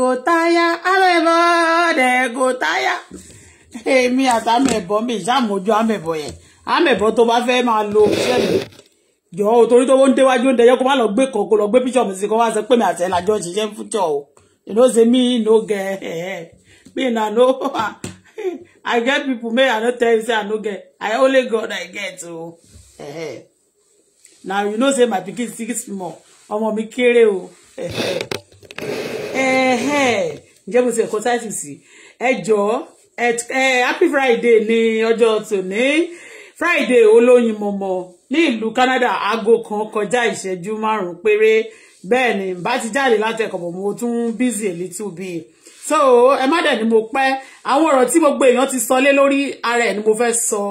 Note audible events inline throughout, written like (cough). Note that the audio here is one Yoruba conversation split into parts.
gotaya ya, de gotaya ya. Èmi mi ìṣàmójú amẹ̀bọ̀ lo mi. Jọ̀ọ́ torí tó ń déwájú ń dẹyẹ kó má lọ gbé kan gbe lọ gbé píṣọ̀ mi sí kó mi àti ẹ̀ lájọ́ ṣiṣẹ́ o. You know say me no get (laughs) me na no (laughs) I get people may I tell you say I only God I get o. (laughs) Na you know my pikin small ọmọ mi o. ǹjẹ́ mo ti ẹ̀kọ́ táìtù sí ẹ jọ̀ọ́ happy friday ní ọjọ́ tòní friday olóyin mọ̀mọ́ ní ìlú canada aago kan kọjá ìṣẹ́jú márùn-ún péré bẹ́ẹ̀ ni bá ti jáde látẹ̀kọ̀ bọ̀ mo tún busy a little bit so ẹ má dẹ̀ ni mo pẹ́ àwọn ọ̀rọ̀ tí gbogbo èèyàn ti sọ lé lórí ara ẹ̀ ni mo fẹ́ sọ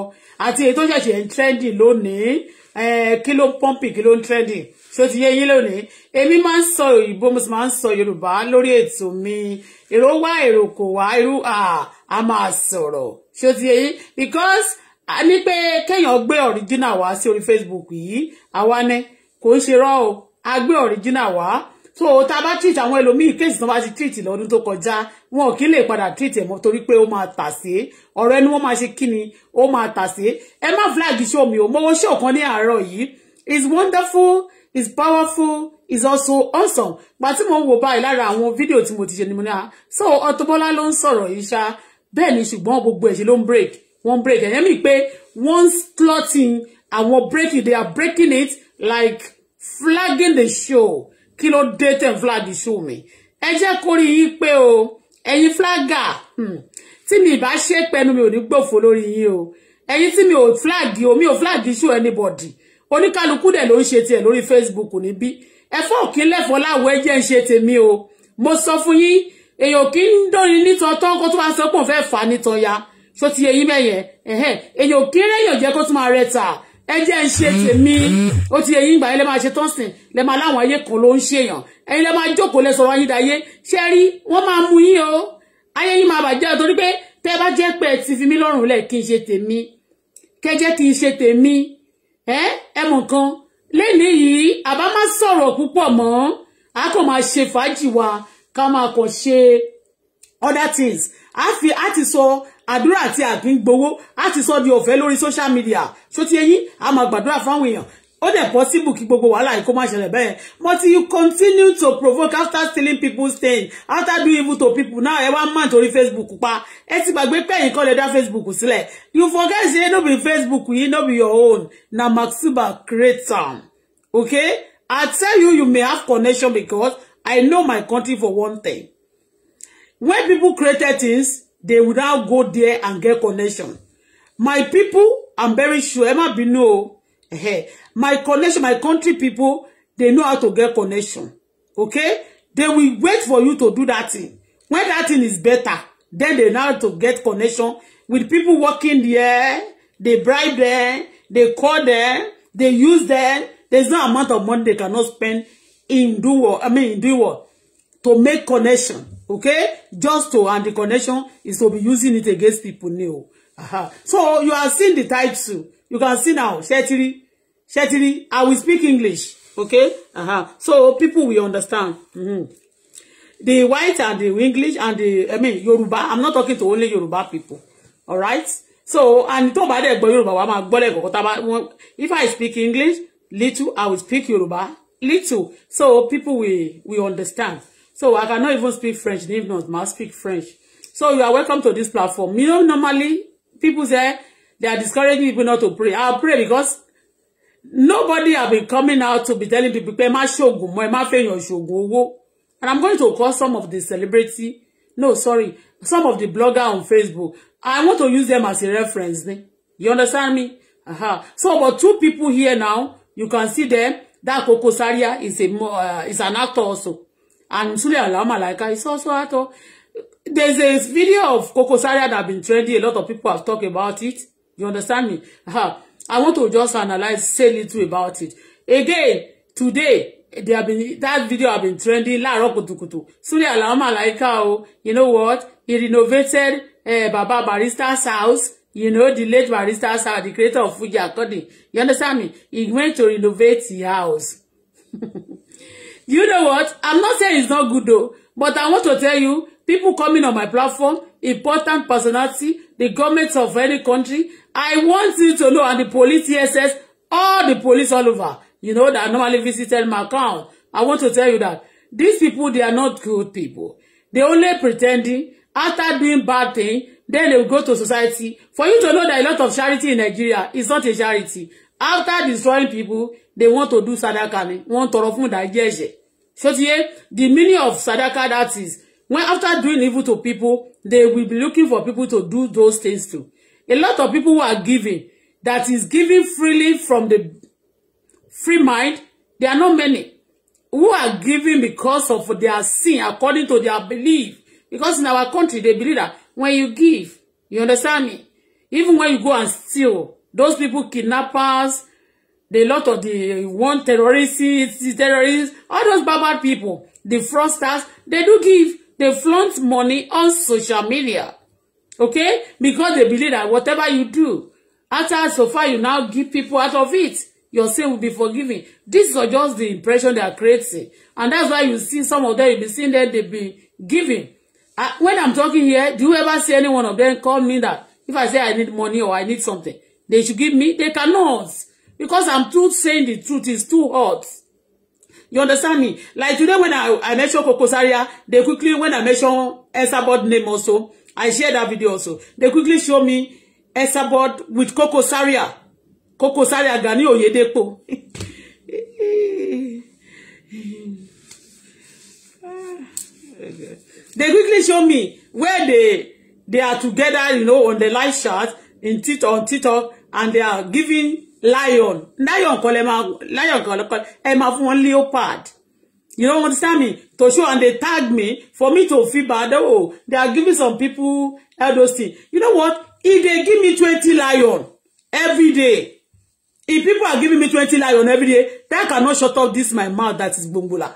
àti èyí tó ṣẹ̀ṣẹ̀ ń trending lónìí kí ló ń pọ́ǹpì kí ló ń trending ṣó ti yé yín lónìí èmi máa ń sọ òyìnbó mo sì máa ń sọ yorùbá lórí ètò mi èrò wá èrò kò wá irú a máa sọ̀rọ̀ ṣó ti yé yín because a ní pé kéèyàn gbé original wá sí orí facebook yìí àwa ni kò ń ṣe rọ́ o a gbé original wá so tá bá treat àwọn ẹlòmíì case ton bá ti treat lọ́dún tó kọjá wọn kì lè padà treat ẹ mọ́ torí pé ó máa tase ọ̀rọ̀ ẹnu wọn máa ṣe kíni ó máa tase ẹ má flag show mi o mo wo show ní àárọ̀ yìí is wonderful is powerful is also awesome gba tí mo ń wò báyìí lára àwọn fídíò tí mo ti ṣe ni mo ní a ah, so Auto Bola ló ń sọ̀rọ̀ yìí ṣá bẹ́ẹ̀ ni ṣùgbọ́n gbogbo ẹ̀ṣẹ̀ ló ń break wọ́n break ẹ̀yẹ́ mi pé wọ́n slotting àwọn breaking they are breaking it like flagging the show kí ló dé tẹ̀ flag show mi ẹ jẹ́ kó rí yín pé o ẹ̀yin flagger hmm, tí mi ìbá ṣe pẹ́nu mi ò ní gbòfò lórí yín o ẹ̀yin tí mi ò flag o mi ò flag show anybody oníkálukú dẹ̀ ló ń ṣe tiẹ̀ lórí Facebook níbí ẹ̀fọ́ òkín lẹ́fọ́ láwọ̀ ẹ̀jẹ̀ ń ṣe tèmi o mo sọ fún yín èèyàn kì í dóni nítan tán kó tó máa sọ pé òun fẹ́ẹ́ fà á nítan ya ṣó ti yẹ yín mẹ́yẹn èèyàn kì í rẹ́yàn jẹ́ kó tó máa rẹ tà ẹ jẹ́ ń ṣe tèmi ó ti yẹ yín gbà yín lẹ́ máa ṣe tọ́sìn lẹ́ máa láwọn ayé kan ló ń ṣèyàn ẹ̀yin lẹ́ máa jókòó lẹ́ sọ̀rọ̀ ayídayé ṣé rí wọ́n máa mú yín o ayé yín máa bàjẹ́ torí pé tẹ́ bá jẹ́ pé ti fi mí lọ́rùn lẹ̀ kí n ṣe tèmi kẹ́ kí n ṣe tèmi ẹ ẹ mọ̀ kan lẹ́nìí yìí àbá má sọ̀rọ̀ púpọ̀ mọ́ a kò máa ṣe fàájì wa ká máa kàn ṣe other things a fi a ti sọ àdúrà àti àgbín gbowó a ti sọ di ọ̀fẹ́ lórí social media ṣó ti eyín a máa gbàdúrà fáwọn èèyàn ó dẹ̀ possible kí go wàhálà yìí kó má ṣẹlẹ̀ bẹ́ẹ̀ but you continue to provoke after stealing people's things after doing evil to people now ẹ man mọ̀ facebook pa ẹ ti gbàgbé pé ẹ̀yin kọ́ lè dá facebook sílẹ̀ you forget say no be facebook you no be your own na maxuba create some. okay i tell you you may have connection because i know my country for one thing when people create things they will now go there and get connection my people i'm very sure Emma, be no my connection my country people they know how to get connection okay they will wait for you to do that thing when that thing is better then they know how to get connection with people working there they bribe them they call them they use them there's no amount of money they cannot spend in do what I mean in do what to make connection okay just to and the connection is to be using it against people new uh-huh. so you are seeing the title you can see now ṣẹ́tírí ṣẹ́tírí i will speak english okay uh-huh. so people will understand mm-hmm. the white and the english and the i mean yoruba i'm not talking to only yoruba people all right so and tó bá dẹ̀ gbọ́ yoruba wa máa gbọ́ lẹ́kọ̀ọ́ tá a bá if i speak english little i will speak yoruba little so people will we understand so i cannot even speak french Even not must speak french so you are welcome to this platform you know normally people say They are discouraging people not to pray. I'll pray because nobody have been coming out to be telling people, pé má ṣògùn mọ́, ẹ má fẹ́yàn And I'm going to call some of the celebrity, no, sorry, some of the blogger on Facebook. I want to use them as a reference. You understand me? Aha. So about two people here now, you can see them. That Koko Zaria is a uh, is an actor also. And Sule Alao-Malaika is also actor. There's a video of Koko Zaria that have been trending. A lot of people have talked about it. You understand me? I want to just analyze, say little about it. Again, today, they have been that video have been trending láàárọ̀ kùtùkùtù Sule Alao Malaika o you know what he renovated uh, eh, Baba Barista's house you know the late Barista's house the creator of Fuji According you understand me he went to renovate the house (laughs) you know what I'm not saying it's not good though but I want to tell you people coming on my platform important personality the government of any country I want you to know, and the police here says all the police all over, you know, that normally visited my account. I want to tell you that these people, they are not good people. They only pretending after doing bad thing, then they will go to society. For you to know that a lot of charity in Nigeria is not a charity. After destroying people, they want to do sadaka want to tọrọ fún dajeje. So the meaning of sadaka that is when after doing evil to people, they will be looking for people to do those things too. A lot of people who are giving, that is giving freely from the free mind, there are not many who are giving because of their sin according to their belief. Because in our country, they believe that when you give, you understand me? Even when you go and steal, those people, kidnappers, the lot of the one terrorists, terrorists, all those barbad people, the fraudsters, they do give, they flaunt money on social media. Okay? Because they believe that whatever you do, after so far you now give people out of it, your sin will be forgiven. This is just the impression they are creating. And that's why you see some of them, you be seeing them, they be giving. I, uh, when I'm talking here, do you ever see any one of them call me that if I say I need money or I need something, they should give me? They cannot. Because I'm too saying the truth is too hot. You understand me? Like today when I, I mention Kokosaria, they quickly, when I mention Esabod name also, I shared that video also. They quickly show me Esabod with Koko Zaria. Koko Zaria Gani Oyedepo. they quickly show me where they they are together, you know, on the live chat in TikTok on TikTok and they are giving lion. Lion call lion call, call. ẹ máa leopard. You don't understand me? To show and they tag me for me to feel bad. Oh, they are giving some people all those things. You know what? If they give me 20 lion every day, if people are giving me 20 lion every day, that cannot shut up this my mouth that is bumbula.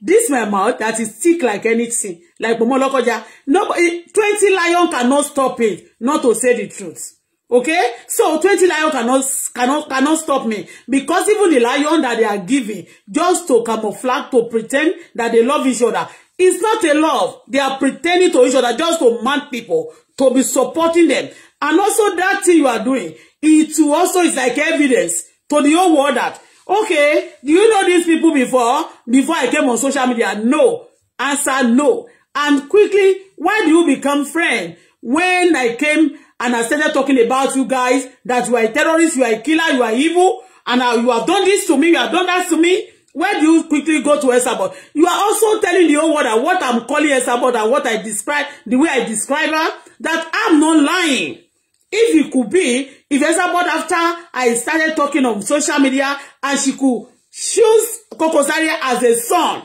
This my mouth that is thick like anything, like Bomolokoja. Nobody, 20 lion cannot stop it, not to say the truth. Okay? So 20 lion cannot cannot cannot stop me because even the lion that they are giving just to camouflage to pretend that they love each other. It's not a love. They are pretending to each other just to mad people to be supporting them. And also that thing you are doing, it also is like evidence to the whole world that okay, do you know these people before? Before I came on social media, no. Answer no. And quickly, why do you become friend? When I came and I started talking about you guys that you are a terrorist, you are a killer, you are evil, and I, you have done this to me, you have done that to me. Where do you quickly go to Esabod? You are also telling the whole world that what I'm calling Esabod and what I describe, the way I describe her, that I'm not lying. If it could be, if Esabod after I started talking on social media and she could choose Kokosaria as a son,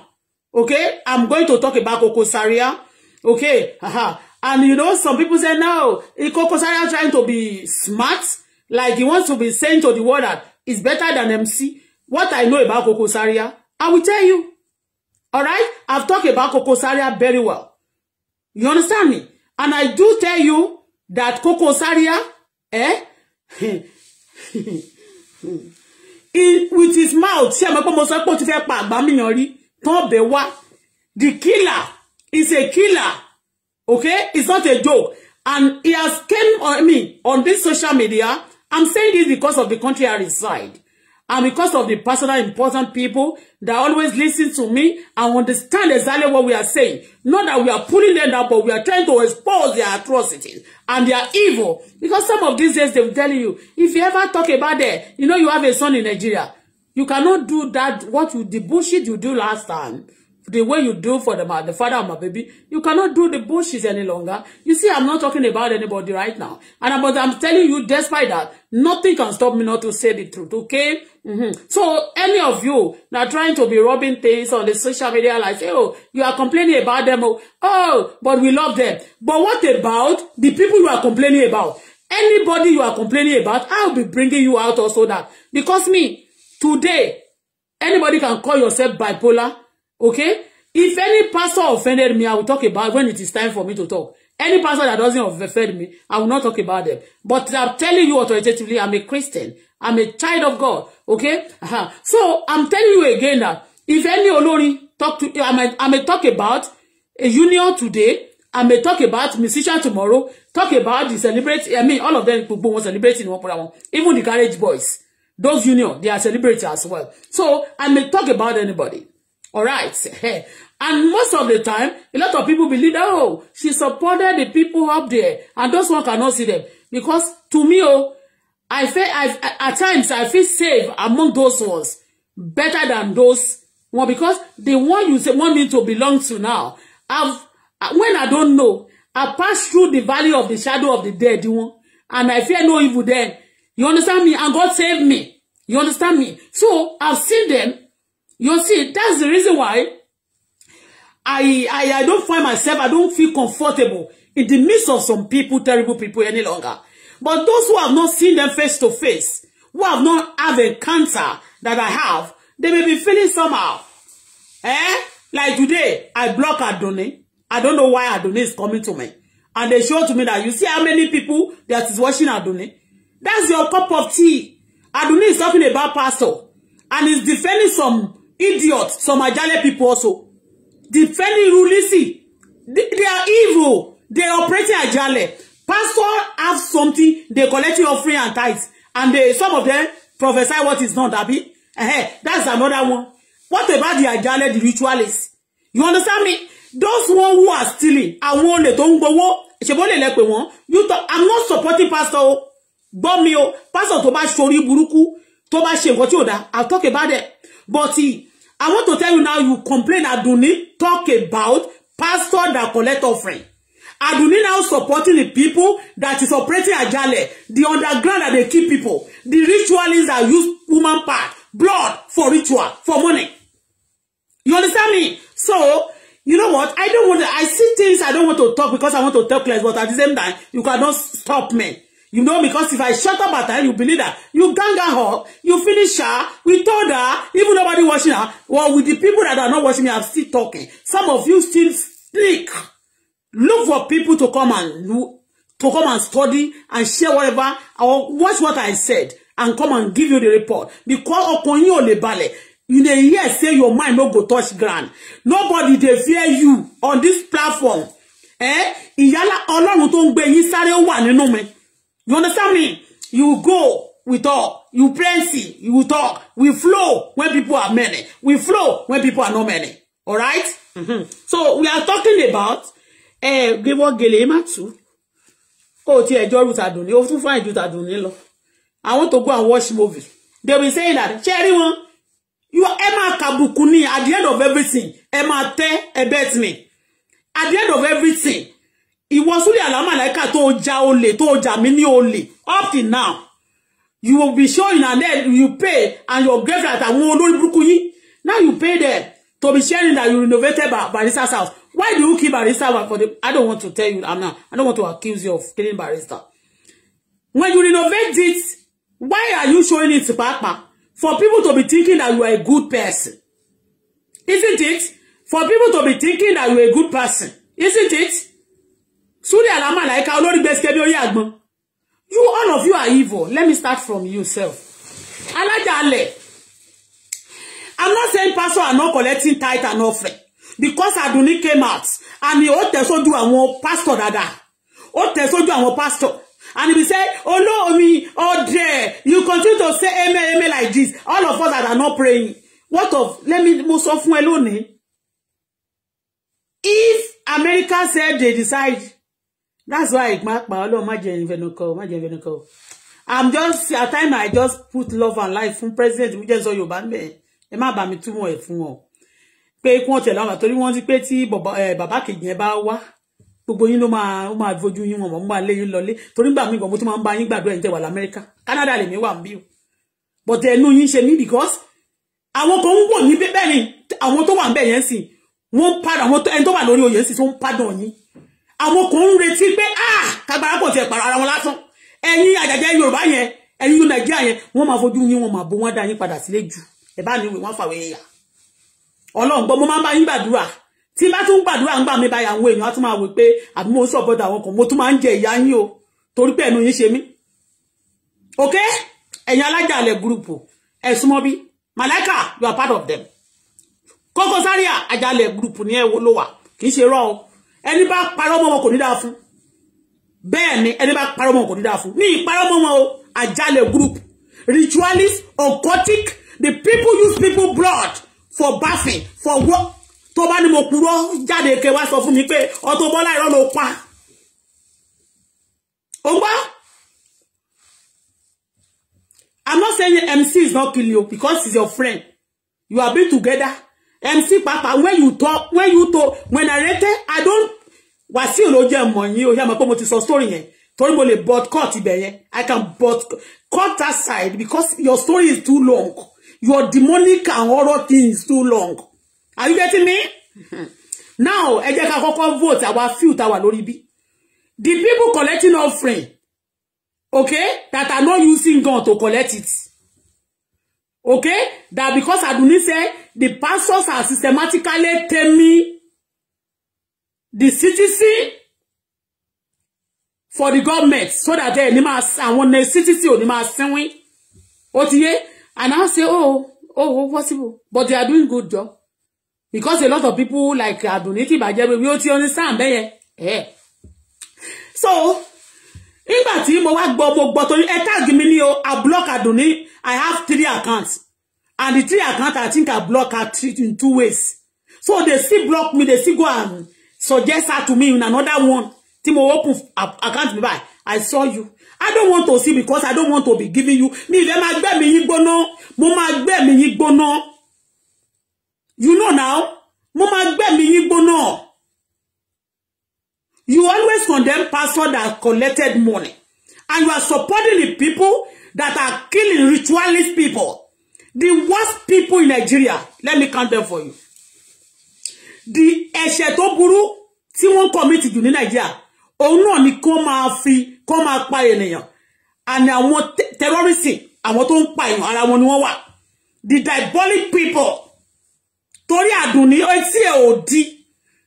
okay? I'm going to talk about Kokosaria, okay? haha. And you know, some people say, no, Ikoko Zaria trying to be smart. Like he wants to be saying to the world that it's better than MC. What I know about Kokosaria, I will tell you. All right? I've talked about Kokosaria very well. You understand me? And I do tell you that Kokosaria, eh? in, (laughs) with his mouth, ṣé mo pé mo sọ pé ó ti The killer is a killer. Okay? It's not a joke. And he has came on me on this social media. I'm saying this because of the country I reside. And because of the personal important people that always listen to me and understand exactly what we are saying. Not that we are pulling them down, but we are trying to expose their atrocities and their evil. Because some of these days they will tell you, if you ever talk about that, you know you have a son in Nigeria. You cannot do that, what you, the bullshit you do last time the way you do for the, the father of my baby, you cannot do the bullshit any longer. You see, I'm not talking about anybody right now. And I'm, I'm telling you, despite that, nothing can stop me not to say the truth, okay? Mm-hmm. So any of you now trying to be rubbing things on the social media like, say, oh, you are complaining about them. Oh, oh, but we love them. But what about the people you are complaining about? Anybody you are complaining about, I'll be bringing you out also that. Because me, today, anybody can call yourself bipolar Okay? If any pastor offended me, I will talk about when it is time for me to talk. Any pastor that doesn't offend me, I will not talk about them. But I'm telling you authoritatively, I'm a Christian. I'm a child of God. Okay? Uh-huh. So I'm telling you again that if any Olori talk to I may, I may talk about a union today, I may talk about musician tomorrow, talk about the celebrate, I mean, all of them gbogbo celebrate in one for Even the garage boys, those union, they are celebrating as well. So I may talk about anybody. All right. (laughs) and most of the time, a lot of people believe, oh, she supported the people up there, and those one cannot see them. Because to me, oh, I feel I, at times I feel safe among those ones, better than those one because the one you say want me to belong to now. I've uh, when I don't know, I pass through the valley of the shadow of the dead, you know, and I fear no evil then. You understand me? And God saved me. You understand me? So I've seen them You see, that's the reason why I, I, I don't find myself, I don't feel comfortable in the midst of some people, terrible people any longer. But those who have not seen them face to face, who have not have a cancer that I have, they may be feeling somehow. Eh? Like today, I block Adonai. I don't know why Adonai is coming to me. And they show to me that you see how many people that is watching Adonai. That's your cup of tea. Adonai is talking about pastor. And he's defending some idiots, some Ajale people also. Defending Rulisi. They, they are evil. They operating Ajale. Pastor have something, they collect your offering and tithes. And they, some of them prophesy what is not, Abby, Uh-huh. That's another one. What about the Ajale, the ritualists? You understand me? Those one who are stealing, àwọn olè tó ń gbowó, ṣebó lè lẹ́pẹ̀ wọ́n. You talk, I'm not supporting pastor. Gbọ́ me, o, pastor tó shori buruku, burúkú, tó bá I'll talk about it. But he, I want to tell you now, you complain Aduni, talk about pastor that collect offering. Aduni now supporting the people that is operating Ajale, the underground that they keep people, the ritualists that use woman part, blood for ritual, for money. You understand me? So, you know what? I don't want to, I see things I don't want to talk because I want to talk less, but at the same time, you cannot stop me. You know, because if I shut up at her, you believe that. You gang her, you finish her, we told her, even nobody watching her. Well, with the people that are not watching me, I'm still talking. Some of you still speak. Look for people to come and to come and study and share whatever or watch what I said and come and give you the report. Because upon you le balẹ̀, you dey hear say your mind no go touch ground. Nobody dey fear you on this platform. Eh? Ìyálà Ọlọ́run tó ń gbé yín sáré wà nínú mi. You understand me? You go, we talk. You plenty, you talk. We flow when people are many. We flow when people are not many. All right? Mm-hmm. So we are talking about eh Glewo Gelema too. Oh, ti ẹjọ́ Ruth Adunni, ó find fine ju Adunni lọ. I want to go and watch movie. They will say that, Cherry one, you are Emma Kabukuni at the end of everything. Emma Te, a me. At the end of everything, ìwọ súlẹ̀ àlámàláìkà tó ja olè tó ja mí ní olè up till now you will be showing and then you pay and your grave that won't olórí burúkú yín now you pay there to be sharing that you renovated barista's house why do you keep barista for the i don't want to tell you i'm not i don't want to accuse you of killing barista when you renovate it why are you showing it to papa for people to be thinking that you are a good person isn't it for people to be thinking that you are a good person isn't it Suri alama laika olórí gbèsè bí orí àgbọn. You all of you are evil. Let me start from yourself. Alajale. I'm not saying pastor are not collecting tithe and offering because Aduni came out and he ó tẹ̀ sójú àwọn pastor dáadáa. Ó tẹ̀ sójú àwọn pastor. And he said, Olo mi, Odre, you continue to say amen, amen like this. All of us that are not praying. What of, let me, mo sọ fún If America said they decide that's why ìpín apá ọlọ́run má jẹ́ ìfẹnukọ má jẹ́ ìfẹnukọ i'm just at time i just put love and life from president mi jẹ́ sọ yorùbá ń bẹ̀ ẹ má bà mí túmọ̀ ẹ̀ fún ọ pé ikú ọ̀tẹ̀ láwọn àtọ́rí you ti pé tí bàbá kejì yẹn bá wá gbogbo yín ló máa ó máa fojú yín wọn mọ̀ ń bá léyìn lọlé torí gbà mí gbọ̀n máa ń bá yín gbàdúrà ìjẹ̀wà lamẹ́ríkà Canada lèmi wà ń bí o but ẹnu yín ṣe mí because àwọn kan ń wọ̀ ní bẹ́ẹ̀ ni àwọn tó wà ń bẹ̀ yẹn sì wọ́n ń padà àwọn ẹni tó wà lórí oyè sì tó ń padà yín àwọn kan ń retí pé ah kagbara kò tiẹ̀ pààrọ̀ ara wọn lásán ẹ̀yin àjàjẹ́ yorùbá yẹn ẹ̀yin yóò nàìjíríà yẹn wọ́n máa fojú yín wọ́n máa bó wọ́n dá yín padà sílé jù ẹ̀ bá níwèé wọ́n fàwé yà ọlọ́run gbọ́ mo máa ń bá yín gbàdúrà tí bá tún gbàdúrà ń gbà mí báyà àwọn èèyàn á tún máa wò pé àbí mo ń sọ̀bọ̀dà àwọn mo tún máa ń jẹ ìyá yín o torí pé ẹnu yín ṣe mí ok ẹ̀yin alájà alẹ̀ gúrùpù ẹ̀sùn mọ́ bí màláìkà you are part of them Koko Zaria àjàlẹ̀ gúrùpù ní ẹ̀wọ̀ ló wà kì í ṣe rọ́ o ẹni bá parọ́ mọ́ wọn kò ní dáa fún bẹ́ẹ̀ ni ẹni bá parọ́ mọ́ wọn kò ní dáa fún ní ìparọ́ mọ́ wọn o àjálẹ̀ group ritualist occultic the people use people blood for bathing for work tó bá ní mo purọ́ jáde ke wá sọ fún mi pé Auto Bola irọ́ ló pa ó gbọ́ I'm not saying MC is not killing you because he's your friend you have been together MC Papa when you talk when you talk when I rate I don't Wasiu ló jẹ́ mọ̀ yín o my mọ̀ pé mo ti sọ story yẹn torí mo lè but cut ibẹ̀ yẹn I can but cut that side because your story is too long your demonic and horror things is too long are you getting me (laughs) now ẹ jẹ́ ká kọ́kọ́ vote àwa few tá wà lórí bí the people collecting offering okay that are not using gun to collect it okay that because I need say the pastors are systematically taming the citizen for the government so that they ní máa àwọn ní citizen ò ní máa sínwín ó ti yé and I say oh oh oh possible but they are doing good job because a lot of people like Adunni tí ìbàjẹ́ pé bí ó ti understand bẹ́yẹn ẹ̀ eh. so nígbà tí mo wá gbọ́ mo gbọ́ torí ẹ tag me, ní o I block Adunni I have three accounts And the three accounts, I think I block her three, in two ways. So they still block me, they still go and suggest her to me in another one. Tí mo open account mi báyìí. I saw you. I don't want to see because I don't want to be giving you. me. ìfẹ́ máa gbẹ̀mí yín gbóná. Mo máa gbẹ̀mí yín You know now. Mo máa gbẹ̀mí yín You always condemn pastor that collected money. And you are supporting the people that are killing ritualist people. The worst people in Nigeria, let me count them for you. The ẹ̀ṣẹ̀ tó burú tí wọ́n commit jù ní Nigeria, òun náà ni kó máa fi kó máa pa ènìyàn. And àwọn terrorism, a tó ń pa èèyàn ara wọn ni wọ́n wà. The diabolic people. Torí àdùnní etí ẹ̀ ò di.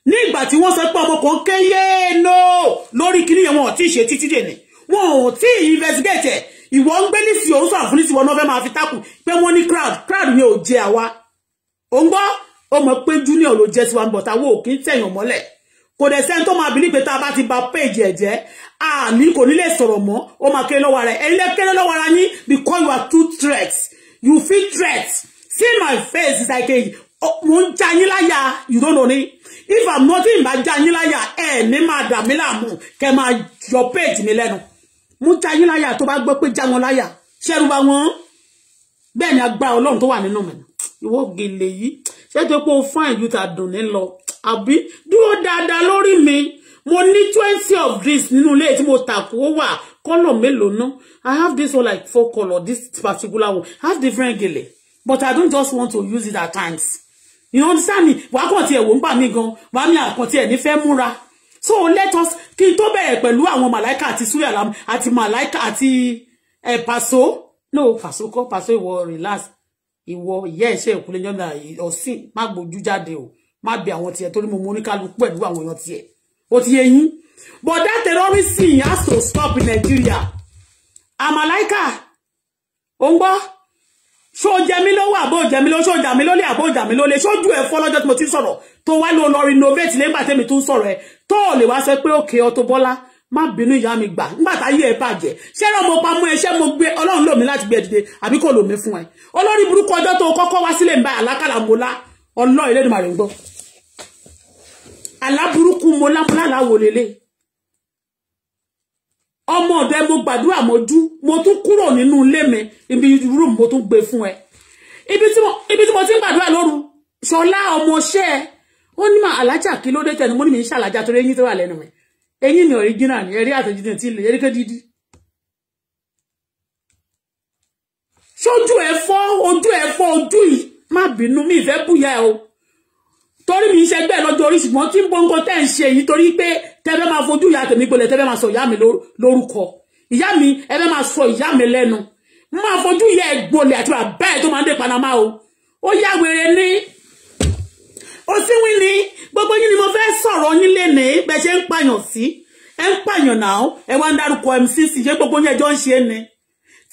Ní ìgbà won wọ́n sọ pé ọmọ kan kéyé no lórí kini yẹn wọn ò tí ì ṣe títí ti investigate ẹ̀ ìwọ ń gbé nísì òun sọ àfúnisì wọn náà fẹ́ máa fi tákù pé wọ́n ní crowd crowd yẹn ò jẹ àwa òun gbọ́ ó mọ̀ pé junior ló jẹ́ sí wa ń bọ̀ táwọn ò kí ń tẹ̀yàn mọ́lẹ̀ kò dẹ̀ sẹ́ni tó máa bí nípe tá a bá ti ba péèjì ẹ̀ jẹ́ àní kò ní lè sọ̀rọ̀ mọ́ ó máa kéré lọ́wọ́ ara ẹ̀ ẹ̀yin kéré lọ́wọ́ ara yín because you are too threats you feel threats see my face is like a oh, mo ń já yín láyà you don't know ni if i'm not in bá já yín láyà ẹ̀ ní máa dà mí láàmú kẹ́ máa yọ péèjì mi lẹ́nu mú jayín láyà tó bá gbọ́ pé já wọn láyà ṣẹ́rù bá wọn bẹ́ẹ̀ ni agbára ọlọ́run tó wà nínú mi ìwọ gèlè yìí ṣé tó pé fún àyù tà dùn ní lọ àbí dúró dáadáa lórí mi mo ní twenty of this nínú ilé tí mo tàkú ó wà kọ́lọ̀ mélòó ná I have this one like four colour this particular one I have different gèlè but I don't just want to use it at times you understand me wàá kàn tiẹ̀ wò ń bà mí gan wàá mi àkàntì ẹ̀ ní fẹ́ múra so let us kí n tó bẹ̀rẹ̀ pẹ̀lú àwọn màláìka àti súrẹ́ àlám àti màláìka àti ẹ̀ pàṣọ no pàṣọ kọ́ pàṣọ ìwọ relax ìwọ ìyá ẹ̀ṣẹ́ ìkúlẹ̀ yọ̀ǹda ọ̀sìn má gbójú jáde o má bẹ àwọn tiẹ̀ torí mo mú oníkálukú pẹ̀lú àwọn èèyàn tiẹ̀ ó ti yé yín but that terrorism has to stop in Nigeria àmàláìka ò ń ṣó jẹ mí lówó àbó jẹ mí lówó ṣó jà mí lólè àbó jà mí lólè ṣó jù ẹ fọ lọ́jọ́ tí mo ti ń sọ̀rọ̀ tó wá ló lọ renovate nígbà tẹmí tó ń sọ̀rọ̀ ẹ tó ò lè wá sọ pé òkè Auto Bola má bínú ìyá mi gbà nígbà tá yé ẹ bàjẹ́ ṣẹlẹ ọmọ pamọ ẹṣẹ mo gbé Ọlọ́run lòmí láti gbé ẹdìdẹ àbí kò lòmí fún ẹ olórí burúkú ọjọ́ tó kọ́kọ́ wá sílẹ̀ ń bá àlákàlà mọlá Ọlọ́run lẹnu màrẹ ń gbọ́ àlá burúkú mọlá mọlá ọmọ ọ̀dọ̀ ẹ mo gbàdúrà mọ́jú mo tún kúrò nínú ilé mi ibi rúùm mo tún gbé fún ẹ ibi tí mo ibi tí mo ti ń gbàdúrà lóru ṣọlá ọmọọṣẹ́ ó ní mà alájà kí ló dé tẹnu mo ní mi ń ṣàlàjà torí eyín tó wà lẹ́nu mi eyín ni ọ̀ríjínà ni ẹ̀rí àtẹ̀jídẹ̀ tí ilẹ̀ erékẹ́ dídí ṣojú ẹ fọ́ ojú ẹ fọ́ ojú yìí má bínú mi ìfẹ́ bùyà ẹ o torí mi ń ṣẹgbẹ́ lọ́jọ́ orí ṣùgbọ́n tí ń bọ́ńgọ́ tẹ́ ń ṣe yìí torí pé tẹ́fẹ́ máa fojú ìyá tèmi gbolẹ̀ tẹ́fẹ́ máa sọ ìyá mi lórúkọ ìyá mi ẹfẹ́ máa sọ ìyá mi lẹ́nu máa fojú ìyá ẹ̀ gbolẹ̀ àti bàbá tó máa ń dé panama o ó yá wèrè ní ó sì wí ní gbogbo yín ni mo fẹ́ sọ̀rọ̀ yín lénìí bẹ́ẹ̀ ṣe ń pààyàn sí ẹ ń pààyàn náà ẹ wá ń dárúkọ MCC ṣé gbogbo yín ẹjọ́ ń ṣe ni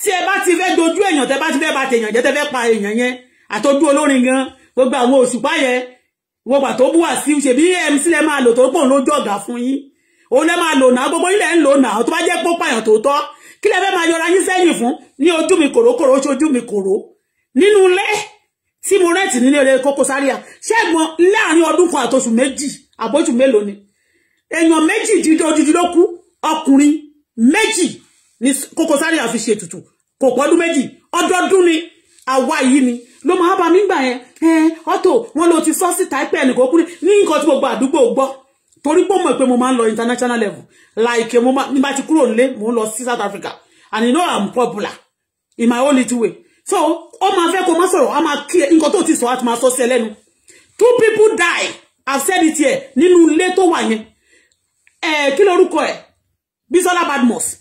tí ẹ bá ti fẹ́ dojú èèyàn tẹ bá ti fẹ́ ba tèèyàn jẹ́ tẹ fẹ́ pa èèyàn yẹn àtọ́jú olórin gan gbogbo àwọn òṣùpá yẹn wọ́n gbà tó bú wá sí ṣe bí mc lẹ máa lò tó pọ̀ lójú ọ̀gá fún yín òun lẹ máa lò náà gbogbo ilẹ̀ ń lò náà tó bá jẹ́ pọ́ pààyàn tó tọ́ kí lẹ fẹ́ máa yọra yín sẹ́yìn fún ní ojú mi kòrókòró ṣojú mi kòró nínú ilé tí mo rẹ́ẹ̀tì nílé ilé Koko Zaria ṣẹ́gbọ́n láàrin ọdún kan àtòṣù méjì àbójú mélòó ni èèyàn méjì dídó dídí ló kú ọkùnrin méjì ni Koko Zaria fi ṣètùtù kò pọ́dún méjì ọdọọdún ni àwa yìí ni ló máa bá mi gbà yẹn ẹn ọtò wọn ló ti sọ type pé ẹnìkan kú ní nǹkan tí gbogbo àdúgbò gbọ́ torí pé mo mọ̀ pé mo máa ń international level like mo máa nígbà tí kúrò nílé mo ń lọ sí South Africa and you know I'm popular in my own little way so ó máa fẹ́ kó má sọ̀rọ̀ a máa kí ẹ to tó ti sọ á ti máa sọ sí two people die I've said it here nínú ilé tó wà yẹn ẹ kí lorúkọ ẹ Bisola Badmus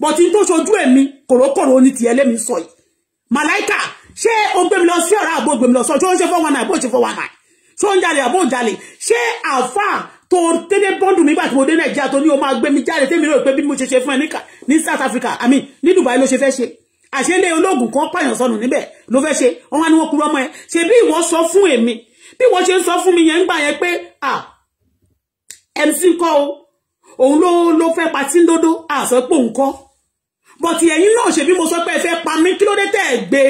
but n tó ṣojú èmi kòrókòrò ní tiẹ̀ lẹ́mi sọ yìí màláìkà ṣé o gbé mi lọ sí ọ̀rá àbò gbé mi lọ sọ ṣé o ń ṣe fọ́ wọn náà àbò ṣe fọ́ wọn náà ṣé o ń jalè to jalè ṣé àfà tó dédé bọ́ndù mi gbàtí mo dé nàìjíríà tó ní o máa gbé mi jáde tèmi rò pé bí mo ṣe ṣe fún ẹ ní South Africa àmì ní Dubai ló ṣe fẹ́ ṣe àṣẹlé ológun kan pààyàn sọnù níbẹ̀ ló fẹ́ ṣe wọn wá ní wọn kúrò ọmọ ẹ ṣe bí ìwọ sọ fún èmi bí wọ́n ṣe ń sọ fún mi yẹn ń gbà pe pé ah MC kọ́ o òun ló ló fẹ́ pa tí ń dódó àṣọ pé òun kọ́ but ẹ̀yin náà ṣebí mo sọ pé ẹ fẹ́ pa mí kí ló dé tẹ́ ẹ gbé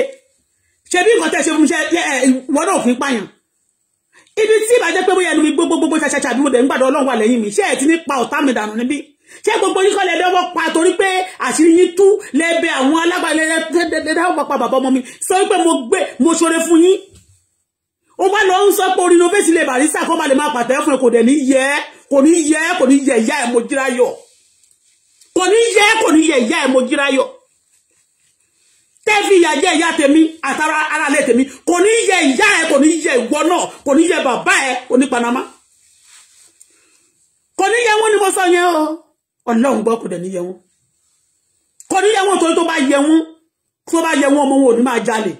ṣebí nǹkan tẹ́ ṣe fún mi ṣe ìwọ náà òfin pààyàn ibi tí ìbàjẹ́ pé bóyá ẹnu mi gbogbogbò ṣàṣàṣà àbí mo dẹ̀ ń gbàdọ̀ ọlọ́run wà lẹ́yìn mi ṣé ẹ ti ní pa ọ̀tá mi dànù níbí ṣé gbogbo yín kọ́ lẹ dọ́wọ́ pa torí pé àṣírí yín tú lẹ́bẹ àwọn alágbàlẹ̀ dáwọ́ pa bàbá ọmọ mi sọ pé mo gbé mo ṣoore fún yín ó bá lọ ń sọ pé orin ló fèsì lè Barrister kọ́ kò ní yẹ kò ní yẹ ìyá ẹ mo jíra yọ tẹ́fì ìyá jẹ́ ìyá tèmi àtàrà ara lẹ́ tèmi kò ní yẹ ìyá ẹ kò ní yẹ ìwọ náà kò ní yẹ bàbá ẹ onípanamá kò ní yẹ wọn ni mo sọ yẹn o ọlọ́run gbọ́ kò dẹ̀ ní yẹ wọn kò ní yẹ wọn torí tó bá yẹ wọn tó bá yẹ wọn ọmọ wọn ò ní máa jalè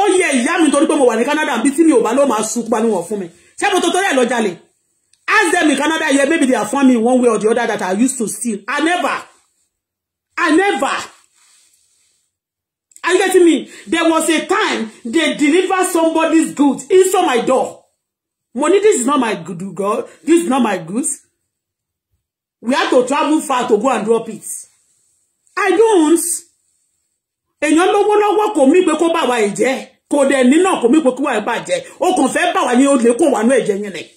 ó yẹ ìyá mi torí pé mo wà ní Canada bí tí mi ò bá ló máa sunkún bá mi wọ̀ fún mi ṣé mo tó torí ẹ̀ lọ jalè ask them in Canada here, maybe they are farming one way or the other that I used to steal. I never. I never. Are you getting me? There was a time they delivered somebody's goods inside my door. Money, this is not my good girl. This is not my goods. We had to travel far to go and drop it. I don't. Èèyàn lówó lọ́wọ́ kò mí pé kó bá wa ẹ̀jẹ̀. Kò dẹ̀ nínà kò mí pé kó wà bàjẹ́. O kàn fẹ́ bá wa ní olè kó wà ní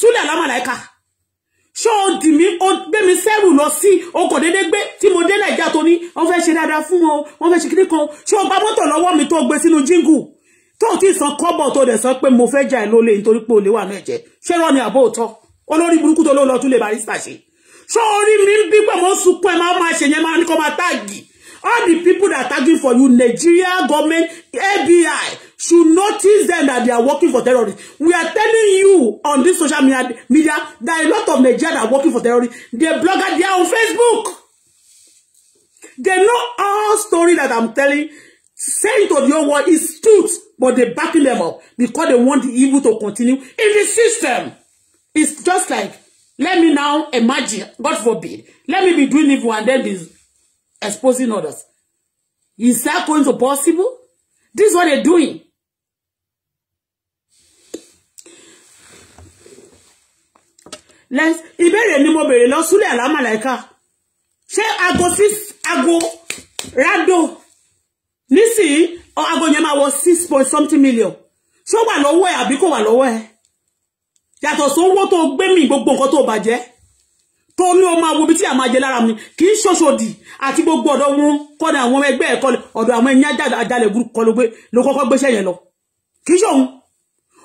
súlẹ̀ lámàlàíkà ṣé o dì mí o gbé mi sẹ́rù lọ sí ọkọ̀ déédéé gbé tí mo dé nàìjíríà tó ní wọ́n fẹ́ ṣe dáadáa fún wọn wọ́n fẹ́ ṣe kíní kan ṣé o gba mọ́tò lọ́wọ́ mi tó gbé sínú jíngù tó ti san kọ́bọ̀ tó dẹ̀ sọ pé mo fẹ́ jà ẹ̀ lólè nítorí pé olè wà náà jẹ́ ṣé rọ́ ni àbó òótọ́ olórí burúkú tó ló lọ tún lè barista ṣe ṣé orí mi bí pé mo sunkún ẹ máa máa ṣe yẹn máa ní kó máa táàgì all the people that tagging for you Nigeria government ABI should notice them that they are working for terrorists. We are telling you on this social media, media that a lot of Nigerians are working for terrorists. They blogger, they are on Facebook. They know all story that I'm telling, saying to the whole world is truth, but they're backing them up because they want the evil to continue in the system. It's just like, let me now imagine, God forbid, let me be doing evil and then be exposing others. Is that going to possible? This is what they're doing. ìbéèrè ni mo béèrè lọ súlẹ̀ àlámàlàíkà ṣé aago six aago rádò o aago yẹn máa wọ six point something million ṣó wà lọ́wọ́ ẹ̀ àbí kò wà lọ́wọ́ ẹ̀ yàtọ̀ sówó tó gbé mi gbogbo nǹkan tó bàjẹ́ tó ní o máa wo bí tí a máa jẹ lára mi kì í ṣoṣodì àti gbogbo ọ̀dọ̀ wọn kọ́dà àwọn ẹgbẹ́ ẹ̀kọ́ ọ̀dọ̀ àwọn ẹ̀yìn ajalẹ̀ burúkọ ló kọ́kọ́ gbéṣẹ́ yẹn lọ kì í ṣòun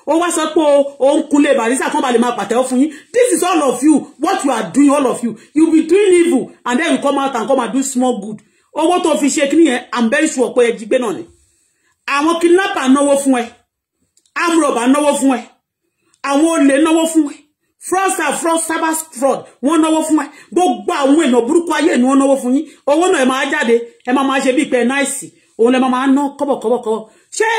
ó wá sọ pé ó ń kunlé barista kan bá lè máa pàtẹ́wọ́ fún yín this is all of you what you are doing all of you you be doing evil and then you come out and come and do small good owó tó fi ṣe kíní yẹn i'm very sure pé ẹ jí gbé náà ni àwọn kidnapper náwó fún ẹ amroba náwó fún ẹ àwọn olè náwó fún ẹ fraudster fraud sabas fraud wọ́n náwó fún ẹ gbogbo àwọn èèyàn burúkú ayé ni wọ́n náwó fún yín owó náà ẹ máa jáde ẹ máa máa ṣe bíi pé náìsì òun lẹ máa máa ná kọ́bọ̀kọ́bọ̀kọ́bọ̀ ṣé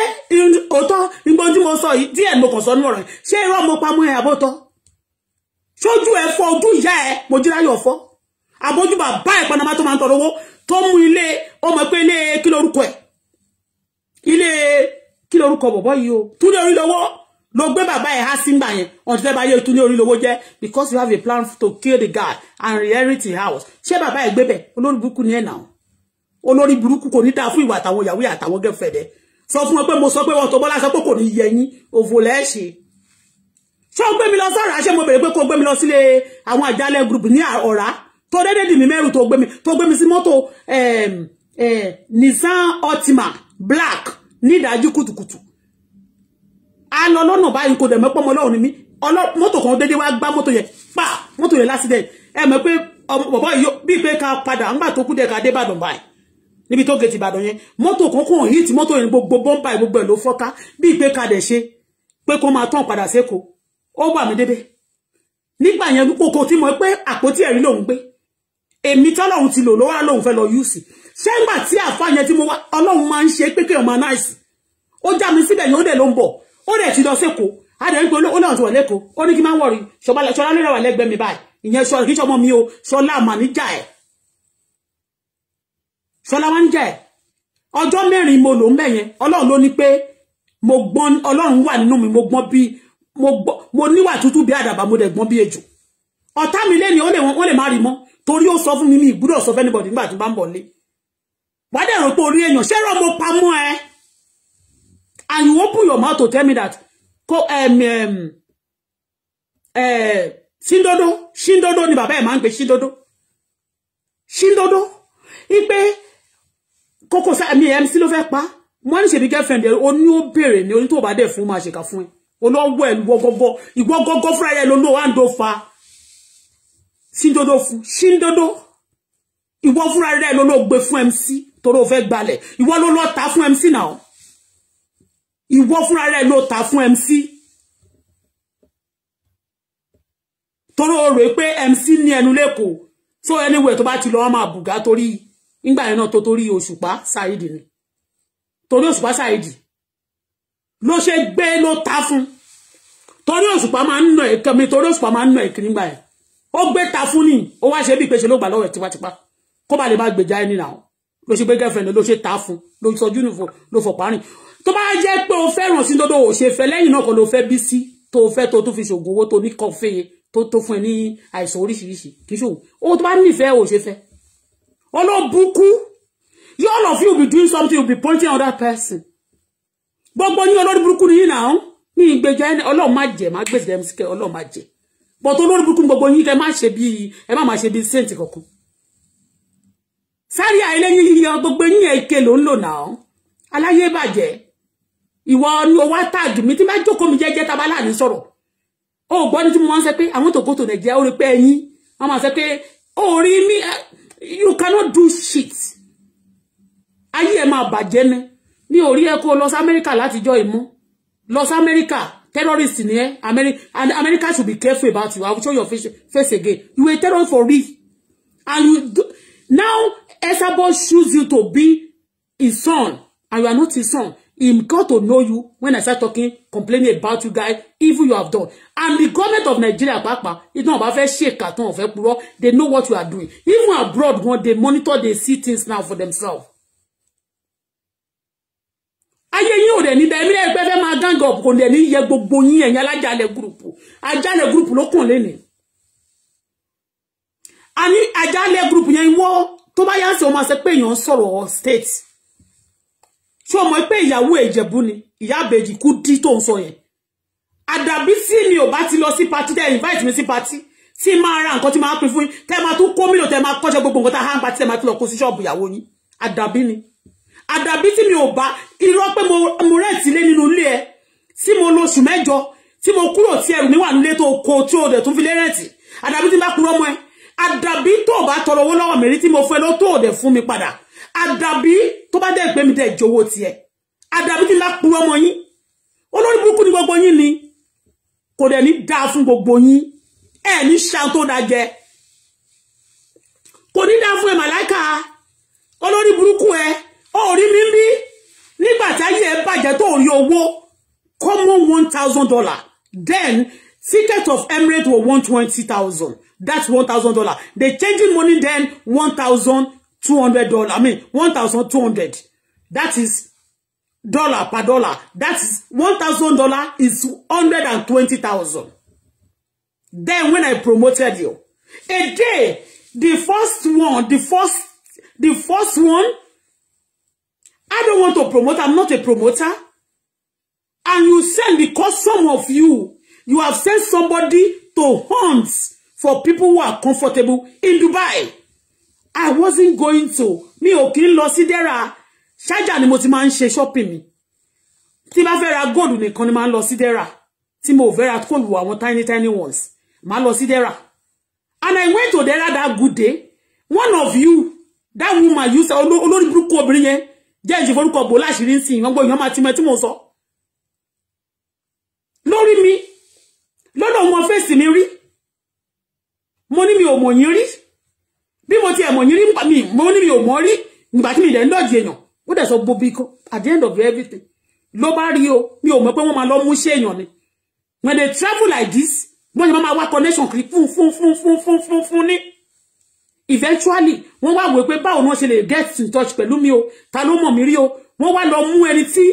òótọ́ nǹkan tí mo sọ yìí díẹ̀ mo kàn sọ nínú ọ̀rọ̀ yìí ṣé irọ́ mo pamọ́ ẹ àbótọ́ ṣojú ẹ fọ́ ojú ìyá ẹ Mojíráyọ̀ fọ́ àbójú bàbá panama tó máa ń tọrọ owó tó mú ilé ọmọ pé ilé kí lorúkọ ẹ ilé kí lorúkọ bọ̀bọ̀ yìí o Túndé Orílọ́wọ́ ló gbé bàbá ẹ̀ há sígbà yẹn wọn ti fẹ́ bá yé Túndé Orílọ́wọ́ jẹ́ because you have a plan to kill the guy and inherit the house ṣé bàbá ẹ̀ gbé bẹ̀ olórí burúkú ni ẹ̀ nà olórí burúkú kò ní dáa fún ìwà àtàwọn ìyàwó àtàwọn gẹ́fẹ̀dẹ́ sọ fún wọn pé mo sọ pé wọn tó bọ́lá sọ pé kò ní yẹ yín òfò lẹ́ẹ̀ṣẹ̀ ṣé o gbé mi lọ sọ̀rọ̀ àṣẹ mo bèrè pé kó o mi lọ sílé àwọn àjálẹ̀ group ní ọ̀rá tó dédé dì mí mẹ́rù tó gbé mi tó gbé mi sí mọ́tò eh, Nissan Altima black ni ìdájú kùtùkùtù a lọ lọ́nà báyìí kò dẹ̀ mọ́ pọ́mọ ọlọ́run mi mọ́tò kan dédé wa gbá moto ye pa mọ́tò yẹn lásìdẹ̀ ẹ mọ̀ pé bàbá yìí bíi pé ká padà ńgbà tó kú dẹ̀ ká dé Ìbàdàn báyìí níbi tó gẹ̀ẹ́tì ìbàdàn yẹn mọ́tò kan kò hìtì mọ́tò yẹn gbogbo bọ́ńbà gbogbo ẹ̀ ló fọ́ká bí ìgbé kadẹ̀ ṣe pé kó máa tán padà séko ó wà mí débẹ̀ nígbà yẹn kòkò tí mo pé àpótí ẹ̀rí lòún gbé èmi tọ́lọ́hún ti lò lọ́wọ́ lòún fẹ́ lọ yúùsì ṣé ńgbà tí àfa yẹn tí mo wá ọlọ́run máa ń ṣe pé kéèyàn máa náìsì ó já mi síbẹ̀ yẹn ó dẹ̀ ló ń bọ̀ ó dẹ̀ ti lọ séko a dẹ̀ ń pe ó ti wọ̀ lẹ́kọ̀ọ́ ó ní kí n máa wọ̀rí ṣọlá lórí ọ̀wà lẹ́gbẹ̀ẹ́ mi báyìí ìyẹn ṣọlá kí mi o ṣọlá àmàníjà ẹ̀ ṣọlá wọn ń jẹ ọjọ́ mẹ́rin mo lò ń bẹ yẹn ọlọ́run ló ní pé mo gbọ́n ọlọ́run wà nínú mi mo gbọ́n bí mo níwà tútù bí àdàbà mo dẹ̀ gbọ́n bí ejò ọ̀tá mi lé ní ó lè wọ́n lè má rí mọ́ torí ó sọ fún mi mi ìgbúdọ̀ sọ fẹ́nibọ̀dì nígbà tí bá ń bọ̀ lé wàá dẹ̀ rò pé orí èèyàn ṣẹ́rọ̀ mo pa mọ́ ẹ and you open your mouth to tell me that ko um, um, uh, eh, síndodo síndodo ni bàbá ẹ̀ máa ń pè síndodo síndodo ipe Koko Sá mi MC ló fẹ́ pa mo ní ṣe bí girlfriend ó ní ó béèrè ní oní tó bá dé fún máa ṣèkà fún ẹ olówó ẹ gbọgbọgbọ ìgbọgbọgbọ fúnra ẹ ló ló wà ń do fa síndódó fún síndódó ìwọ fúnra ẹ ló ló gbé fún MC torí ó fẹ́ gbalẹ̀ ìwọ ló lọ ta fún MC náà ìwọ fúnra ẹ ló ta fún MC torí ó rè pé MC ni ẹnu lẹ́kọ̀ọ́ so anyway tó bá ti lọ́ọ́ máa bùgá torí nígbà yẹn náà tó torí òṣùpá ṣáìdì ni torí òṣùpá ṣáìdì ló ṣe gbé ló ta fún torí òṣùpá máa ń nà ẹ̀kẹ́ mi torí òṣùpá máa ń nà ẹ̀kẹ́ nígbà yẹn ó ta fún ni ó wá ṣe bí ìpèsè ló gbà lọ́wọ́ ẹ̀ tipátipá kó ba lè má gbèjà ẹni náà ló ṣe gbé gẹ́fẹ̀ẹ́ ló ṣe ta fún ló sọjú ló fọ̀párìn tó bá jẹ́ pé o fẹ́ràn sí dodo ò ṣe fẹ́ lẹ́yìn náà kò ló fẹ́ bí sí tó fẹ́ tó tún fi ṣògùn owó tó ní kọfẹ́ tó tó fún ẹ ní àìsàn oríṣiríṣi kì í ṣòwò owó tó bá nífẹ̀ẹ́ olóbukú you all of you will be doing something you will be pointing at that person gbogbo ní olórí burúkú ni yín náà ní ìgbèjà ẹni ọlọ́run má jẹ má gbèsè ẹ̀mí síkẹ́ ọlọ́run má jẹ but olórí burúkú gbogbo yín kẹ́ má ṣe bí ẹ má má ṣe bí saint kankan you. àìlẹ́yìn yíyan gbogbo yín èké ló now. I náà aláyé bàjẹ́ You ni o wá Tag, mi tí bá jókòó mi jẹ́jẹ́ tabalá ní sọ̀rọ̀ o gbọ́ ní tí mo máa ń sẹ pé àwọn tòkótò nàìjíríà ó rí pé ẹyin wọ́n máa sẹ pé ó rí mi you cannot do shit ayé ẹ máa bàjẹ́ ni ní orí ẹ kó lọ sí amẹ́ríkà látijọ́ ìmú lọ sí amẹ́ríkà terrorist ni ẹ and america should be careful about you i will show your face, face again you were terrorist for real and you do, now esabod choose you to be his son and you are not his son He got to know you when I start talking, complaining about you guys, evil you have done. And the government of Nigeria, Papa, it's not about fair shake carton of fair They know what you are doing. Even abroad, when they monitor, they see things now for themselves. Ayé yín ò dẹ̀ níbẹ̀, èmi lẹ́yìn pé fẹ́ máa gang up kò dẹ̀ ní yẹ gbogbo yín ẹ̀yin alájàlẹ̀ gúrùpù. Àjàlẹ̀ gúrùpù ló kàn lé ni. A ní àjàlẹ̀ gúrùpù yẹn wọ́n tó bá yá ń sọ ọmọ ṣe pé èèyàn state ṣé o mọ̀ pé ìyàwó Ìjẹ̀bú ni ìyá àbèjì kú dí tó ń sọ yẹn àdàbí tí mi ò bá ti lọ sí patí tẹ́ invite mi sí patí tí máa ra nǹkan tí máa pín fún yín tẹ́ máa tún kómìnà tẹ́ máa kọ́ṣẹ́ gbogbo nǹkan tá a hàn pa tí máa tún lọ kó sí ṣọ́ọ̀bù ìyàwó yín àdàbí ni àdàbí tí mi ò bá irọ́ pé mo rẹ̀tì lé nínú ilé ẹ tí mo lo oṣù mẹ́jọ tí mo kúrò tí ẹrù mi nílé tó kó tí o tún fi lé rẹ̀tì àdàbí tí bá kúrọ́ mọ́ ẹ àdàbí tó bá tọrọ owó lọ́wọ́ mi rí tí mo fẹ́ ló tó dẹ̀ fún mi padà Adabi, tó bá dẹ̀ pé mi dẹ̀ jọ̀wọ́ tiẹ̀ àdàbí tí n bá purọ́ mọ́ yín olórí burúkú ni gbogbo yín ni kò dẹ̀ ní dáa fún gbogbo yín ẹ̀ ní ṣan tó da jẹ kò ní dáa fún ẹ màláìka olórí burúkú ẹ ó rí mi bí nígbà táyé ẹ bàjẹ́ tó rí owó common one thousand dollar then ticket of Emirates were one twenty thousand that's one thousand dollar They changing money then one thousand two hundred dollar i mean one thousand two hundred that is dollar per dollar that is one thousand dollar is hundred and twenty thousand then when i promoted you a day the first one the first the first one i don't want to promote i'm not a promoter and you send because some of you you have sent somebody to hunt for people who are comfortable in dubai I wasn't going to mi ò kí ń lọ sí dẹ́ra ṣájà ni mo ti máa ń shopping mi tí bá fẹ́ ra gold nìkan ni máa ń lọ sí dẹ́ra tí mo fẹ́ ra gold wọ tiny tiny ones ma lọ sí dẹ́ra and I went to dẹ́ra that good day one of you that woman you say olórí burúkú obìnrin yẹn jẹ́ ìjì forúkọ bò láṣìírí sí ìwọ́n gbọ́ ìyọ́n máa ti mọ tí mo sọ lórí mi lọ́dọ̀ wọn fèsì mi rí mo ní mi ò mọ̀ yín rí bí mo ti ẹ̀ mọ̀ yín rí mi mo ní mi ò mọ̀ rí ìgbà tí mi ìdẹ̀ ń dọ̀jì èèyàn ó dẹ̀ sọ gbogbo ikọ́ at the end of everything ló bá rí o mi ò mọ̀ pé wọ́n máa lọ mú ṣé èèyàn ni when they travel like this wọ́n yẹn máa wá connection kiri fún fún fún fún fún fún fún ní eventually wọ́n wá wò pé báwo ni wọ́n ṣe lè get in touch pẹ̀lú mi o ta ló mọ̀ mí rí o wọ́n wá lọ mú ẹni tí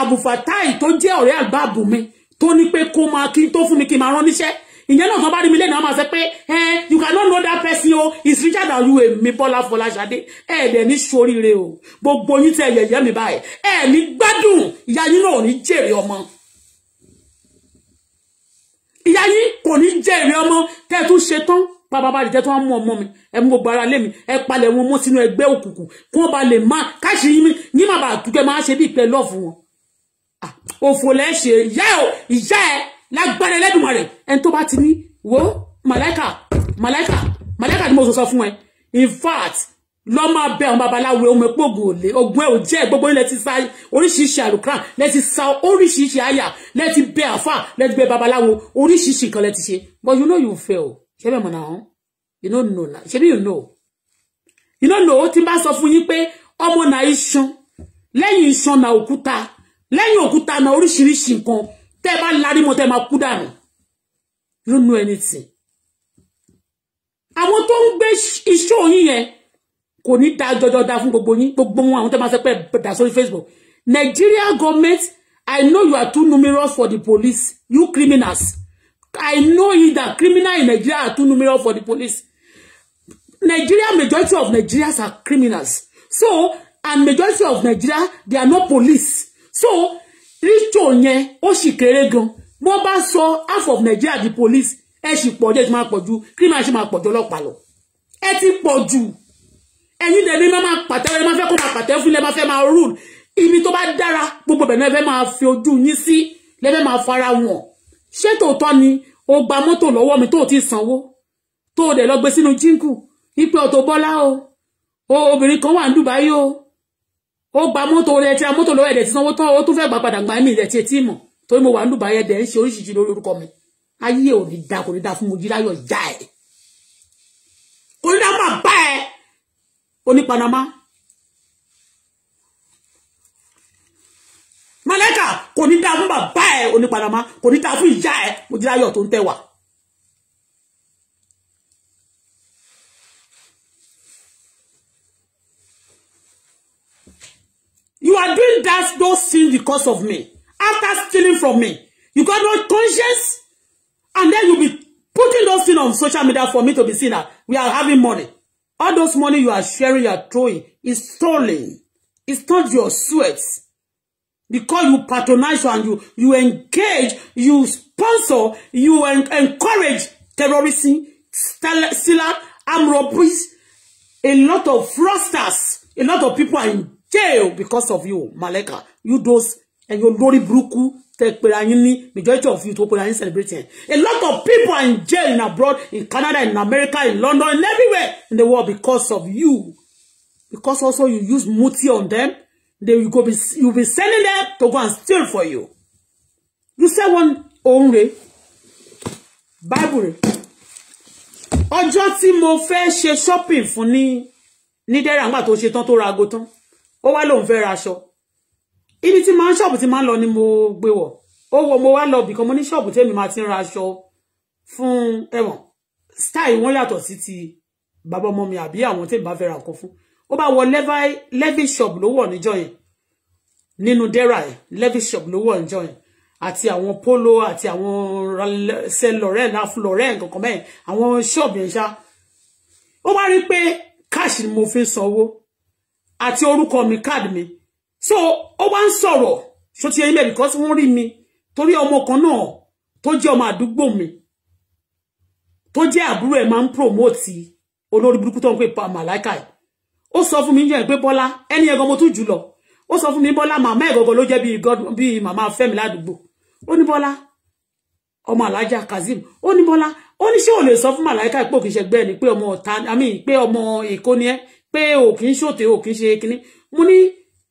àbùfàtáì tó jẹ́ ọ̀rẹ́ àgbà àbùmí tó ní pé kó máa kí tó fún mi kí máa rán níṣẹ́ ìyẹn náà tó bá rí mi lẹ́nu a máa sọ pé ẹ you cannot know that person o is richer than you èmi Bọ́lá Fọláṣadé ẹ ẹ̀ dẹ̀ ní ṣoríire o gbogbo yín tẹ yẹ̀yẹ́ mi báyìí ẹ ẹ̀ ní gbádùn ìyá yín náà ò ní jèrè ọmọ ìyá yín kò ní jèrè ọmọ tẹ́ ẹ tún ṣe tán bàbá bá jẹ́ tó wọ́n mú ọmọ mi ẹ mú gbogbo ara lé mi ẹ palẹ̀ wọn mọ́ sínú ẹgbẹ́ òkùnkùn kí wọ́n ba lè má káṣí yín ní màbà àtúkẹ́ máa ṣe bí ìpẹ́ lọ́ọ̀fù wọn òfò lẹ́ ṣe ìyá ẹ lágbára Ẹlẹ́dùmarè ẹni tó bá ti ní wo màláìkà màláìkà màláìkà ni mo sọ sọ fún ẹ in fact lọ máa bẹ àwọn babaláwo ọmọ epo ògùn òlé ogun ẹ ò jẹ gbogbo ilẹ̀ ti sa oríṣiríṣi àlùkàn lẹ ti sa oríṣiríṣi àyà lẹ ti bẹ àfà lẹ ti bẹ babaláwo oríṣiríṣi nǹkan lẹ ti ṣe but you know you fail ṣé bẹ́ẹ̀ mọ̀ náà hàn you know no na ṣe bí you know you know no tí n bá sọ fún yín pé ọmọ náà iṣan lẹ́yìn iṣan náà òkúta lẹ́yìn òkúta náà oríṣiríṣi nǹkan tẹ́ bá larí mọ́ tẹ́ máa kú dànù you don't know anything àwọn tó ń gbé iṣẹ́ òyìn yẹn kò ní da jọjọ da fun gbogbo yín gbogbo wọn àwọn tẹ́ máa sẹ́ pẹ́ dà sórí Facebook Nigeria government I know you are too numerous for the police you criminals I know you that criminal in Nigeria are too numerous for the police Nigeria majority of Nigerians are criminals so and majority of Nigeria they are not police so rítò yẹn ó sì kéré gan bó bá sọ half of Nigeria di police ẹ sì pọ̀ jẹ́ ti máa pọ̀ ju criminal ṣe máa pọ̀ jù ọlọ́pàá lọ ẹ ti pọ̀ jù ẹ̀yin dẹ̀mí máa máa pàtẹ́wọ́ ẹ máa fẹ́ kó máa pàtẹ́wọ́ fún ilẹ̀ máa fẹ́ máa rule ibi tó bá dára gbogbo bẹ̀rẹ̀ lẹ́fẹ́ máa fi ojú yín sí lẹ́fẹ́ máa fara wọn ṣé tòótọ́ ni o gba mọ́tò lọ́wọ́ mi tó o ti sanwó tó o dẹ̀ lọ gbé sínú jíǹkù ipe Auto Bola o o obìnrin kan wà ní Dubai o o gba mọ́tò rẹ̀ tí a mọ́tò lọ́wọ́ ẹ̀dẹ̀ tí sanwó tán ó tún fẹ́ gbà padà gbà mí ilẹ̀ tí etí mọ̀ torí mo wà ń dùbà ẹ̀dẹ̀ ń ṣe oríṣiríṣi lórúkọ mi ayé ò ní da kò ní da fún Mojíráyọ̀ já ẹ̀ kò ní da má bá ẹ̀ oní Panama mọ̀lẹ́kà kò ní da fún bàbá ẹ̀ oní Panama kò ní da fún ìyá ẹ̀ Mojíráyọ̀ tó ń tẹ̀wà. are doing that those things because of me after stealing from me you got no conscience and then you be putting those things on social media for me to be seen that we are having money all those money you are sharing you are throwing is stolen it's not your sweat because you patronize and you you engage you sponsor you en encourage terrorism stealer armed robberies a lot of fraudsters a lot of people are in jail because of you Maleka you those and your burúkú bruku. pera yín majority of you to pera and celebrating a lot of people are in jail in abroad in Canada in America in London and everywhere in the world because of you because also you use muti on them they you go be you'll be sending them to go and steal for you you say one only. bible re ọjọ́ tí mo fẹ́ ṣe shopping fún ní ní dẹ́rẹ́ àgbà tó ṣe tán tó ra ago tán ó wá lòun fẹ́ raṣọ ibi tí máa ń ṣọ́ọ̀bù tí máa ni mo gbé wọ̀ ó wọ mo wá lọ bìkan mo ní ṣọ́ọ̀bù tèmi máa ti ń raṣọ fún ẹ̀wọ̀n style wọn yàtọ̀ sí ti bàbá ọmọ mi àbí àwọn tèmi bá fẹ́ ra nǹkan fún ó bá wọ levi shop ló wọ̀ níjọ́ yẹn nínú dẹ́ra ẹ̀ levi shop ló wọ̀ join, yẹn àti polo àti àwọn ṣe lọ́rẹ́ náà fún lọ́rẹ́ nǹkan kan mẹ́rin àwọn ṣọ́ọ̀bù yẹn ṣá ó wá rí pé cash ni mo fi ń sanwó àti orúkọ mi káàdì mi so ó wá ń sọ̀rọ̀ so ti yẹn bẹ́ẹ̀ because wọ́n rí mi torí ọmọ kan náà tó jẹ́ ọmọ àdúgbò mi tó jẹ́ àbúrò ẹ̀ máa ń promote olórí burúkú tó ń pè pa màláìka yìí ó sọ fún mi jẹ́ pé bọ́lá ẹni ẹ̀gọ́ mo tún jù lọ ó sọ fún mi bọ́lá màmá ẹ̀gọ́gọ́ ló jẹ́ bíi màmá fẹ́mi ládùúgbò ó ní bọ́lá ọmọ alájà kazeem ó ní bọ́lá ó ní ṣé ò lè sọ fún màláìka pé òkè ṣẹgbẹ́ ni pé ọmọ ọ̀tá àmì pé ọmọ èkó ni ẹ pé o kì í ṣòtè o kì í ṣe kinní mo ní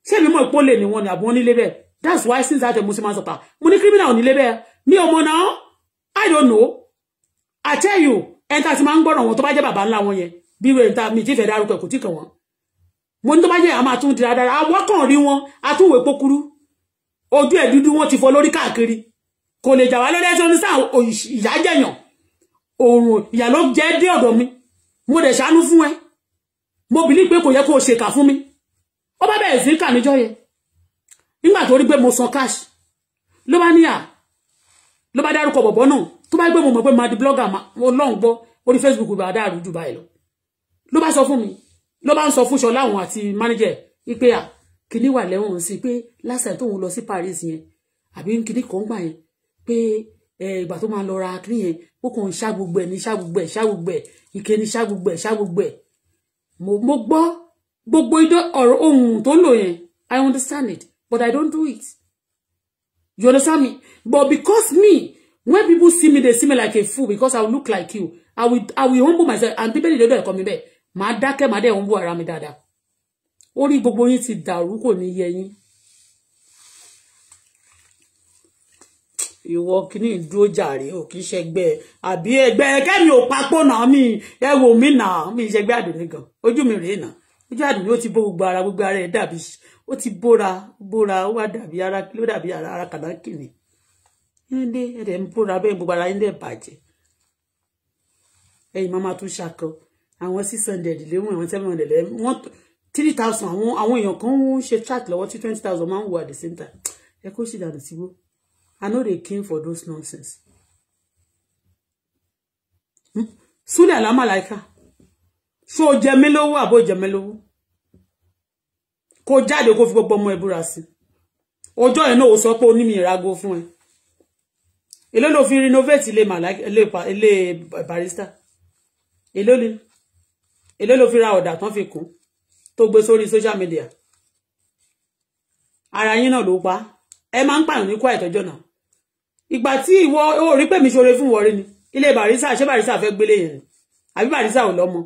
ṣé mọ̀ pé ó lè ní wọn ni àbí wọn nílé that's why since that time mo ṣe máa ń sọ̀pà mo ní criminal ò nílé bẹ́ẹ̀ mi ò mọ̀ náà i don't know i tell you ẹni tá a ti máa ń gbọ́ràn wọn tó bá jẹ́ bàbá ńlá wọn yẹn bí wẹ́n ta mi ti fẹ́ dárúkọ kò tí kàn wọ́n mo ní tó bá jẹ́ àmà tún di dáadáa àwọn kan rí wọn àtúnwé pókúrú ojú ẹ̀ dúdú wọn ti fọ lórí káàkiri kò lè jà wá lórí ẹsẹ̀ oníṣà ìyá jẹ̀yàn òòrùn ìyá jẹ́ dé ọ̀dọ̀ mi mo dẹ̀ ṣàánú fún ẹ mo bìlí pé kò yẹ kó o ṣèkà fún mi ó bá bẹ̀rẹ̀ sí kà níjọ́ yẹn nígbà tó rí mo san cash ló bá níyà ba bá dárúkọ bọ̀bọ̀ náà tó bá gbé mo mọ̀ pé máa di blogger ọlọ́run gbọ́ orí Facebook bá dáàrú jù báyìí lọ ló bá sọ fún mi ló bá ń sọ fún ṣọlá òun manager ipe à kìíní wà lẹ́wọ̀n sí pé lásìkò tóun lọ sí Paris yẹn àbí kìíní kan gbà pe, eh ìgbà tó máa lọ ra kìíní yẹn ó kàn ń ṣá gbogbo ẹ̀ ní ṣá gbogbo ẹ̀ ṣá gbogbo ẹ̀ ìkéni ṣá gbogbo ẹ̀ ṣá gbogbo ẹ̀ mo mo gbọ́ gbogbo idọ ọ̀rọ̀ ohun tó lò yẹn i understand it but i don't do it you understand me but because me when people see me they see me like a fool because i look like you i will i will humble myself and bíbélì lọ́dọ̀ ẹ̀kọ́ come bẹ́ẹ̀ màá dákẹ́ màá dẹ̀ humble ara mi dáadáa orí gbogbo yín ti dàrú kò ní yẹ yín ìwọ kìíní dúró jàre ò kìí ṣẹgbẹ́ àbí ẹgbẹ́ kẹ́mi ò papọ̀ náà mi ẹ wò mí náà mi ṣẹgbẹ́ àdùnní gan ojú mi rèé náà ojú àdùnní ó ti bó gbogbo ara gbogbo ara ẹ dàbí ó ti bóra bóra ó wá dàbí ara ló dàbí ara ara kàdákìnì ẹdẹ ẹdẹ ń bóra bẹ́ẹ̀ gbogbo ara ẹdẹ bàjẹ́ ẹ̀yin máa ma tún ṣakọ àwọn six hundred léwọ̀n àwọn seven hundred lẹ́wọ̀n three thousand àwọn àwọn èèyàn kan ń ṣe track lọ́wọ́ tí twenty thousand máa ń wò at the same time ẹ kó ṣì dànù sígbó i no dey clean for those nonsense hmm? súlẹ̀ alámàláìka ṣó o jẹ mí lówó àbó jẹ mí lówó kó jáde kó fi gbogbo ọmọ ẹ búra sí ọjọ́ ẹ̀ náà ó sọ pé ó ní mi ìrago fún ẹ èló ló fi renovate ilé màláìka ilé barista èló ni èló ló fi ra ọ̀dà tán fi kún tó gbé sórí social media ara yín náà ló pa ẹ máa ń pààyàn ní kó àìtọ́jọ́ náà ìgbà tí ìwọ ó rí pèmí ṣoore fún wọrí ni ilé barisa ṣé barisa fẹ́ gbélé yẹn àbí barisa ò lọ́mọ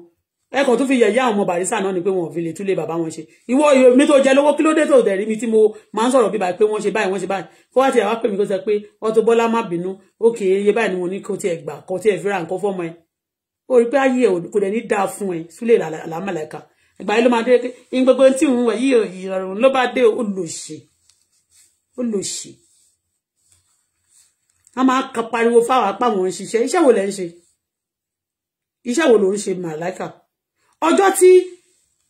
ẹkàn tún fi yẹ̀yẹ́ àwọn ọmọ barisa náà ni pé wọn ò fi lè túlé bàbá wọn ṣe ìwọ ìròmí tó jẹ lówó kí ló dé tó dẹ̀ rí mi tí mo máa ń sọ̀rọ̀ bíbá pé wọ́n ṣe báyìí wọ́n ṣe báyìí kó wá ti àwa pèmí kó sọ pé Auto Bola má bínú ókè iye báyìí ni mo ní kó tiẹ̀ gbà kó tiẹ̀ fi ra nǹkan fọ́mọ ẹ ó rí pé ayé ẹ kò dẹ̀ ní dáa fún ẹ súlè làmàlẹ́ka ìgbà yìí ló máa dé pé ní gbogbo tí òun wẹ̀ yìí ìrọ̀rùn ló bá dé olùṣe olùṣe a máa kan pariwo fáwọn apá wọn ń ṣiṣẹ́ iṣẹ́ wo lẹ ń ṣe iṣẹ́ wo ló ń ṣe màláìkà ọjọ́ tí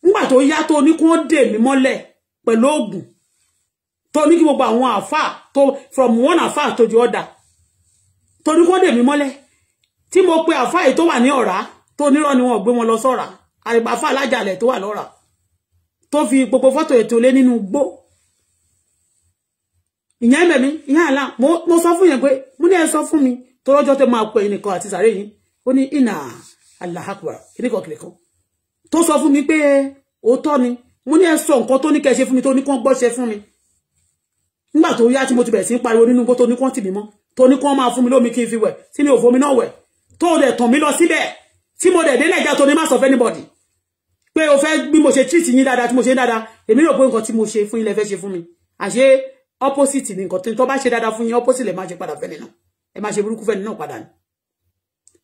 nígbà tó yá tó ní kí wọ́n dè mí mọ́lẹ̀ pẹ̀lú oògùn tó ní kí gbogbo àwọn àfà tó from one àfà to the other tó ní kí wọ́n dè mí mọ́lẹ̀ tí mo pe àfà yìí tó wà ní ọ̀rá tó nírọ̀ ni wọ́n gbé wọn lọ sọ́ra àrìgbàfà alájàlẹ̀ tó wà lọ́ra tó fi gbogbo fọ́tò ètò lé nínú gbó ìyẹn ń bẹ̀ mí ìyẹn àlá mo sọ fún yẹn pé mo ní ẹ sọ fún mi tó lọ́jọ́ tó máa pẹ́ ẹnìkan àti sàárè yìí ó ní ìnà àlàhàkùrà kìnnìkan kìnnìkan tó sọ fún mi pé òótọ́ ni mo ní ẹ sọ nǹkan tó ní kẹ́ fún mi tó ní kán gbọ́ṣẹ́ fún mi nígbà tó yá tí mo ti bẹ̀rẹ̀ sí ń pariwo nínú igbó tó ní kán tì mí mọ́ tó ní kán máa fún mi lómi kí n fi wẹ̀ tí mi ò fomi náà wẹ̀ tó dẹ̀ tàn mí lọ síbẹ̀ tí mo dẹ̀ dé nàìjíríà tó ní má sọ fẹ́ anybody pé o fẹ́ bí mo ṣe treat yín dáadáa tí mo ṣe dáadáa èmi rò pé nǹkan tí mo ṣe fún yín lẹ fẹ́ ṣe fún mi àṣé opposite ni nǹkan tó bá ṣe dáadáa fún yín opposite lè pada ṣe padà fẹ́ni náà ẹ máa ṣe burúkú fẹ́ni náà padà ni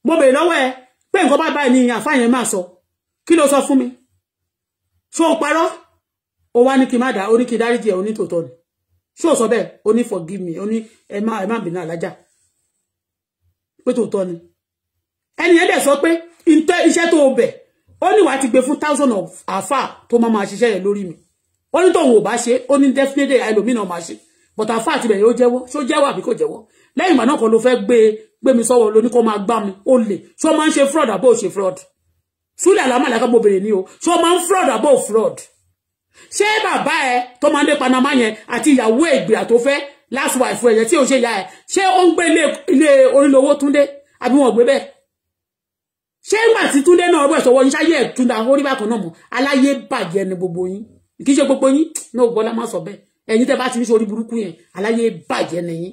mo be lọ́wọ́ ẹ pé nǹkan ba báyìí ni àfáàyàn máa sọ kí ló sọ fún mi ṣó o parọ́ o wá ní kí n má dá orí kí n dáríjì ẹ ni ṣó o sọ bẹ́ẹ̀ forgive me oni ní ẹ má ẹ má bínú àlájà pé tòótọ́ ni eni yẹn dẹ̀ sọ pé iṣẹ́ tó o bẹ̀ ó ní wàá ti gbé fún thousand of àfà to máa máa ṣiṣẹ́ yẹn mi ó ní tóun ò bá ṣe ó ní definitely ẹlòmíràn máa ṣe but àfa àti bẹ̀rẹ̀ ó jẹ́wọ́ ṣó jẹ́wọ́ àbí kò jẹ́wọ́ lẹ́yìn ìgbà náà kan ló fẹ́ gbé gbé mi sọ́wọ́ lóní kó máa gbá mi ó lè ṣó máa ń ṣe fraud àbó ṣe fraud súlẹ̀ àlámàlà kan mo bèrè ní o ṣó máa ń fraud àbó ò fraud ṣé bàbá ẹ tó máa ń dé Panama yẹn àti ìyàwó ìgbìyà tó fẹ́ last wife ẹ̀yẹ tí ò ṣe ìyá ẹ̀ ṣé ó ń gbé ilé onílówó túndé àbí wọn ò gbé bẹ́ẹ̀ ṣé ńgbà tí túndé náà ọgbẹ́ sọ̀wọ́ yín ṣáyé ẹ̀ túndà orí bákan náà mọ́ aláyé bàjẹ́ ni gbogbo yín kì í ṣe gbogbo yín náà Bọ́lá má sọ bẹ́ẹ̀ ẹ̀yin tẹ́ bá ti ń ṣorí burúkú yẹn aláyé bàjẹ́ nìyín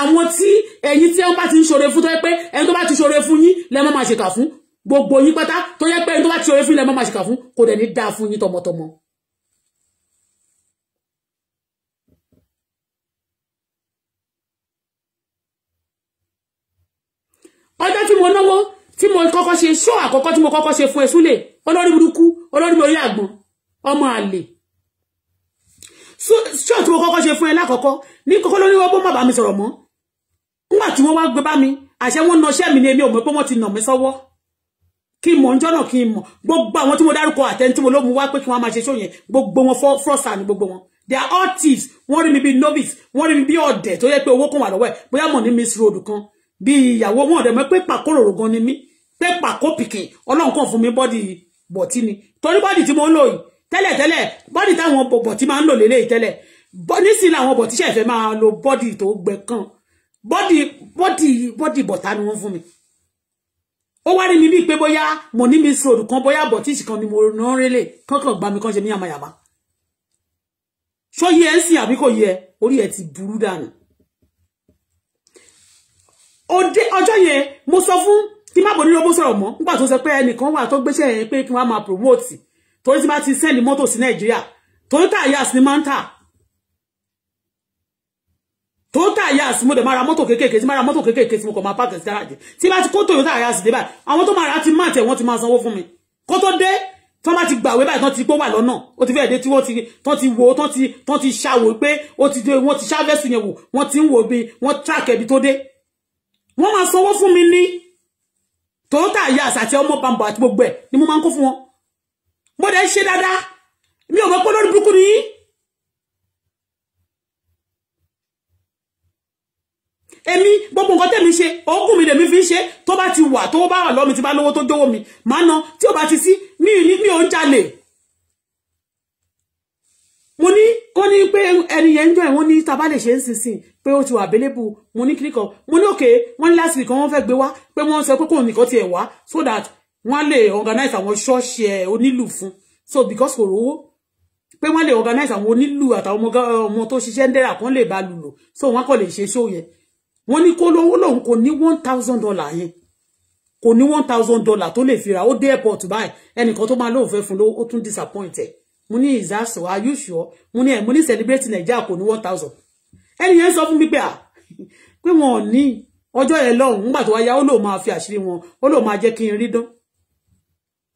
àwọn tí ẹ̀yin tí wọ́n bá ti ń ṣoore fún tó yẹ pé ẹni tó bá ti ṣoore fún yín lẹ́ má máa ṣèkà fún gbogbo yín pátá tó yẹ pé ẹni tó bá ti ṣoore fún yín lẹ́ má máa ṣèkà fún kò dẹ̀ ní dáa fún yín tọmọtọmọ. ọjọ́ tí mo náwó tí mo kọ́kọ́ ṣe ṣó àkọ́kọ́ tí mo kọ́kọ́ ṣe fún ẹ̀sùn lè olórí burúkú olórí mi orí àgbọn ọmọ àlè so tí mo kọ́kọ́ ṣe fún ẹ lákọ̀ọ́kọ́ ní kọ́kọ́ ló ní wọ́n bó má bá mi sọ̀rọ̀ mọ́ nígbà tí wọ́n wá gbé bá mi àṣẹ wọn nọṣẹ́ mi ni èmi ò mọ̀ pé wọ́n ti nà mí sọ́wọ́ kí mọ̀ ń jọ́nà kí n mọ̀ gbogbo àwọn tí mo dárúkọ àtẹni tí mo ló wá pé kí wọ́n máa ṣe ṣóyẹn gbogbo wọn frosa ni gbogbo wọn they are all thieves wọ́n rí mi bíi novice wọ́n rí mi bíi ọ̀dẹ̀ tó yẹ pé owó kan wà lọ́wọ́ ẹ̀ bóyá mọ̀ ní miss road kan bíi ìyàwó wọn ọ̀dẹ̀ mọ́ pé pàkóròrò gan ni mí pé pàkó pìkì ọlọ́run kan fún mi bọ́dì bọ̀tí ni torí bọ́dì tí mo ń lò yìí tẹ́lẹ̀ tẹ́lẹ̀ bọ́dì táwọn bọ̀bọ̀ tí máa ń lò lélẹ̀ tẹ́lẹ̀ nísìnyí làwọn bọ̀ tíṣẹ́ ìfẹ́ máa lo bọ́dì tó gbẹ kan bọ́dì bọ́dì bọ́dì bọ̀tá ni wọ́n fún mi ó wá rí mi bíi pé bóyá mo ní mi sòrò kan bóyá bọ̀tíṣì kan ni mo ná rélẹ̀ kankan gbà mí kan ṣe mí àmàyàmá ṣó yẹ ń sìn àbí kò yẹ orí ẹ ti burú dànù òde ọjọ́ yẹn mo sọ fún kí má bò nílò bó sọ̀rọ̀ mọ́ nígbà tó sọ pé ẹnìkan wà tó gbéṣẹ́ yẹn pé kí wọ́n máa promote torí tí bá ti sẹ́ẹ̀lì mọ́tò sí nàìjíríà toyota yas ni máa ń tà toyota yas mo dẹ̀ máa ra mọ́tò kéékèèké tí máa ra mọ́tò kéékèèké tí mo kọ̀ máa pààkì sí gáràjì tí bá ti kó toyota yas dé báyìí àwọn tó máa ra ti máàtì ẹ̀wọ̀n ti máa sanwó fún mi kó tó dé tọ́n bá ti gbàwé báyìí tọ́n ti pọ́ wà lọ́nà o ti fẹ́ẹ̀ dé tí wọ́n ti tọ́n ti wo tọ́n ti tọ́n ti ṣàwò pé o ti dé wọ́n ti ṣàfẹ́sù yẹn wò wọ́n ti ń wò bí wọ́n tíráàkì ẹbí tó dé wọ́n máa sanwó fún mi ní toyota yas àti ọmọ bambọ àti gbogbo ni mo máa ń kó fún mo dẹ̀ ṣe dáadáa mi ò mọ̀ pé lórí burúkú ni yín èmi gbogbo nǹkan tẹ̀mí ṣe oògùn mi lèmi fi ń ṣe tó bá ti wà tó bá wà lọ́mi ti bá lówó tó jówó mi màá na tí ò bá ti sí mi ò ní mi ò ń jalè mo ní kó ní pé ẹni yẹn ń jọ ìwọ́n ní tàbá lè ṣe ń sinsin pé ó ti wà abẹ́lẹ́bù mo ní kíríkan mo ní òkè wọ́n ní lásìkò kan wọ́n fẹ́ gbé wá pé wọ́n sọ pé kò nìkan tiẹ̀ wá so that wọ́n lè organize àwọn ṣọ́ọ̀ṣì ẹ̀ onílù fún so because kò rówó pé wọ́n lè organize àwọn onílù àtàwọn ọmọ tó ṣiṣẹ́ ń dẹ́rà kan lè bá lùlò so wọ́n kò lè ṣe ṣó yẹn wọ́n ní kó lówó lòun kò ní one thousand dollar yẹn kò ní one thousand dollar tó lè fi ra ó dé airport báyìí ẹnìkan tó máa lóun fẹ́ fún lówó ó tún disappoint ẹ̀ mo ní ìzásọ̀ are you sure mo ní ẹ̀ mo ní celebrate Nàìjíríà kò ní one thousand ẹni yẹn sọ fún mi pé à ah, pé wọn ò ní ọjọ́ yẹn lọ́hùn-ún nígbà tó wáyá ó lóun máa fi àṣírí wọn ó lóun máa jẹ́ kí n rí dán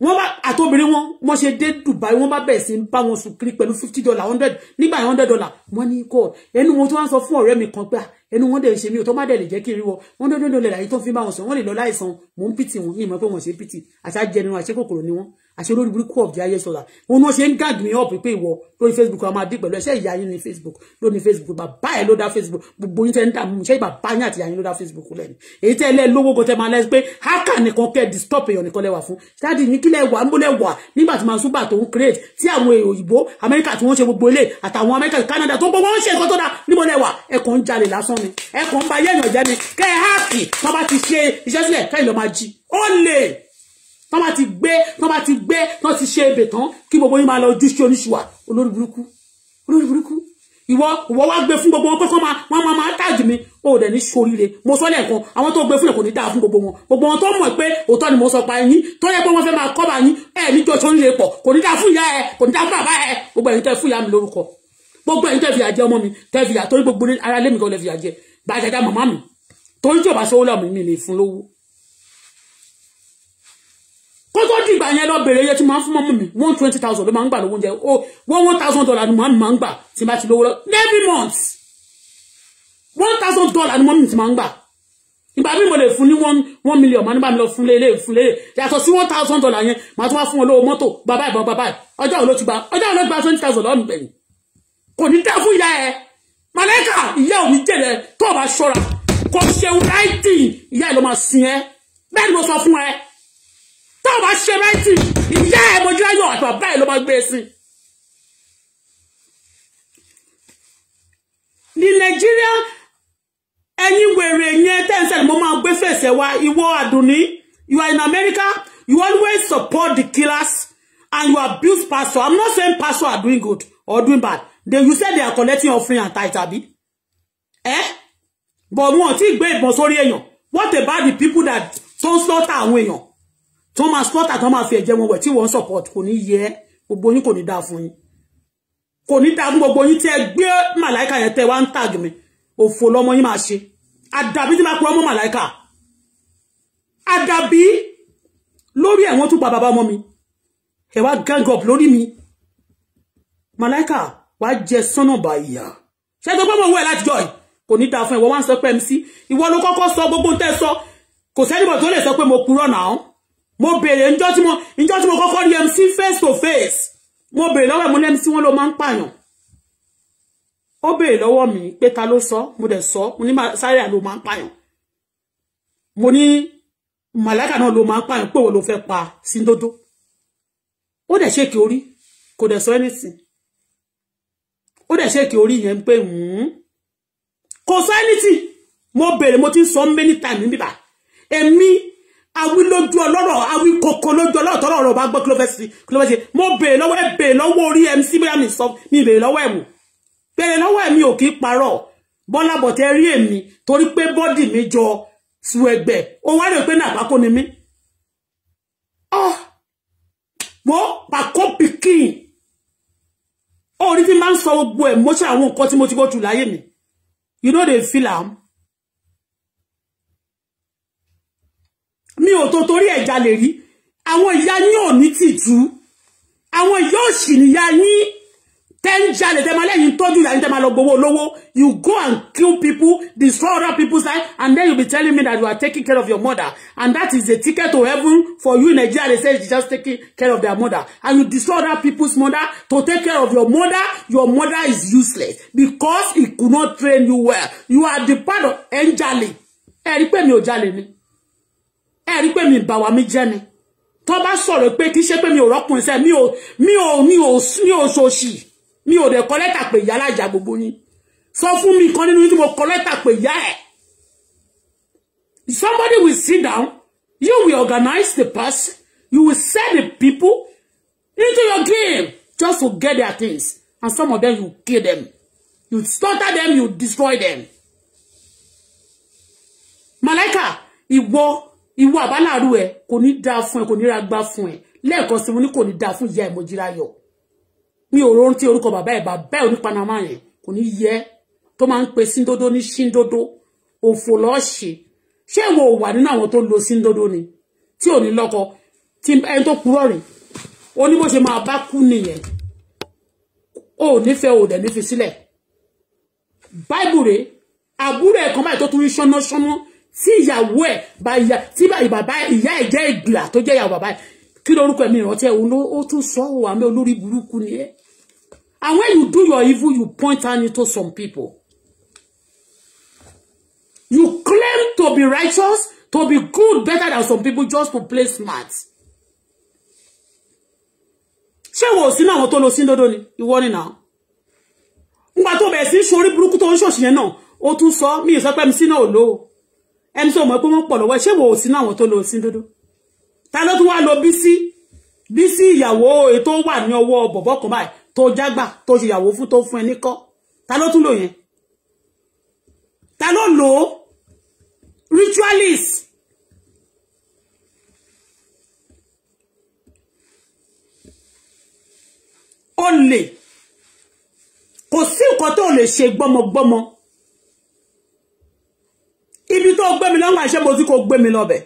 wọ́n bá àtobìnrin wọn wọ́n ṣe dé Dubai wọ́n bá bẹ̀rẹ̀ sí ń bá wọn sùn kiri pẹ̀lú fifty dollar hundred nígbà yẹn hundred dollar Money ní kọ́ ẹnu wọn tó so ń sọ fún ọ̀rẹ́ mi kan pé ẹnu wọn dẹ̀ ń ṣe mí ò tó má dẹ̀ lè jẹ́ kí n rí wọ wọn dọ́dọ́ lọ́lẹ̀ láyé tó ń fi bá wọn sùn wọ́n lè lọ láìsàn mò ń pìtì wọn ní ìmọ̀ pé wọ́n ṣe pìtì àti ajẹnirun àṣekòkòrò ni wọ́n àṣẹ olórí burúkú of the highest order òun ló ṣe ń gag me up pé ìwọ lórí facebook a máa dín pẹ̀lú ẹṣẹ́ ìyá yín ní facebook lóní facebook bàbá ẹ̀ ló dá facebook gbogbo yín tẹ́ ń dààmú ṣé bàbá yín àti ìyá yín ló dá facebook lẹ́nu èyí tẹ́ lẹ́ lówó gan tẹ́ máa lẹ́sí pé hákà nìkan kẹ́ distop èèyàn nìkan lẹ́wà fún ṣáàdì ní kílẹ̀ wà ń bó lẹ́wà nígbà tí màsúbà tó ń create tí àwọn òyìnbó amẹ́ríkà tí wọ́n ṣe gbogbo ilé àtàwọn amẹ́ríkà canada tó ń gbogbo wọn ṣe nǹkan tó dá níbo lẹ́wà ẹ̀kọ́ ń jalè lásán ni ẹ̀kọ́ ń ba yẹ́yàn jẹ́ ni kẹ́ hákì tó bá ti ṣe iṣẹ́ sílẹ̀ kẹ́ ìlọ́ máa jí ó lè tán bá ti gbé tán bá ti gbé tán ti ṣe ebè tán kí gbogbo yín máa lọ ojú ṣe oníṣùwà olórí burúkú olórí burúkú ìwọ ìwọ wá gbé fún gbogbo wọn pé kán máa wọn máa máa táàjì mi o ò dẹ̀ ní ṣoríire mo sọ lẹ́ẹ̀kan àwọn tó gbé fúnlẹ̀ kò ní dáa fún gbogbo wọn gbogbo wọn tó mọ̀ pé òótọ́ ni mo sọ pa yín tó yẹ pé wọ́n fẹ́ máa kọ́ bá yín ẹ̀ níjọ ṣoríire pọ̀ kò ní dáa fún ìyá ẹ kò ní dáa fún bàbá ẹ gbogbo ẹ̀yin tẹ́ fún ìyá mi lórúkọ gbogbo ẹ̀yin tẹ́ fìyà jẹ ọmọ mi tẹ́ fìyà torí gbogbo ara lé mi kan lẹ́ fìyà jẹ bàjẹ́dá màmá mi torí tí ò bá sọ ó lọ́mọ mi mi fún lówó kó tó dìgbà yẹn lọ bèrè iye tí máa ń fún mọ́mú mi one twenty thousand ló máa ń gbà lówó oúnjẹ o one one thousand dollar ni mọ́mú máa ń gbà tí bá ti lówó lọ every month one thousand dollar ni mọ́mú ti máa ń gbà ìgbà bí mo lè fún ní one one million máa ń bá mi lọ fún lé lé fún lé yàtọ̀ sí one thousand dollar yẹn máa tún wá fún wọn lówó mọ́tò bàbá ìbọn bàbá ọjọ́ òun ló ti gba ọjọ́ òun ló gba twenty thousand lọ́nù gbẹ̀yìn kò ní dá fún ìyá ẹ màlẹ́kà ìyá òní jèrè tó o bá ṣọ́ra kò ṣe wúláìtì ìyá ìlú máa sin ẹ bẹ́ẹ̀ ni mo sọ fún ẹ náà bá ṣe ráìtì ìyá ẹ̀ mojú ayọ̀ àti bàbá ẹ̀ ló máa gbé e sí. ní nàìjíríà ẹ̀yin wèrè yẹn tẹ́ǹsẹ̀ mo máa gbé fèsẹ̀ wa ìwọ àdùnní you are in America you always support the killers and you abuse pastor I'm not saying pastor are doing good or doing bad they you say they are collecting offering and tithe abi eh but wọn ti gbé ìbọn sórí èèyàn what about the people that tó ń slaughter àwọn èèyàn Thomas máa slaughter tó máa fi ẹ̀jẹ̀ wọn wẹ̀ tí wọ́n support kò ní yẹ gbogbo yín kò ní dáa fún yín kò ní dáa fún gbogbo yín tí ẹ gbé màláìka yẹn tẹ wá tag mi òfò lọmọ yín máa ṣe àdàbí tí máa pe ọmọ màláìka àdàbí lórí ẹ̀wọ̀n tún pa bàbá ọmọ mi ẹ wá gang up lórí mi màláìka wá jẹ sọ́nà bá ìyá ṣé tó gbọ́mọ̀ owó ẹ̀ láti jọ yìí kò ní dáa fún ẹ wọ́n wá ń MC ìwọ ló kọ́kọ́ sọ gbogbo so tẹ́ sọ kò sẹ́nìbọ̀ tó lè sọ pé mo purọ́ now mo bèrè njọ́ tí mo njọ́ tí mo kọ́kọ́ rí MC face to face mo bèrè lọ́wọ́ mo ní MC wọn ló máa ń pààyàn ó bèrè lọ́wọ́ mi pé ta ló sọ mo dẹ̀ sọ mo ní Zaria ló máa ń pààyàn mo ní màláìkà náà ló máa ń pààyàn pé òun ló fẹ́ pa síndódó ó dẹ̀ ṣèkì orí kò dẹ̀ sọ anything ó dẹ̀ ṣèkì orí yẹn pé hmm. kò sọ anything mo bèrè mo ti sọ many times níbí bá èmi awí lójú ọlọ́rọ̀ awí kọ̀ọ̀kan lójú ọlọ́rọ̀ tọ́lọ̀ ọ̀rọ̀ bá gbọ́ kí ló fẹ́ sí kí ló fẹ́ sí mo bèèrè lọ́wọ́ ẹ bèèrè lọ́wọ́ orí mc bóyá mi sọ mi bèèrè lọ́wọ́ ẹ̀ mú bèèrè lọ́wọ́ ẹ̀ mi ò kí parọ́ bọ́lá bọ̀tẹ́ rí èmi torí pé bọ́dì mi jọ su ẹgbẹ́ ó wá rè pé náà pákó ni mí. wo ah! pàkó pikin orí ti máa ń sọ gbogbo ẹ̀ mọ́ṣẹ́ àwọn nǹkan tí mo ti gbọ́ jù láyé mi you know they feel am mi ò tó torí ẹ̀ jalè rí àwọn ìyá yín ò ní tìjú àwọn ìyá òṣì níyà yín tẹ́ ń jalè tẹ́ máa lẹ́yìn tọ́jú ìyá yín tẹ́ máa lọ gbowó olówó you go and kill people destroy other people's life and then you be telling me that you are taking care of your mother and that is a ticket to heaven for you in Nigeria they say you just taking care of their mother and you destroy other people's mother to take care of your mother your mother is useless because he could not train you well you are the part of angelic. ń jalè ẹ̀ rí pé mi ò jalè ni ẹ rí pé mi bà wá mi jẹ́ ni tó bá sọ̀rọ̀ pé kì í ṣe pé mi o rọ́kùnrin sẹ́ mi o mi o mi o mi ò ṣòṣì mi o de collector lẹ́tà pé ìyá alájà gbogbo yín sọ fún mi kan nínú yín mo collector lẹ́tà pé ìyá somebody will sit down you will organize the person you will send the people into your game just to get their things and some of them you kill them you slaughter them you destroy them. Malaika, ìwọ ìwọ àbáláàrú ẹ kò ní dáa fún ẹ kò ní ra gbá fún ẹ lẹ́ẹ̀kan sí mo ní kò ní dáa fún ìyá ìmọ̀jìráyọ̀ mi ò rọrùn tí orúkọ bàbá ẹ̀ bàbá ẹ̀ onípanamá yẹn kò ní yẹ tó máa ń pe síndodo ní síndodo òfò lọ́ọ́ ṣe ṣé ìwọ ò wà nínú àwọn tó ń lo síndodo ni tí ò ní lọ́kọ tí ẹni tó purọ́ rìn ó ní bó ṣe máa bá kú nìyẹn ó nífẹ̀ẹ́ ò dẹ̀ nífi sílẹ̀ báìbù rèé àbúrò ẹ̀ kan báyìí tó tún ń ṣánná ṣánná tí ìyàwó ẹ̀ tí bàbá ìyá ẹ̀ jẹ́ ìgbìlà tó jẹ́ ìyàwó bàbá ẹ̀ kí lórúkọ ẹ̀mí ìrántí ẹ̀ ó tún sọ ọ́ àmì olórí burúkú ni ẹ́ and when you do your evil you point out into some people you claim to be righteous to be good better than some people just to play smart ṣé wo sínú àwọn tó lọ sí lódò ni ìwọ ni náà nígbà tó bẹ̀rẹ̀ sí sórí burúkú tó ń ṣòṣìyẹn náà ó tún sọ mí ìsọpẹ́ mi sínú òlò ẹni tó mọ̀ pé wọ́n pọ̀ lọ́wọ́ ṣé wò ó sínú àwọn tó lọ sí dúdú ta ló tún wá lọ Bísí Bísí ìyàwó ètò wà ní ọwọ́ bọ̀bọ̀ kan báyìí tó jágbà tó ṣe ìyàwó fún tó fún ẹ níkọ́ ta ló tún lò yẹn ta ló lò ó ritualist olè kò sí nǹkan tó lè ṣe gbọ́mọgbọ́mọ ibi tó gbé mi lọ́wọ́ àṣẹ mo ti kò gbé mi lọ́bẹ̀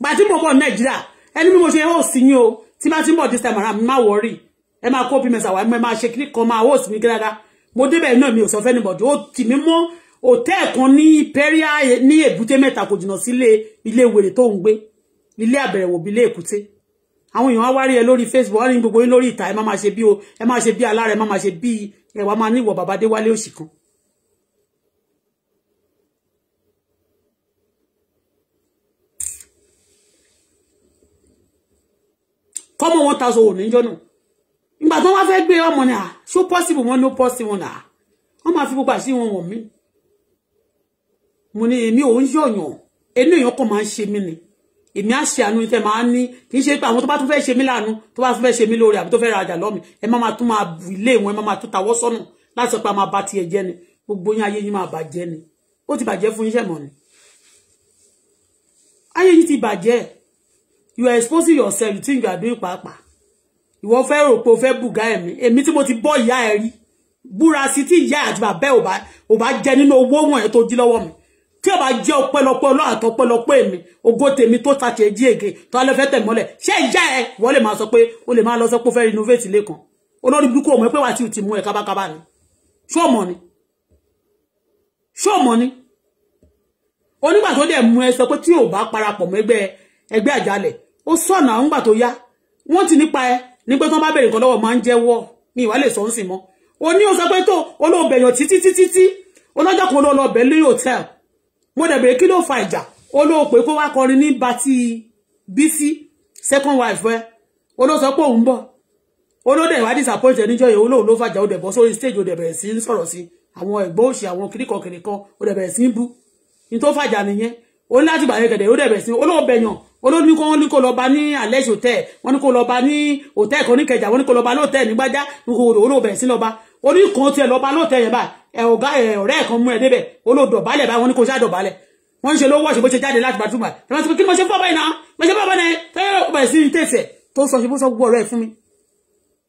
gbàtí mo bọ̀ nàìjíríà ẹni bí mo ṣe hó sí yín o tí má ti ń bọ̀ this time around má wọrí ẹ máa kó bímẹ sàwọn ẹ máa ṣe kíní kan máa hó sí mi gírága mo débẹ̀ náà mi ò sọ fẹ́ níbọ̀dì ó tì mí mọ́ hòtẹ́ẹ̀ kan ní pẹ́ríà ní èbúté mẹ́ta kò jìnnà sílé ilé wèrè tó ń gbé ilé àbẹ̀rẹ̀wò bí ilé èkúté àwọn èèyàn wá rí ẹ lórí facebook wọn ní gbogbo yín lórí ìta ẹ má máa ṣe bí o ẹ má ṣe bí alára ẹ má máa ṣe bí ẹwà máa níwọ̀ bàbá déwálé òṣì kan kọ́mọ wọn ta sọ wò níjọ́ náà ìgbà tó wá fẹ́ gbé ọmọ ni à ah, ṣó possible wọn no possible wọn là ah, wọn máa fi gbogbo àṣì wọn wọ̀n mí mo ní èmi ò ń yọ̀yàn inú èèyàn kan máa ń ṣe mí ni èmi á ṣe àánú tẹ́ máa ń ní kì í ṣe pé àwọn tó bá tún fẹ́ ṣe mí láàánú tó bá tún fẹ́ ṣe mí lóore àbí tó fẹ́ rajà lọ́mi ẹ má máa tún máa bù ilé wọn ẹ má máa tún tawọ́ sọ́nà láti sọ pé a máa ni gbogbo yín ayé yín máa bàjẹ́ ni ó ti bàjẹ́ fún yín ṣẹ̀mọ̀ ni ayé yín ti bàjẹ́ ẹ̀ you are exposing yourself you think you are doing pàápàá ìwọ fẹ́ rò pé o fẹ́ bùgá ẹ̀mí èmi tí mo ti bọ́ ìyá ẹ̀ rí búra sí tí ìyá àti bàbá ẹ̀ ò bá jẹ nínú owó wọn ẹ̀ tó jí lọ́wọ́ mi tí o bá jẹ́ ọpẹ́lọpẹ́ Ọlọ́run àtọpẹ́lọpẹ́ èmi ògo tèmi tó tàṣẹ jí èké tó alẹ́ fẹ́ tẹ̀mọ́lẹ̀ ṣé ìyá ẹ̀ wọ́n lè máa sọ pé o lè máa lọ sọ pé o fẹ́ renovate lẹ́kan olórí burúkú ọmọ ẹ pé wàá tí o ti mú ẹ kábákábá ni ṣó mọ ni ṣó mọ ni onígbà tó dẹ̀ mú ẹ sọ pé tí o bá parapọ̀ mọ́ ẹgbẹ́ ẹgbẹ́ àjálẹ̀ ó sọ̀nà àwọn gbà tó yá wọ́n ti nípa ẹ ní pé tó bá bẹ̀rẹ̀ nǹkan lọ́wọ́ máa ń jẹ́wọ́ mi ìwà lè sọ ń sìn mọ́ o ní o sọ pé tó olóòbẹ̀yàn títí títí tí olọ́jọ́ kan ló lọ bẹ̀ lórí hòtẹ́ẹ̀l mo dẹ̀ bèrè kí ló fa ìjà olóòpè kó wá kọrin ní bàtí bc, second wife ẹ olóòsọ pé òun bọ̀ olóòdẹ̀ ìwà disappointed níjọ́ yẹn olóòun ló fàjà ó dẹ̀ bọ́ sórí stage ó dẹ̀ bẹ̀rẹ̀ sí ń sọ̀rọ̀ sí àwọn ẹ̀gbọ́n òsì àwọn kìríkọ̀kìríkọ̀ ó dẹ̀ bẹ̀rẹ̀ sí ń bú ní tó fàjà nìyẹn ó ní láti gbà yẹn sí olóòbẹ̀yàn olóòní kó wọn ní kó lọ bá ní alex hotel wọn ní kó lọ bá ní hotel kan níkẹjà wọn ní kó lọ bá lóòtẹ nígbàjá olóòbẹ̀rẹ̀ sí lọ bá oníkan tiẹ̀ lọ bá lóòtẹ yẹn bá ẹ ọ̀gá ẹ ọ̀rẹ́ ẹ̀ kan mú ẹ débẹ̀ olóòdọ̀bálẹ̀ bá wọn ní kó ṣáà dọ̀bálẹ̀ wọn ń ṣe lówó ọ̀ṣẹ̀ bó ṣe jáde láti gbàtúmọ̀ ẹ máa sọ pé kí mo ṣe fún ọba yìí náà mo ṣe fún ọba yìí tẹ́lẹ̀ ọba ìsìn tẹ̀sẹ̀ tó sọ ṣe bó sọ gbogbo ọ̀rọ̀ ẹ̀ fún mi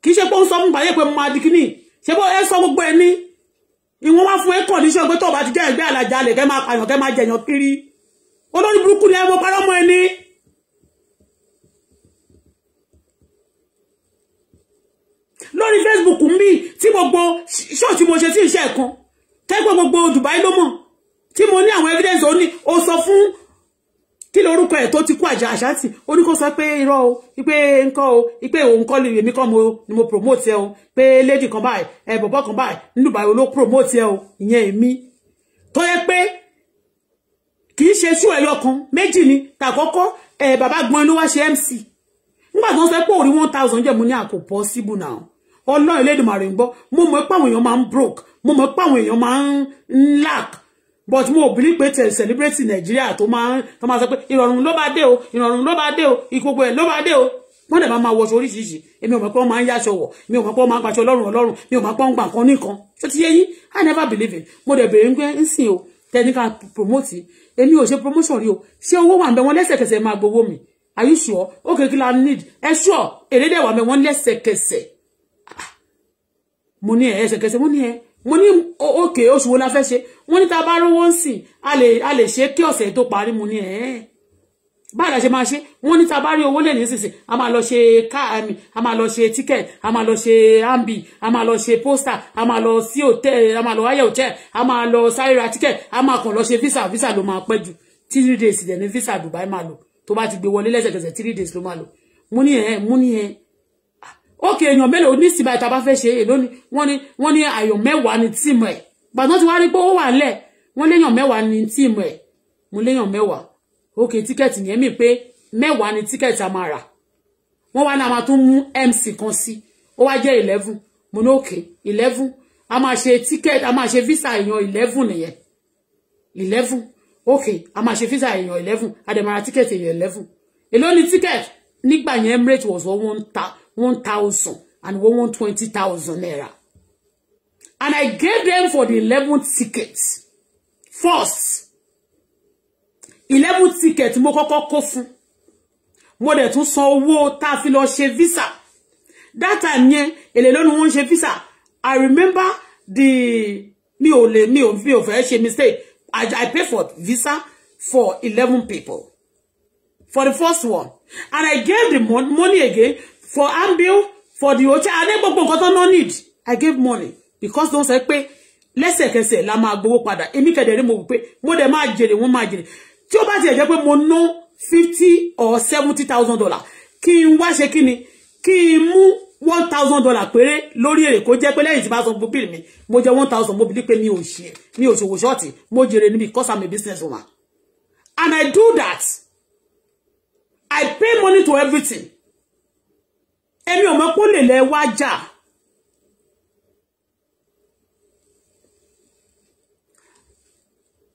kì í ṣe pé ó ń sọ wá fún ẹ kọ̀díṣọ̀ pé bá ti jẹ́ ẹgbẹ́ àlàjà lè kẹ́ máa pààyàn kẹ́ máa jẹ̀yàn kiri olórí burúkú ni ẹ mo parọ́ ẹni lórí Facebook mi tí gbogbo ṣọ́ọ̀tì mo ṣe sí iṣẹ́ kan tẹ́gbọ́n gbogbo Dubai ló mọ̀ tí mo ní àwọn evidence ó ní ó sọ fún kí lorúkọ ẹ̀ tó ti kú àjà àṣàtì ó ní kó sọ pé irọ́ o pé nǹkan o pé òun kọ́ èmi kọ́ ni mo promote ẹ o pé lady kan báyìí ẹ bọ̀bọ̀ kan báyìí ní Dubai ló promote ẹ o ìyẹn èmi tó yẹ pé kì í ṣe sú ẹyọ kan méjì ni tàkọ́kọ́ ẹ bàbá gbọ́n ló wá ṣe MC nígbà tó ń sọ pé òrí one thousand jẹ́ mo ní àkó possible now ọlọ́run Elédùmarè ń gbọ́ mo mọ̀ pé àwọn èèyàn máa ń broke mo mọ̀ pé àwọn èèyàn máa ń lack but mo ò believe pé tẹ̀ celebrate nàìjíríà tó máa ń tó máa sọ pé ìrọ̀rùn ló bá dé o ìrọ̀rùn ló bá dé o ìkókó ẹ̀ ló bá dé o wọ́n dẹ̀ máa máa wọṣọ oríṣiríṣi èmi ò mọ̀ pé wọ́n máa ń yáṣọ wọ̀ mi ò mọ̀ pé wọ́n máa ń paṣọ ọlọ́run ọlọ́run mi ò mọ̀ pé wọ́n gbà nǹkan nìkan ṣó ti yé yín i never believe it mo dẹ̀ bèrè ń gbé ń sìn o tẹnika promote èmi ò ṣe promotion rí o ṣé owó wà ń bẹ wọn lẹ́sẹ̀kẹsẹ̀ máa gbowó mi are you sure okay kí la need ẹ sure èrè dẹ̀ wà mẹ́ wọn lẹ́sẹ̀kẹsẹ̀ mo ní ẹsẹ̀kẹsẹ̀ mo ní ẹ mo ní òkè oṣù wo la fẹ́ ṣe wọ́n ní ta bá rówó ń sìn a lè a lè ṣe kí ọ̀sẹ̀ tó parí mo ní ẹ báyìí la ṣe máa ṣe wọ́n ní ta bá rí owó lè nísinsìn a máa lọ ṣe káàmì a máa lọ ṣe ticket a máa lọ ṣe ambi a máa lọ ṣe poster a máa lọ sí hotel a máa lọ wáyé hotel a máa lọ sáré ra ticket a máa kàn lọ ṣe visa visa ló máa pẹ́ jù three days dẹ̀ ní visa Dubai máa lò tó bá ti gbé wọlé lẹ́sẹ̀kẹsẹ̀ three days ló máa lò mo ní ẹ mo ní ẹ ókè èèyàn mélòó ní ìsìnbáyé tá a bá fẹ́ ṣe èlò ni wọ́n ní wọ́n ní àyàn mẹ́wàá ní tíìmù ẹ̀ gbàtàn tí wọ́n á rí pé ó wà lẹ̀ wọ́n léèyàn mẹ́wàá ní tíìmù ẹ̀ mo léèyàn mẹ́wàá ókè tíkẹ́ẹ̀tì yẹn mi pé mẹ́wàá ní tíkẹ́ẹ̀tì a máa rà wọ́n wá ní a máa tún mú mc kan sí ó wá jẹ́ eleven mo ní ókè eleven a máa ṣe tíkẹ́ẹ̀tì a máa ṣe visa èèyàn eleven nìyẹn eleven ókè a máa ṣe visa èèyàn eleven a dẹ̀ máa ra tíkẹ́ẹ̀tì èèyàn eleven èló ni tíkẹ́ẹ̀tì nígbà yẹn emirate was one ta one thousand and one one twenty thousand naira and I gave them for the eleven tickets first eleven tickets mo koko kó mo dẹ̀ tún san owó tá a fi visa that time yẹn èlé ló ni wọ́n ń visa I remember the mi ò lè mi ò mi ò fẹ́ ṣe mistake I, I pay for visa for eleven people for the first one and I gave the mon money again for ambil for the hotel adé gbogbo nǹkan tó no need i gave money because don sọ pé lẹ́sẹ̀kẹsẹ̀ la máa gbowó padà èmi kẹ̀dẹ̀ rí mo wò mo dẹ̀ máa jèrè wọ́n máa jèrè tí ó bá tiẹ̀ jẹ́ pé mo no fifty or seventy thousand dollar kí n wá ṣe kí ni kí n mú one thousand dollar péré lórí èrè kó jẹ́ pé lẹ́yìn tí bá mi mo jẹ one thousand mo bìlí pe mi ò ṣe mi ò ṣòwò ṣọ́ọ̀tì mo jèrè níbi because i'm a business woman and i do that i pay money to everything èmi ò mọ̀ pé ó lè lẹ wá jà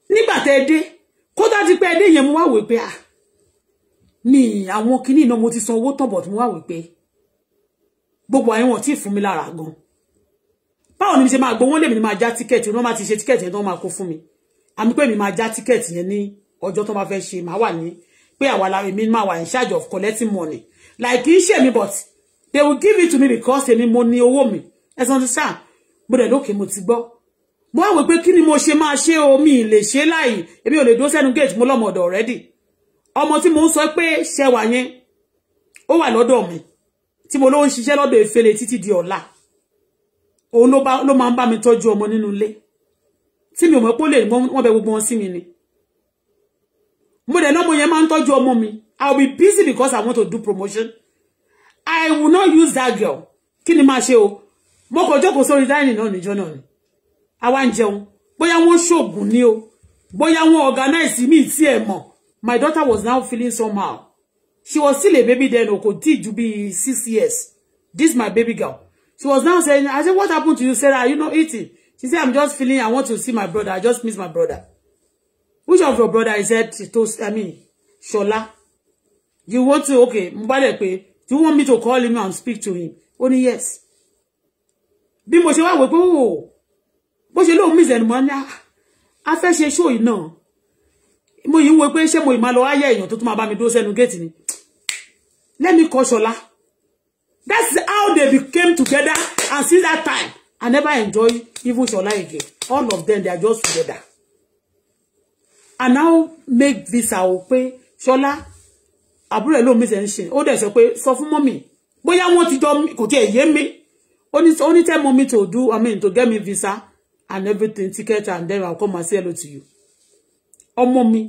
nígbà tẹ dé ti pé ẹdẹ yẹn mo wá wò pé à ah, ní àwọn kinní náà mo ti san owó tọ̀bọ̀ tí mo wá wò pé gbogbo àyẹ̀wọ̀n tí ì fún mi lára gan báwo ni mi ṣe máa gbọ́ wọ́n lèmi ni máa já tíkẹ́ẹ̀tì wọ́n máa ti ṣe tíkẹ́ẹ̀tì yẹn tó máa kó fún mi àmì pé mi máa já tíkẹ́ẹ̀tì yẹn ní ọjọ́ tó máa fẹ́ ṣe máa wà ní pé àwa la èmi máa wà in charge of collecting money like in í ṣèmi but they will give it to me because they need money. owó mi ẹ̀sán ti sáà mo dẹ̀ lókè mo ti gbọ́ mo wá wò pé kí ni mo ṣe máa ṣe o mi lè ṣe láì èmi ò lè dó sẹ́nu gate mo lọ́mọ ọ̀dọ̀ already ọmọ tí mo ń sọ pé ṣẹwà yẹn ó wà lọ́dọ̀ mi tí mo ló ń ṣiṣẹ́ lọ́dọ̀ efele títí di ọ̀la òun ló máa ń bá mi tọ́jú ọmọ nínú ilé tí mi ò mọ̀ pé ó lè wọ́n gbogbo wọn sí mi ni mo dẹ̀ lọ́mọ yẹn máa ń tọ́jú ọmọ mi I will be busy because I want to do promotion I will not use that girl Kini ni máa ṣe o mo kàn jókòó sórí dáìnì náà níjọ́ náà ni àwa ń jẹun bóyá wọ́n ṣoògùn ni o bóyá wọ́n organize mi tí ẹ mọ̀ my daughter was now feeling somehow she was still a baby then o kò tí ju bí six years this my baby girl she was now saying I said what happened to you Sarah are you not eating she said I'm just feeling I want to see my brother I just miss my brother which of your brother is said to I mean Shola you want to okay mbale pe Do you want me to call him and speak to him? Only yes. Bí mo ṣe wá wò pé o bó ṣe lóhùn miss ẹnu mọ́ ní ah, a fẹ́ ṣe show yìí náà. Mo yìí ń wo pé ṣé mo ìmọ̀ lọ ayé èèyàn tó tún máa bá mi dúró sẹ́nu géètì ni. Let me call Shola. That's how they became together and since that time I never enjoy even Shola again. All of them they are just together. And now make this our pay Shola àbúrò ẹ̀ ló mi ṣe ń ṣe ó dẹ̀ sọ pé sọ fún mọ́mì bóyá wọ́n ti jọ kò tiẹ̀ yé mi ó ní tell mommy to do I mean to get me visa and everything ticket and then I'll come and say hello to you ọmọ mi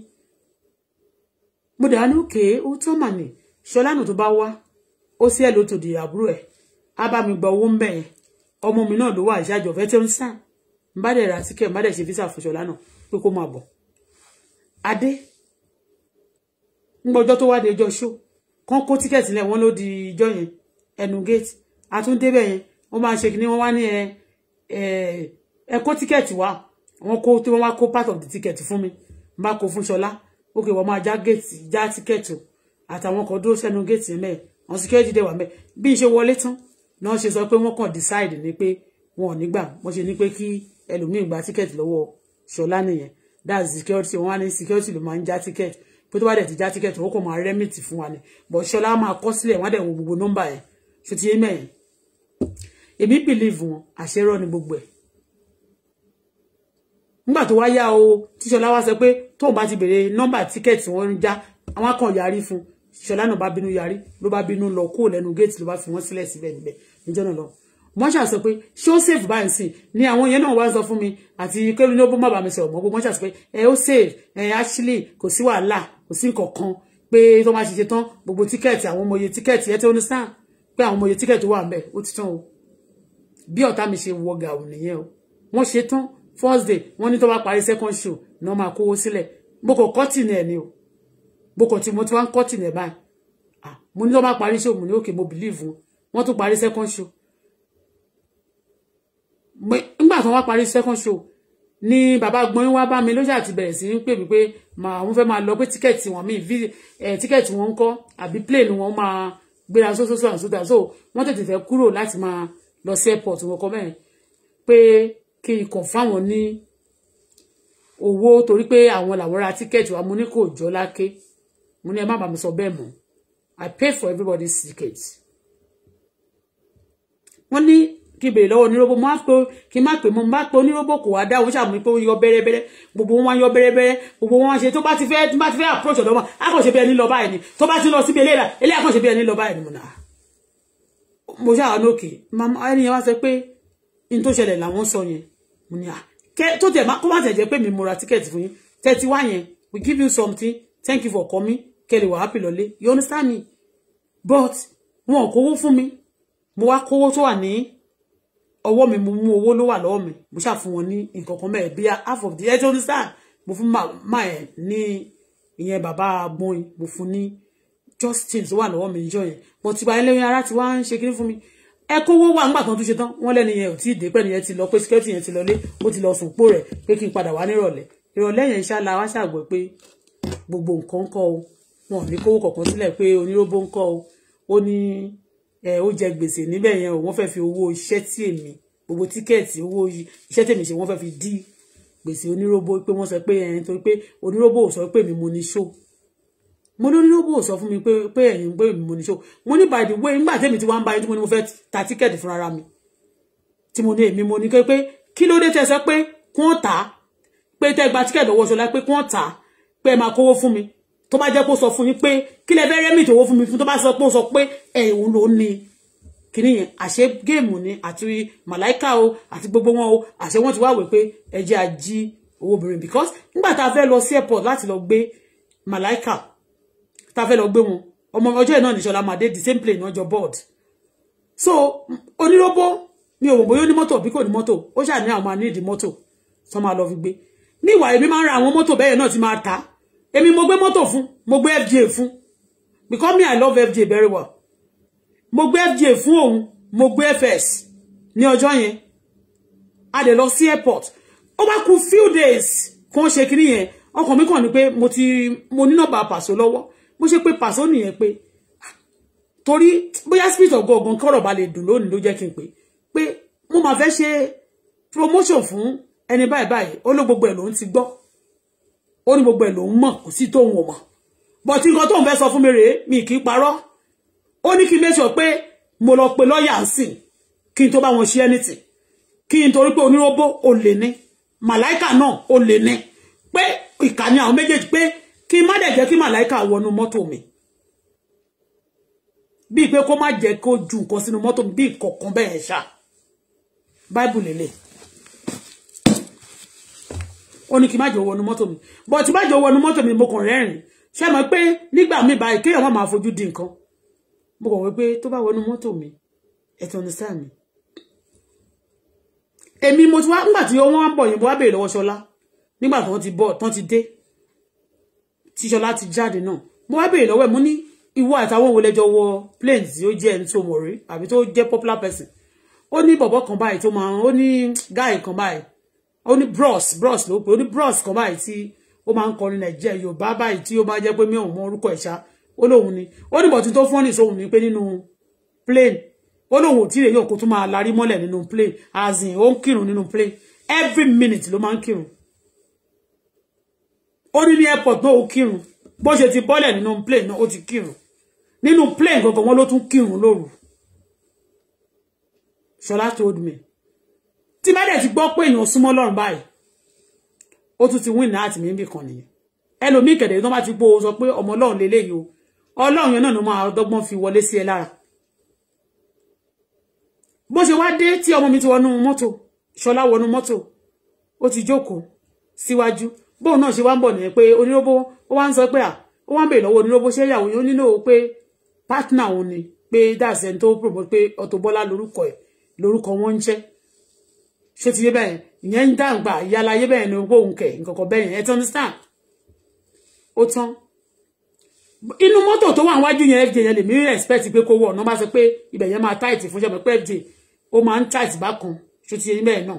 mo dẹ̀ á ní òkè ó tọ́ mà ní ṣọlánà tó bá wá ó sí ẹ̀ ló tòdì àbúrò ẹ̀ á bá mi gba owó ń bẹ̀ yẹn ọmọ mi náà ló wà ìṣàjọ fẹ́ tí ń sàn ń bá dẹ̀ ra tíkẹ̀ ń bá dẹ̀ ṣe visa fún ṣọlánà pé kó máa bọ̀ adé nígbà ọjọ́ tó wá dé ọjọ́ ṣó kán kó tíkẹ́ẹ̀tì lẹ̀ wọ́n ló di ìjọ yẹn ẹnu gate àtúndébẹ̀ yẹn wọ́n máa ṣe kí ni wọ́n wá ní ẹ ẹ kó tíkẹ́ẹ̀tì wá wọ́n kó tí wọ́n wá kó part of the ticket fún mi n bá kó fún ṣọlá ókè wọ́n máa já gate já tíkẹ́ẹ̀tì àtàwọn kan dúró sẹ́nu gate yẹn mẹ́ẹ̀ àwọn security dẹ̀ wà mẹ́ẹ̀ bí n ṣe wọlé tán náà ṣe sọ pé wọ́n kàn decide ni pé wọn ò ní gbà wọ́n ṣe ní pé kí ẹlòmíì gba tíkẹ́ẹ̀tì lọ́wọ́ ṣọlá nìyẹn that's security wọn wá ní security ló máa ń já tíkẹ́ẹ̀tì pé tó bá dẹ̀ ti já tíkẹ́ẹ̀tì ó kò máa rẹ́mìtì fún wa ni bọ̀ ṣọlá máa kọ́ sílẹ̀ wọ́n dẹ̀ wo gbogbo nọ́mbà yẹn ṣó ti yé mẹ́yìn èmi bìlíìfù wọn àṣẹrọ ni gbogbo ẹ̀ nígbà tó wá yá o tíṣọlá wá sọ pé tóun bá ti béèrè nọ́mbà tíkẹ́ẹ̀tì wọn ń já àwọn kan yarí fún ṣọlá náà bá bínú yarí ló bá bínú lọ kúrò lẹ́nu géètì ló bá fi wọ́n sílẹ̀ síbẹ̀ níbẹ̀ níjọ́ náà lọ mọ́ṣà sọ pé ṣé ó sèfù báyìí sí ni àwọn yẹn náà wá sọ fún mi àti kẹ́lu ní ó bó má bàa mi sọ̀rọ̀ mọ́ gbogbo mọ́ṣà sọ pé ẹ ó sèfù ẹ actually kò sí wàhálà kò sí nǹkan kan pé tó máa ṣiṣẹ́ tán gbogbo ticket àwọn ọmọye tíkẹ́ẹ̀tì ẹ ti understand pé àwọn ọmọye tíkẹ́ẹ̀tì tó wà ń bẹ̀ ó ti tán o bí ọ̀tá mi ṣe wọ gàù nìyẹn o wọ́n ṣe tán first day wọ́n ní to bá parí second show No máa kówó sílẹ̀ mo kò kọ́tìnì ẹ̀ ni o mo kò tí mo ti wá ń kọ́tìnì ẹ̀ báyìí mo ní tó bá parí show mo ní òkè mo believe wọn wọ́n tún parí second show nígbà tó wá parí second show ní bàbá gbọ́n wá bá mi ló ṣáà ti bẹ̀rẹ̀ sí ń pè mí pé àwọn fẹ́ máa lọ pé tíkẹ́ẹ̀tì wọn míì eh, tíkẹ́ẹ̀tì wọn ń kọ́ àbí plane wọn máa gbéra sósósó àsódà so wọ́n tètè fẹ́ kúrò láti máa lọ sí airport wọn kọ́ mẹ́rin pé kí n kàn fáwọn ní owó torí pé àwọn làwọn ra tíkẹ́ẹ̀tì wa mo ní kò jọ láké mo ní ẹ má bàa mi sọ bẹ́ẹ̀ mọ́ I pay for everybody's ticket wọ́n ní kí bèrè lọ́wọ́ oníróbó mo máa pe kí n má pe mo máa pe oníróbó kò wá dáhùn ṣàmù pé ó yọ bẹ́rẹ́bẹ́rẹ́ gbogbo wọn yọ bẹ́rẹ́bẹ́rẹ́ gbogbo wọn ṣe tó bá ti fẹ́ tó bá ti fẹ́ approach ọ̀dọ́ wọn á kàn ṣe bí ẹni lọ báyìí ni tó bá ti lọ síbi eléyà eléyà kàn bí ẹni lọ báyìí ni mo nà á ah. mo ṣe àwọn òkè màmá ẹni yẹn wá sọ pé n tó ṣẹlẹ̀ làwọn sọ yẹn mo ní à ah. kẹ tó tẹ̀ kó má tẹ̀ pé mi mo ra tíkẹ́ẹ̀tì we give you something thank you for coming kẹ́lẹ̀ wà you understand me but wọn mi mo wá kówó tó wà ní ọwọ́ mi mo mú owó ló wà lọ́wọ́ mi mo ṣáà fún wọn ní nǹkan kan mẹ́ẹ̀ bíi half of the ẹ̀ tó ń sàn mo fún máa ẹ̀ ní ìyẹn bàbá agbóyin mo fún ní just things wà lọ́wọ́ mi níjọ́ yẹn mo ti gba ẹlẹ́yìn ara ti wá ń ṣe kiri fún mi ẹ kówó wà nígbà kan tó ṣe tán wọ́n lẹ́nu yẹn ò tí ì dé pẹ́ni yẹn ti lọ pé sikẹ́tì yẹn ti lọlé ó ti lọ sùn pò rẹ̀ pé kí n padà wá nírọ̀lẹ́ ìrọ̀lẹ́ yẹn ṣá la wá ṣàgbọ́ pé gbogbo nǹkan ń kọ́ o wọn ò ní kówó kọ̀ọ̀kan sílẹ̀ pé oníróbó ń kọ́ o ó ní ó jẹ gbèsè níbẹ̀ yẹn o wọ́n fẹ́ fi owó iṣẹ́ tí èmi gbogbo tíkẹ́ẹ̀tì owó iṣẹ́ tèmi ṣe wọ́n fẹ́ fi dí gbèsè oníróbó pé wọ́n sọ pé ẹ̀yin torí pé oníróbó ò sọ pé èmi mo ní ṣó mo ní oníróbó ò sọ fún mi pé ẹ̀yin pé èmi mo ní ṣó mo ní by the way nígbà tèmi ti wá ń bá yín tí mo ní mo fẹ́ ta tíkẹ́ẹ̀tì fún ara mi tí mo ní èmi mo ní pé kí ló dé tẹ́ sọ pé kún ọ̀tá pé tẹ́ gba tíkẹ́ẹ̀tì lọ́wọ́ ṣọlá pé kún ọ̀tá pé ẹ máa kówó fún mi tó bá jẹ́ kó fun. fún yín pé kí lẹ fẹ́ rẹ́mìtì owó fún mi fún tó bá sọ pé ó sọ pé ẹ̀hún ló ní kìíní yẹn àṣé géèmù ni àti màláìka o àti gbogbo wọn o àṣé wọn ti wá wẹ pé ẹ jẹ́ àjí owó obìnrin because nígbà tá a fẹ́ lọ sí airport láti lọ gbé màláìka tá a fẹ́ lọ gbé wọn ọmọ ọjọ́ ẹ̀ náà ní Ṣọlá màdé the same plane ọjọ́ board so onírọ́bó mi ò wò bóyá ó ní mọ́tò bí kò ní mọ́tò ó ṣàní àwọn need ní ìdí mọ́tò tó máa lọ fi gbé níwà èmi máa ń ra àwọn mọ́tò bẹ́ẹ̀ náà ti máa ta èmi mo gbé mọ́tò fún mo gbé fda fún because me i love fda very well mo gbé fda fún òun mo gbé fs ní ọjọ́ yẹn a dẹ̀ lọ sí airport ó bá kù few days kó ṣe kiri yẹn ọkàn mi kàn ní pé mo ti mo ní nọ́mbà pàṣọ lọ́wọ́ bó ṣe pé pàṣọ nìyẹn pé torí bóyá spirit of god gan kọ́rọ̀ bá lè dùn lónìí ló jẹ́ kí n pè pé mo máa fẹ́ ṣe promotion fún ẹni báyìí báyìí ó ló gbogbo ẹ̀ ló ń ti ó ní gbogbo ẹ̀ lòún mọ̀ kò sí tóun ò mọ̀ but nǹkan tóun fẹ́ sọ fún mi rèé mi kì í parọ́ ó ní kí n mẹ́sọ̀ pé mo lọ pe lọ́ọ̀yà ń sìn kí n tó bá wọn ṣe anything kí n torí pé oníróbó olè ní màláìkà náà olè ní pé ìkà ni àwọn méjèèjì pé kí n má dẹ̀ jẹ́ kí màláìkà wọnú mọ́tò mi bíi pé kó má jẹ́ kó ju nǹkan sínú mọ́tò mi bíi kọ̀ọ̀kan bẹ́ẹ̀ ṣá báìbù lélẹ̀ Oni ní kí n má jọ mi bọ̀ tí má jọ wọnú mọ́tò mi mo kàn rẹ́rìn ṣé mọ̀ pé nígbà míì báyìí kéèyàn má máa fojú di nǹkan mo kàn wọ́n pé tó bá wọnú mọ́tò mi ẹ̀ tọ́ ní mi èmi mo ti wá nígbà tí wọ́n wá bọ̀ yìí bo wá bèèrè lọ́wọ́ ṣọlá nígbà tí ti bọ̀ tán ti dé tí ṣọlá ti jáde náà mo wá bèèrè lọ́wọ́ ẹ̀ mo ní ìwọ àtàwọn òwò lẹ́jọ́ wọ plane tí ó jẹ́ ẹni tó mọ̀ rí àbí popular person ó ní bọ̀bọ̀ kan báyìí tó máa ó ní gáì kan báyìí Oni ní bros bros ló pé ó ní bros kan báyìí tí ó máa ń kọrin nàìjíríà yorùbá báyìí tí ó máa jẹ́ pé mi ò mọ orúkọ ẹ̀ṣá ó lóun ni ó ní bọ̀tún tó fọ́nì sóhun ni pé nínú plane ó lóun ò tí lè yóò kó tún máa larí mọ́lẹ̀ plane as in ó ń kírun plane every minute lo máa ń kírun ó ní ní airport náà ó kírun bó ṣe ti bọ́lẹ̀ nínú plane náà o ti kírun nínú plane gangan wọn ló tún kírun lóru ṣọlá told me tí bá dẹ̀ ti gbọ́ pé èèyàn súnmọ́ Ọlọ́run báyìí o tún ti win n mi kan ni ẹlòmíì kẹ̀dẹ̀ tó bá ti gbọ́ sọ pé ọmọ Ọlọ́run lélẹ́yìí o Ọlọ́run yẹn na ló máa fi wọlé si ẹ bó se wá dé tí ọmọ mi ti wọnú mọ́tò ṣọlá wọnú ó ti jókòó siwaju náà nìyẹn pé à ó lọ́wọ́ nílò pé promote ṣé ti yé bẹ́ẹ̀ ìyẹn ń dàgbà ìyálà yé bẹ́ẹ̀ ni owó òǹkẹ̀ nǹkankan bẹ́ẹ̀ yẹn ẹ understand ó tán inú mọ́tò tó wà níwájú yẹn fj yẹn lèmi expect pé kó wọ̀ ọ̀nà bá sọ pé ibẹ̀ yẹn máa tight fún ṣẹ́mi pé fj ó máa ń tight bákan ṣé ti yé bẹ́ẹ̀ náà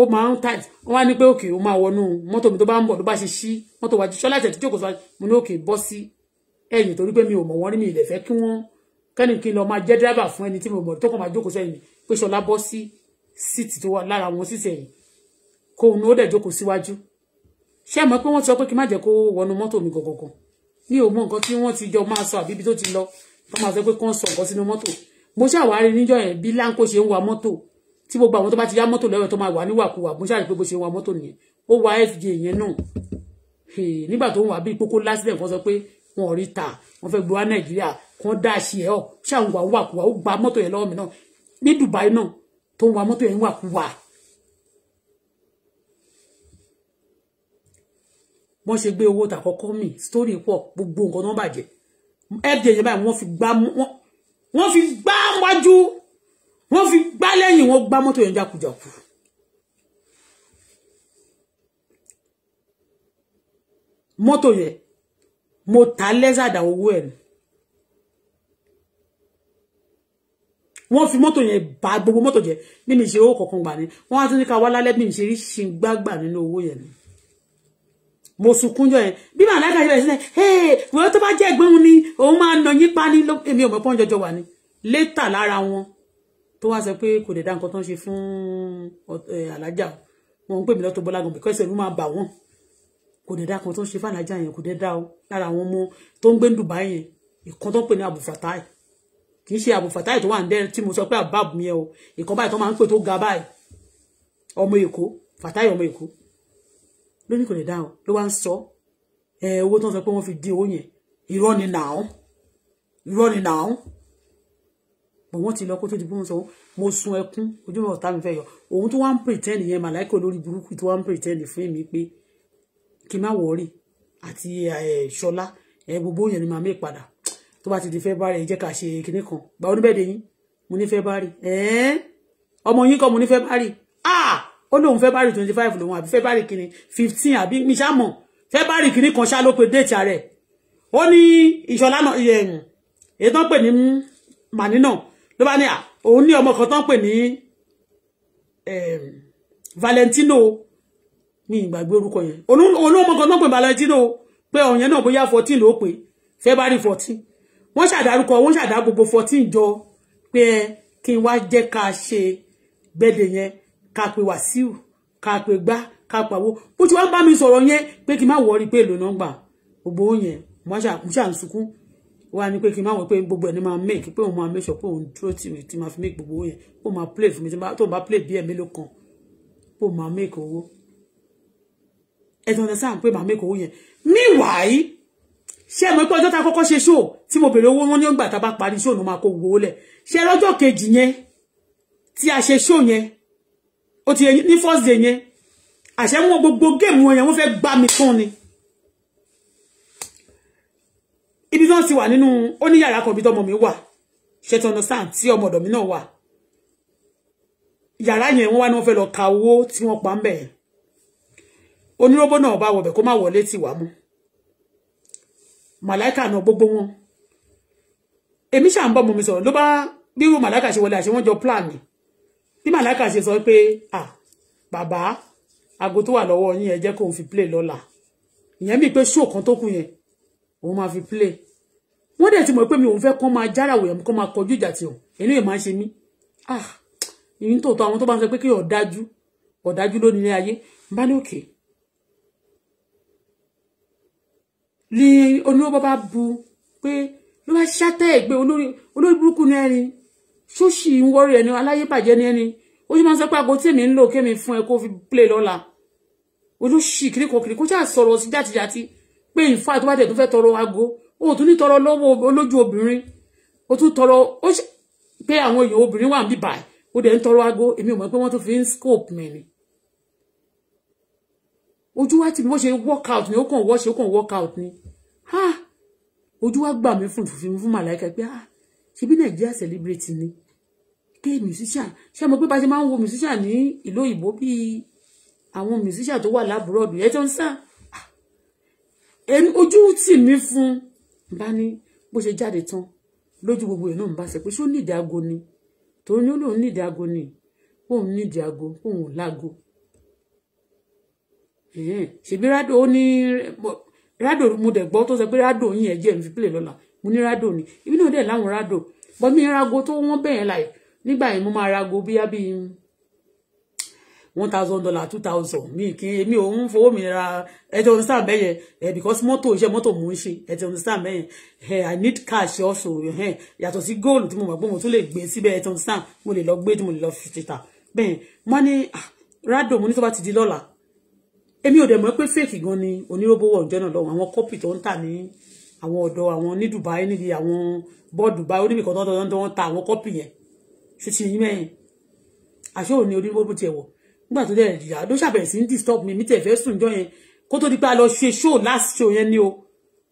ó máa ń tight wọ́n wá ní pé òkè ó máa wọnú mọ́tò mi tó bá ń bọ̀ tó bá ṣe ṣí mọ́tò wájú ṣọ́lá ìtẹ̀tí jókòó sọ mo ní òkè bọ́ sí ẹ̀yìn torí pé mi ò mọ̀ wọ́n rí mi ìdẹ̀fẹ́ kí wọ́n kẹ́nìkí lọ máa jẹ́ dírẹ́bà fún ẹni tí mo mọ̀ tó kàn máa jókòó sẹ́yìn pé ṣọlá bọ́ sí síìtì tó wà lára wọn sísẹ̀ yìí kó òun ó dẹ̀ jókòó síwájú ṣé ẹ mọ̀ pé wọ́n ti sọ pé kí n má jẹ́ kó wọnú mọ́tò mi gọ̀gọ̀gọ̀ mi ò mọ nǹkan tí wọ́n ti jọ máa sọ àbí ibi tó ti lọ tó máa sọ pé kí wọ́n sọ nǹkan sínú mọ́tò mo ṣàwárí níjọ́ yẹn bí láńkó ṣe ń wa mọ́tò tí gbogbo àwọn tó bá ti yá mọ́tò lọ́wọ́ tó máa wà níwàkuwà mo ṣàrí pé bó ṣe ń wa mọ́tò nìyẹn ó wa fj yẹn náà nígbà tó ń wà bí kókó lásìlẹ̀ kan sọ pé wọn ò rí ta wọn fẹ́ gbowá nàìjíríà kan dáàṣì ẹ̀ ọ́ ṣàwọn wà wàkuwà ó gba mọ́tò yẹn lọ́wọ́ mi náà ní Dubai náà tó ń wa mọ́tò yẹn wàkúwà wọ́n ṣe gbé owó tàkọ́kọ́ mi story pọ̀ gbogbo nǹkan tó ń bàjẹ́ fda yẹn báyìí wọ́n fi gbá wọ́n fi gbá wájú wọ́n fi gbá lẹ́yìn wọ́n gbá mọ́tò yẹn jákujàku. mọ́tò yẹn mo ta lẹ́sàdà owó ẹ̀ ni wọ́n fi mọ́tò yẹn bà gbogbo mọ́tò jẹ́ bí mi ṣe owó kọ̀ọ̀kan gbà ní wọ́n á tún ní ká wá lálẹ́ bí mi ṣe rí ṣe ń gbágbà nínú owó yẹn ni mo sunkún jọ yẹn bí màá láìka ìrẹsì sílẹ̀ ee wọ́n tó bá jẹ́ ẹ̀gbọ́n ni òun máa nà yín pa ní èmi ò mọ̀ pọ́n jọjọ wà ní létà lára wọn tó wá sọ pé kò lè dá nǹkan tó ń ṣe fún eh, alájà wọn ń pè mí lọ́tọ̀ because ẹ̀rù máa bà wọ́n kò lè dá nǹkan tó ń ṣe fún alájà yẹn kò lè dá o lára àwọn ọmọ tó ń gbé Dubai yẹn ìkan tó ń pè ní kì í ṣe àbùfàtáì tó wà ń bẹ̀rẹ̀ tí mo sọ pé àbáàbù mi ẹ o ìkan báyìí tó máa ń pè tó ga báyìí ọmọ èkó fàtáì ọmọ èkó lóní kò lè dá o ló wá ń sọ ẹ owó tó ń sọ pé wọ́n fi dín owó yẹn irọ́ ni nà án irọ́ ni nà án bọ̀ wọ́n ti lọ kó tó di bí wọ́n sọ mo sun ẹkún ojú mi ọ̀tá mi fẹ́ yọ òun tó wá ń pretend yẹn màláìkò lórí burúkú tó wá ń pretend fún mi pé kí n má wọrí àti ṣọlá ẹ gbogbo yẹn ni màá mí padà tó bá ti di february jẹ́ ká ṣe kinní kan gba oníbẹ̀dẹ̀ yín mo ní february ọmọ yín kọ́ mo ní february ah ó lóun february twenty five lòun àbí february kìíní fifteen àbí mi ṣá mọ̀ february kìíní kan ṣá ló pe déètì ààrẹ ó ní ìṣọ̀lá náà èyí tán pè ní màní náà ló bá ní òun ní ọmọ kan tán pè ní valentino mi ìgbàgbé orúkọ yẹn olóhùn ọmọ kan tán pè valentino pé ọ̀yẹn náà bóyá fourteen ló pè february fourteen wọ́n ṣàdárúkọ wọ́n ṣàdá gbogbo fourteen jọ pe ẹ kí n wá jẹ́ ká ṣe gbẹ̀dẹ̀ yẹn ká pe Wàsíù ká pe gbá ká pàwó bó ti wá bá mi sọ̀rọ̀ yẹn pé kí n má wọrí pé èlò náà gbà gbogbo yẹn mo ṣà ń sunkún wá ní pé kí n má wọ pé gbogbo ẹni máa make pe òun máa make sure pé òun dúró tì mí tí máa fi make gbogbo yẹn ó máa play fún mi to ba play bí ẹ̀mí ló kàn ó máa make owó ẹ ti understand pé máa make owó yẹn meanwhile se mo pé ọjọ́ tá kọ́kọ́ ṣe show tí mo bèrè owó wọn ní ọgbà tá bá parí show ló máa kó gbowó lẹ̀ ṣé lọ́jọ́ kejì yẹn tí a ṣe show yẹn ó ti ní first day yẹn àṣẹ wọn gbogbo géèmù wọn yẹn wọn fẹ́ gbá mi fún ni ibi tí wọn ti wà nínú ó ní yàrá kan ibi tí ọmọ mi wà ṣe tí understand tí ọmọ ọ̀dọ̀ mi náà wà yàrá yẹn wọn wá ní wọn fẹ́ lọ ka owó tí wọn pa ń bẹ oníròbó náà bá wọbẹ kó má wọlé tì wá mú màláìkà náà gbogbo wọn èmi ṣà ń bọ́ mọ́mi sọ̀rọ̀ ló bá bírú màláìkà ṣe wọlé àṣẹ wọ́n jọ plan ni bí màláìkà ṣe sọ pé à bàbá aago tó wà lọ́wọ́ yín ẹ jẹ́ kóun fi play lọ́la ìyẹn mi pé show kan tó kù yẹn òun máa fi play wọ́n dẹ̀ ti mọ̀ pé mi òun fẹ́ kán máa járàwò yẹn kán máa kọjú ìjà tiwọn èyí lè máa ṣe mí ah ìyín tòótọ́ àwọn tó bá ń sọ pé kí ọ̀dájú ọ̀dájú ló nílé ayé bá ní òkè okay ni olówó bá bu pé ló bá ṣátẹ́ ẹ̀ pé olórí burúkú ní ẹni ṣóṣì ń wọ́rí ẹni aláyébàjẹ́ ní ẹni ó yí máa ń sọ pé aago tèmi ń lò kémi fún ẹ kó fi play lọ́la olóṣì kíríkan kíríkan kó ṣáà sọ̀rọ̀ sí jàtijàti pé ìfà tó bá tẹ̀ tó fẹ́ tọrọ aago o tún ní tọrọ lọ́wọ́ olójú obìnrin o tún tọrọ ó pé àwọn èèyàn obìnrin wà ń bíbà ó dẹ̀ ń tọrọ aago èmi ò mọ̀ pé wọ́n tún fi ń scope mi ni ojú wa ti bó ṣe work out ni ó kàn wọ́ ṣe ó kàn work out ni ojú wa gbà mí fún fún fún màláìka pé ah, ṣebí nàìjíríà celebrate ni pé musician ṣé mo pé bá ṣe máa ń wo musician ní ìlú òyìnbó bíi àwọn musician tó wà lábúròdù ẹ tó ń sá ah! ẹni ojú tì mí fún bá ní bó ṣe jáde tán lójú gbogbo ẹ̀ náà ń bá ṣe pé ṣó nídìí aago ni tòun ni ó lóun nídìí aago ni òun nídìí aago òun ò láago ṣèbí rádò ó ní rádò mo dẹ̀ gbọ́ tó sọ pé rádò yín ẹ̀jẹ̀ mi fi pílẹ̀ lọ́la mo ní rádò ni ibi náà dẹ̀ láwọn rádò bọ́ mi rago tó wọ́n bẹ̀yẹn láì nígbà yẹn mo máa rago bíyá bíi one thousand dollar two thousand mi kì í mi ò ń fowó mi ra ẹ ti understand bẹ́yẹn ẹ because mọ́tò iṣẹ́ mọ́tò mò ń ṣe ẹ ti understand bẹ́yẹn ẹ i need cash also ẹ yàtọ̀ sí góòlù tí mo mọ̀ pé mo tún lè gbé síbẹ̀ ẹ ti understand mo lè lọ gbé tí mo lè lọ fi títà bẹ́yẹn mo ní ah, rádò mo ní tó bá ti di lọ́la èmi ò dẹ̀ mọ̀ pé fake gan ni oníròbówó ọjọ́ náà lọ́wọ́ àwọn kọ́pì tó ń tà ní àwọn ọ̀dọ̀ àwọn ní Dubai níbi àwọn bọ́ọ̀dù bá oníbìkan tó ń tọ́ wọn ta àwọn kọ́pì yẹn ṣùtì yín mẹ́yìn àṣé òní oníròbó tiẹ̀ wọ̀ nígbà tó dẹ̀ yà ló ṣàbẹ̀rẹ̀ sí ń disturb mi mi tẹ̀ fẹ́ sùn jọ yẹn kó tó di pé a lọ ṣe show last show yẹn ni o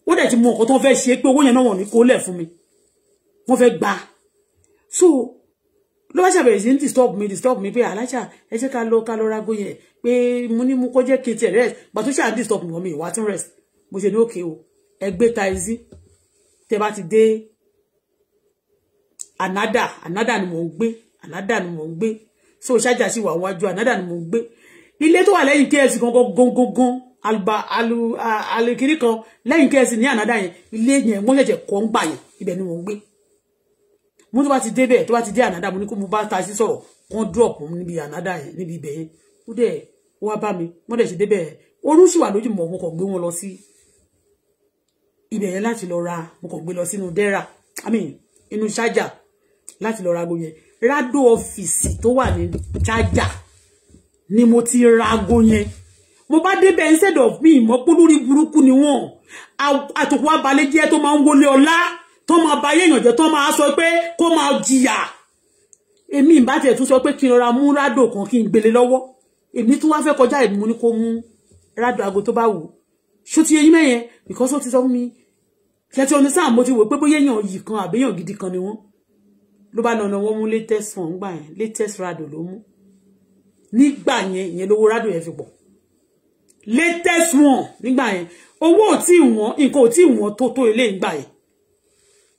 wọ́n dẹ̀ ti mọ nǹkan tó fẹ́ ṣe pé owó yẹn náà wọ̀n ní kó lẹ̀ fún mi wọ́n fẹ́ gbà so ló bá ṣàbẹ̀rẹ̀ sí ń disturb mi disturb mi pé aláṣà ẹ jẹ́ ká lọ ká lọ rago yẹn pé mo ní mo kó jẹ́ kí rest gbàtú ṣáà ń disturb mi wọ́n tún rest mo ṣe ní òkè o ẹ gbé taizí tẹ bá ti dé anada anada ni mò ń gbé anada ni mò ń gbé so ṣáàjà sì wà wájú anada ni mò ń gbé ilé tó wà lẹ́yìn kẹ́ẹ̀sì gangan gangan alùbà alù alùkiri kan lẹ́yìn kẹ́ẹ̀sì ní anada yẹn ilé yẹn wọ́n ṣẹ̀ṣẹ̀ kọ́ ń gbà yẹn ibẹ̀ ni mò ń gbé mo tó bá ti débẹ̀ tó bá ti dé ànádà mo ní kó mo bá ta sí sọ̀rọ̀ wọ́n drop níbi ànádà yẹn níbi ibẹ̀ yẹn ó dẹ̀ ó wá bá mi wọ́n dẹ̀ ṣe débẹ̀ oorun sì wà lójú mọ̀ mo kàn gbé wọn lọ sí ibẹ̀ yẹn láti lọ ra mo kàn gbé lọ sínú dẹ́ra i mean inú ṣájà láti lọ ra ago yẹn rádó ọ́fíìsì tó wà ní ṣájà ni mo ti ra ago yẹn mo bá débẹ̀ instead of me mọ́ pé burúkú ni wọ́n àtòkù abalẹ̀ jẹ́ tó máa ń wọlé ọlá tó máa ba yéèyàn jẹ́ tó máa sọ pé kó máa jìyà èmi ìbá tiẹ̀ tún sọ pé kí n rọra mú rádò kan kí n gbélé lọ́wọ́ èmi tún wá fẹ́ kọjá èmi mo ní kó mú rádò aago tó bá wù ṣó ti eyín mẹ́yẹn because ó ti sọ fún mi ṣe ti onísáà mo ti wò pé bóyá èèyàn yìí kan àbẹ́yàn gidi kan ni wọ́n ló bá nana wọ́n mú latest wọn gbà yẹn latest rádò ló mú nígbà yẹn ìyẹn lówó rádò yẹn fi pọ̀ latest wọn nígbà yẹn owó ò tí wọn nǹkan ò tí wọn tó tó ilé ìgbà yẹn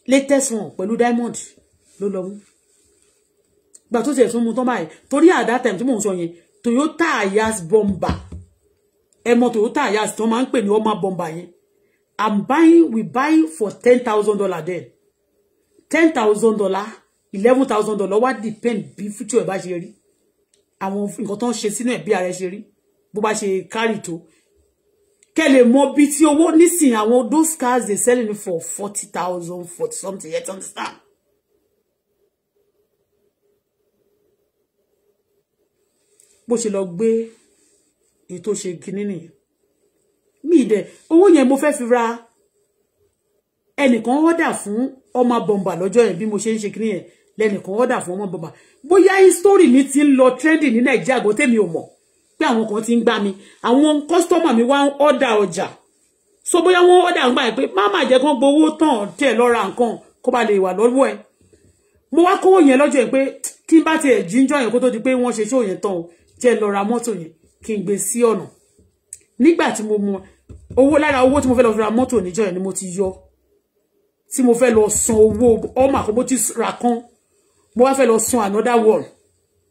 latest one pẹ̀lú diamond ló lọ mú gbà tó tiẹ̀ tún mu tán báyìí torí at that time tí mò ń sọ toyota Yas bomba ẹ mọ toyota ayas tí wọ́n máa ń pè ní bomba yẹn i'm buying we buy for ten thousand dollar then ten thousand dollar eleven thousand dollar What depend bí future ẹ̀ bá ṣe rí àwọn nǹkan tó ń ṣe sínú ẹ̀ bí ara ẹ̀ ṣe rí bó bá ṣe kẹ́ lè mọ bí tí owó nísìn àwọn those cars they selling for forty thousand forty something you understand. bó ṣe lọ gbé èyí tó ṣe kinní nìyẹn mi dẹ owó yẹn mo fẹ́ fi ra ẹnìkan ọ́dà fún ọmọ bọ̀m̀bà lọ́jọ́ yẹn bí mo ṣe ń ṣe kinní yẹn lẹ́nìkan ọ́dà fún ọmọ bọ̀m̀bà history mi ti ń trending ní nàìjíríà gbọ́ tèmi ò mọ̀ pé àwọn kan ti ń gbá mi àwọn kọ́sítọ́mà mi wá ń ọ́dà ọjà so bóyá wọ́n ọ́dà ń gbà ẹ̀ pé má má jẹ́ kán gbowó tán tẹ̀ lọ́ra nǹkan kó ba lè wà lọ́wọ́ ẹ̀ mo wá kówó yẹn lọ́jọ́ yẹn pé kí n bá tiẹ̀ jíjọ́ yẹn kó tó di pé wọ́n ṣe ṣó yẹn tán o jẹ́ lọ mọ́tò yẹn kí n gbé sí ọ̀nà nígbà tí mo mú owó lára owó tí mo fẹ́ lọ fi ra mọ́tò níjọ́ yẹn ni mo ti yọ tí mo fẹ́ lọ san owó ọmọ àkókò tí ra kan mo wá fẹ́ lọ san another world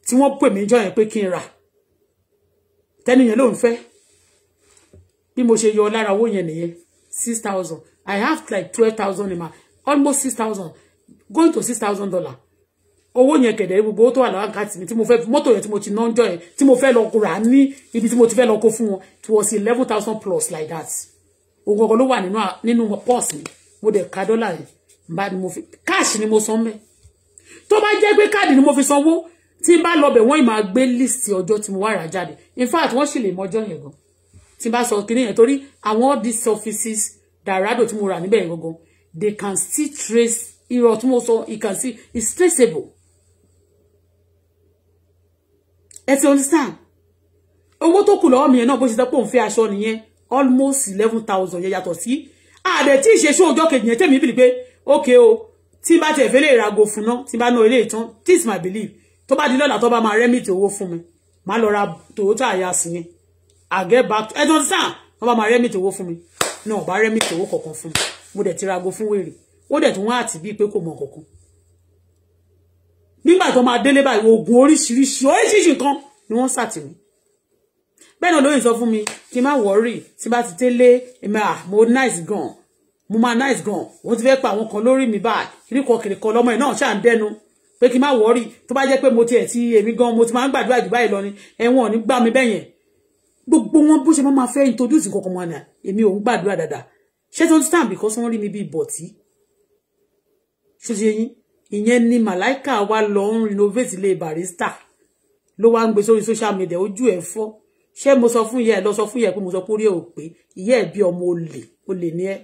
tí wọ́n pè mí jọ yẹn pé kí n rà tẹ́ni yẹn ló ń fẹ́ bí mo ṣe yọ lára owó yẹn nìyẹn six thousand I have like twelve thousand in my almost six thousand going to six thousand dollar owó yẹn kẹ̀dẹ̀ gbogbo owó tó wà lọ́wọ́ àkáàtì mi tí mo fẹ́ mọ́tò yẹn tí mo ti ná ń jọ yẹn tí mo fẹ́ lọ kó rà á ní ibi tí mo ti fẹ́ lọ kó fún wọn it was eleven thousand plus like that òun kankan ló wà nínú nínú pọ́ọ̀sì mi mo dẹ̀ ka dọ́là yìí bá ni mo fi káàṣì ni mo san mẹ́ tó bá jẹ́ pé káàdì ni mo fi sanwó tí n bá lọ bẹ̀ wọ́n ì máa gbé list ọjọ́ tí mo wá rà jáde in fact wọ́n sì lè mọjọ́ yẹn gan tí n bá sọ kinní torí àwọn all these offices dàrádò tí mo rà níbẹ̀ yẹn gangan they can still trace irọ́ tí mo sọ you can see it's traceable ẹ ti understand owó tó kù lọ́wọ́ mi yẹn náà bó ṣe sọ pé òun fẹ́ aṣọ nìyẹn almost eleven thousand yẹn yàtọ̀ sí àdẹ̀ tí ìṣesí ọjọ́ kejì yẹn tẹ̀mí bìlì pé ókè o tí n bá tẹ̀ fẹ́ lè ra ago náà tí bá ná ilé ìtàn this is my belief tó bá di lọ́la tó bá máa rẹ́mìtì owó fún mi máa lọ ra Toyota àyàsí yẹn I get back ẹ tó ń To wọ́n bá máa rẹ́mìtì owó fún mi No, bá rẹ́mìtì owó kọ̀ọ̀kan fún mi mo dẹ̀ ti rago fún wèrè ó dẹ̀ tún wá àti bíi pé kò mọ kọ̀ọ̀kan nígbà tó máa délé báyìí oògùn oríṣiríṣi oríṣiríṣi nǹkan ni wọ́n ṣàtìmí bẹ́ẹ̀ náà lóyìn sọ fún mi kí n má wọ́ọ̀rì tí bá ti délé èmi à ah, mo nice gan mo máa nice gan òun ti fẹ́ pa àwọn kan lórí mi báyìí kiri kan kiri kan lọ́mọ ẹ̀ náà ṣáà ń dẹnu pé kí n má wọ́ọ̀rì tó bá jẹ́ pé mo tiẹ̀ ti èmi gan mo ti máa ń gbàdúrà jù báyìí lọ ni ẹ̀wọ̀n ò ní gbà mí bẹ́yẹn gbogbo wọn bó ṣe máa ma fẹ́ introduce nǹkan kan wọn ni èmi ò ń gbàdúrà dáadáa ṣé tó ń stand because wọ́n rí mi bíi bọ̀tí ṣe ṣe yín ìyẹn ni màláìkà wa lọ ń renovate ilé barista ló wá ń gbé sórí social media ojú ẹ̀ fọ́ ṣé mo sọ fún ìyá ẹ lọ sọ fún ìyá ẹ pé mo sọ pé orí ẹ ò pé ìyá ẹ bí ọmọ olè olè ni ẹ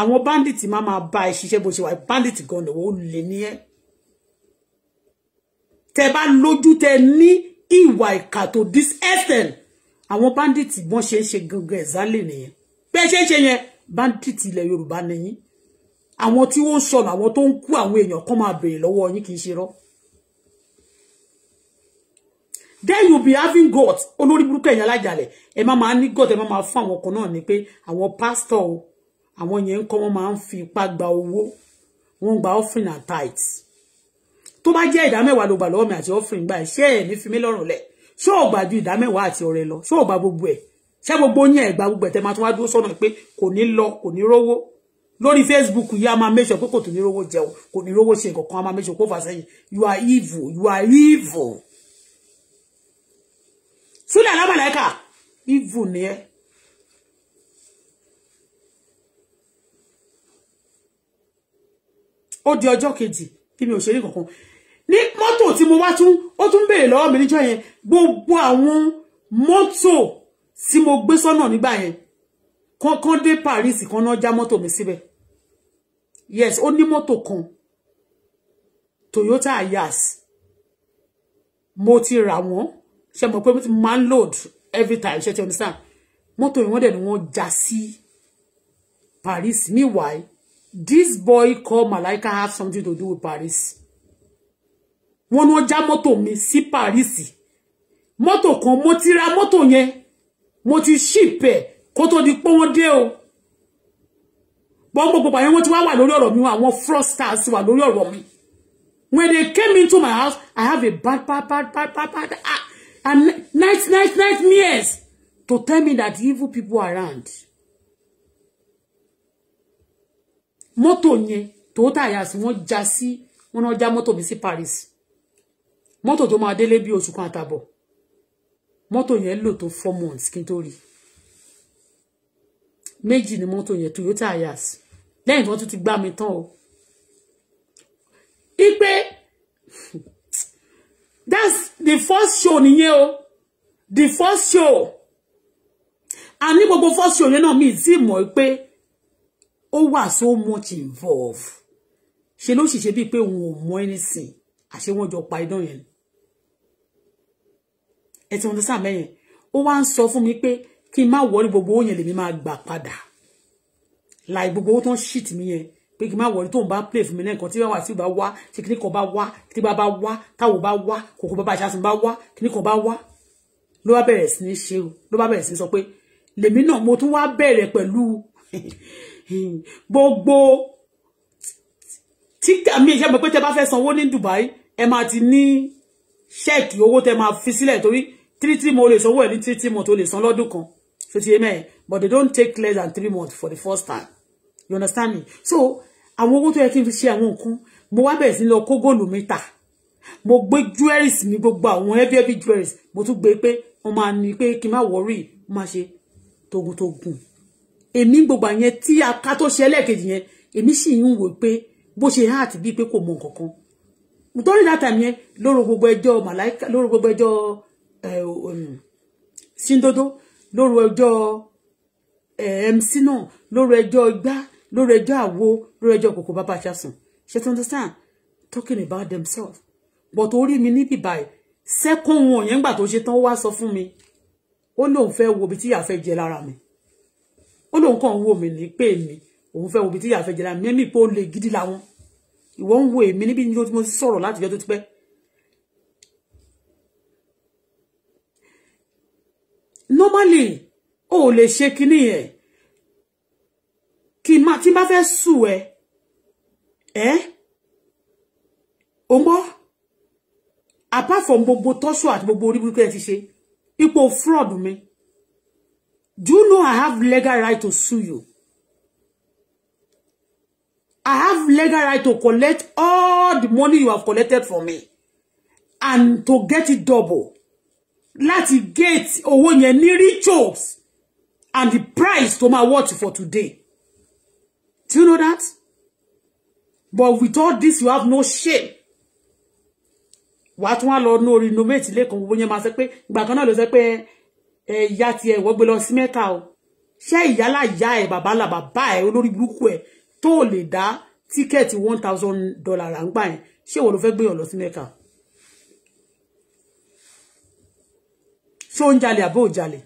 àwọn bandit máa máa bá ẹ ṣiṣẹ́ bó ṣe wà bandit gan-an ò lè ní ẹ tẹ́ bá lójú tẹ́ ní ìwà ìkà tó this extent àwọn bandit wọ́n ṣe ń gangan ẹ̀zálè nìyẹn bẹ́ẹ̀ ṣe ń ṣe bandit ilẹ̀ yorùbá nìyí àwọn tí wọ́n sọnù àwọn tó ń kú àwọn èèyàn kan máa béèrè lọ́wọ́ yín kì í then you be having god olórí burúkú ẹ̀yìn alájàlẹ̀ ẹ má máa ní god ẹ má máa fún àwọn ọkọ̀ náà ni pé àwọn pásítọ̀ o àwọn yẹn ń kọ́ wọ́n máa gba owó wọ́n gba offering and tithes tó bá jẹ́ ìdá mẹ́wàá ló gbà lọ́wọ́ mi àti offering gbà ṣé ẹ̀ fi mí lọ́rùn lẹ̀ ṣé ò ju ìdá mẹ́wàá àti ọrẹ lọ ṣé ò gbogbo ẹ̀ ṣé gbogbo yín ẹ̀ gbà gbogbo ẹ̀ tẹ́ máa tún wá dúró sọ́nà pé kò ní lọ kò ní Facebook yìí a make sure pé kò tún ní rówó jẹun kò ní rówó ṣe nǹkan make sure kó fà sẹ́yìn you are evil you are evil súlẹ̀ alábàlẹ́kà evil ni ẹ́ ó di ọjọ́ kejì bí mi ò ṣe rí kankan ní Moto tí mo wá tún ó tún béèrè lọ́wọ́ mi níjọ́ yẹn gbogbo àwọn mọ́tò tí mo gbé sọ́nà nígbà yẹn kankan dé Paris kan náà já mọ́tò mi síbẹ̀ yes ó ní mọ́tò kan Toyota Ayas mo ti rà wọ́n ṣe mọ̀ pé mo ti man load every time ṣe ti understand Moto yìí wọ́n dẹ̀ ni wọ́n já sí Paris meanwhile this boy called Malaika have something to do with Paris wọ́n ní wọ́n já mọ́tò mi sí Paris mọ́tò kan mo ti ra mọ́tò yẹn mo ti ship ẹ̀ kó tó di pé wọ́n dé o gbọ́n gbogbo àyẹ̀wò tí wọ́n wà lórí ọ̀rọ̀ mi àwọn fraudsters wà lórí ọ̀rọ̀ mi when they came into my house I have a bad bad bad bad bad bad ah, and night night night years to tell me that evil people are around mọ́tò yẹn Toyota Yaris wọ́n já sí wọ́n náà já mọ́tò mi sí Paris mọ́tò tó máa délé bí oṣù kan àtàbọ̀ mọ́tò yẹn lò tó four months kí n tó rí méjì ni mọ́tò yẹn Toyota Hiace lẹ́yìn tí wọ́n tún ti gbá mi tán o ipe that's the first show nìyẹn o the first show a ní gbogbo first show yẹn náà mi ti mọ̀ pé ó wà so much involved ṣe ló ṣìṣe bíi pé òun ò mọ anything àṣé wọ́n jọ pa idán yẹn ni ẹ ti wọn tó sàmẹ yẹn ó wá ń sọ fún mi pé kí n má wọlé gbogbo owó yẹn lèmi máa gbà padà láì gbogbo owó tó ń ṣìtì mi yẹn pé kí n má wọlé tó ń bá play fún mi lẹ́ẹ̀kan tí wàá sí bá wá tí kíní kan bá wá tí bá bá wá táwo bá wá kòkó bá bá aṣáṣin bá wá kíní kan bá wá ló bá bẹ̀rẹ̀ sí ní ṣe o ló bá bẹ̀rẹ̀ sí ní sọ pé lèmi náà mo tún wá bẹ̀rẹ̀ pẹ̀lú (laughs) gbogbo tí àmì ìṣẹ́ mi pé tẹ bá fẹ́ sanwó ní Dubai ẹ máa ti ní ṣẹ́ẹ̀kì owó tẹ máa fi sílẹ̀ torí three tí mo lè sanwó ẹ̀ three months mo tó lè san lọ́dún kan so ti amen but they don't take less than three months for the first time you understand me so àwọn owó tó yẹ kí n fi ṣe àwọn nǹkan mo wá bẹ̀rẹ̀ sí lọ kó góòlù mi tà mo gbé jewelries mi gbogbo àwọn heavy heavy jewelries mo tún gbé pé wọ́n máa ní pé kí n má wọ́rí wọ́n máa ṣe togun-togun èmi gbogbo àyẹn tí aká tó ṣe ẹlẹ́ẹ̀kejì yẹn èmi sì ń wò pé bó ṣe hàn àti bíi pé kò mọ nǹkan kan nítorí látàmì yẹn lóru gbogbo ẹjọ́ màláìka lóru gbogbo ẹjọ́ Um, síndodo lóru ẹjọ́ mc náà lóru ẹjọ́ gbá lóru ẹjọ́ àwo lóru ẹjọ́ kòkó bàbá àṣàsùn ṣe to understand talking about themselves but orí mi níbi báyìí second one yẹn gbà tó ṣe tán wá sọ fún mi ó lóun fẹ́ wo ibi tí ìyá fẹ́ jẹ lára mi ó lóun kàn wo mi ní pé mi òun fẹ́ wo ibi tí ìyá fẹ́ jẹ lára mi mímí pé ó le gidi làwọn ìwọ ń wo èmi níbi ní mo ti sọ̀rọ̀ láti jọ tó ti pẹ́ normally o lè ṣe kíní yẹn kí má tí bá fẹ́ sù ẹ ẹ o ń apart from gbogbo tọ́ṣù àti gbogbo orí burúkú ẹ ti ṣe ipò fraud mi do you know I have legal right to sue you I have legal right to collect all the money you have collected from me and to get it double láti get owó yẹn ní rituals and the price to my watch for today. Do you know that? But with all this, you have no shame. Wàá tún wá lọ no renovate lẹ́kàn owó yẹn máa sọ pé ìgbà kan náà ló sọ pé ẹ̀yà tiẹ̀ wọ́n gbé lọ sí mẹ́ta o. Ṣé ìyálà ìyá ẹ̀ bàbá là bàbá ẹ̀ olórí burúkú ẹ̀ tó lè dá tíkẹ́ẹ̀tì one thousand dollar à ń gbà yẹn ṣé ìwọ ló fẹ́ gbé yàn lọ sí mẹ́ka? ṣó ń jalè àbó ò jalè.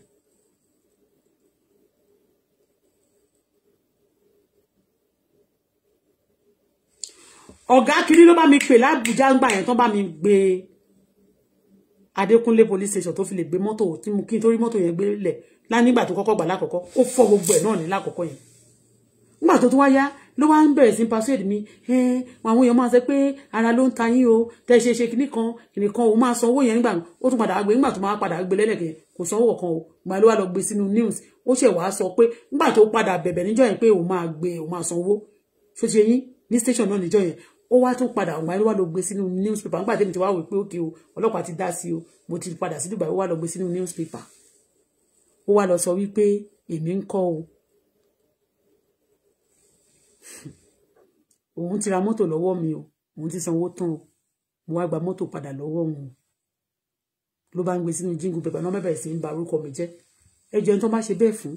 ọ̀gá kiri ló bá mi pè lábùjá ńgbà yẹn tó bá mi gbé Adékúnlé police station tó fi lè gbé mọ́tò tí mo kí n tó rí mọ́tò yẹn gbé lẹ̀ lánígbà tó kọ́kọ́ gbà lákọ̀ọ́kọ́ ó fọ́ gbogbo ẹ̀ náà ní lákọ̀ọ́kọ́ yẹn nígbà tó tún wá yá ló wá ń bẹ̀rẹ̀ sí persuade mi àwọn èèyàn máa sọ pé ara ló ń ta yín o tẹ́ ṣe ṣe kinní kan kinní kan o máa san owó yẹn nígbà ó tún padà gbé nígbà tó máa padà gbé lẹ́lẹ̀kẹ́ kò sanwó ọ̀kan o gbà ló wà lọ gbé sínú news ó ṣe wàá sọ pé nígbà tó padà bẹ̀bẹ̀ níjọ́ yẹn pé òun máa gbé òun máa sanwó ṣó ti yín ní station náà níjọ́ yẹn ó wá tún padà ọ̀gbà ló wá lọ gbé sínú newspaper nígbà tẹ́mi ti wá wò pé òkè o ọlọ́pàá ti dá sí o mo ti padà sí Dubai ó wá lọ gbé sínú newspaper ó wá lọ sọ wípé èmi ń kọ́ o (laughs) òun ti ra mọ́tò lọ́wọ́ mi o òun ti sanwó tán o mo wá gba mọ́tò padà lọ́wọ́ òun ló bá ń gbé sínú jíngù pẹpẹ náà bẹ̀rẹ̀ sí ń ba orúkọ mi jẹ́ ẹjọ́ ẹni tó bá ṣe bẹ́ẹ̀ fún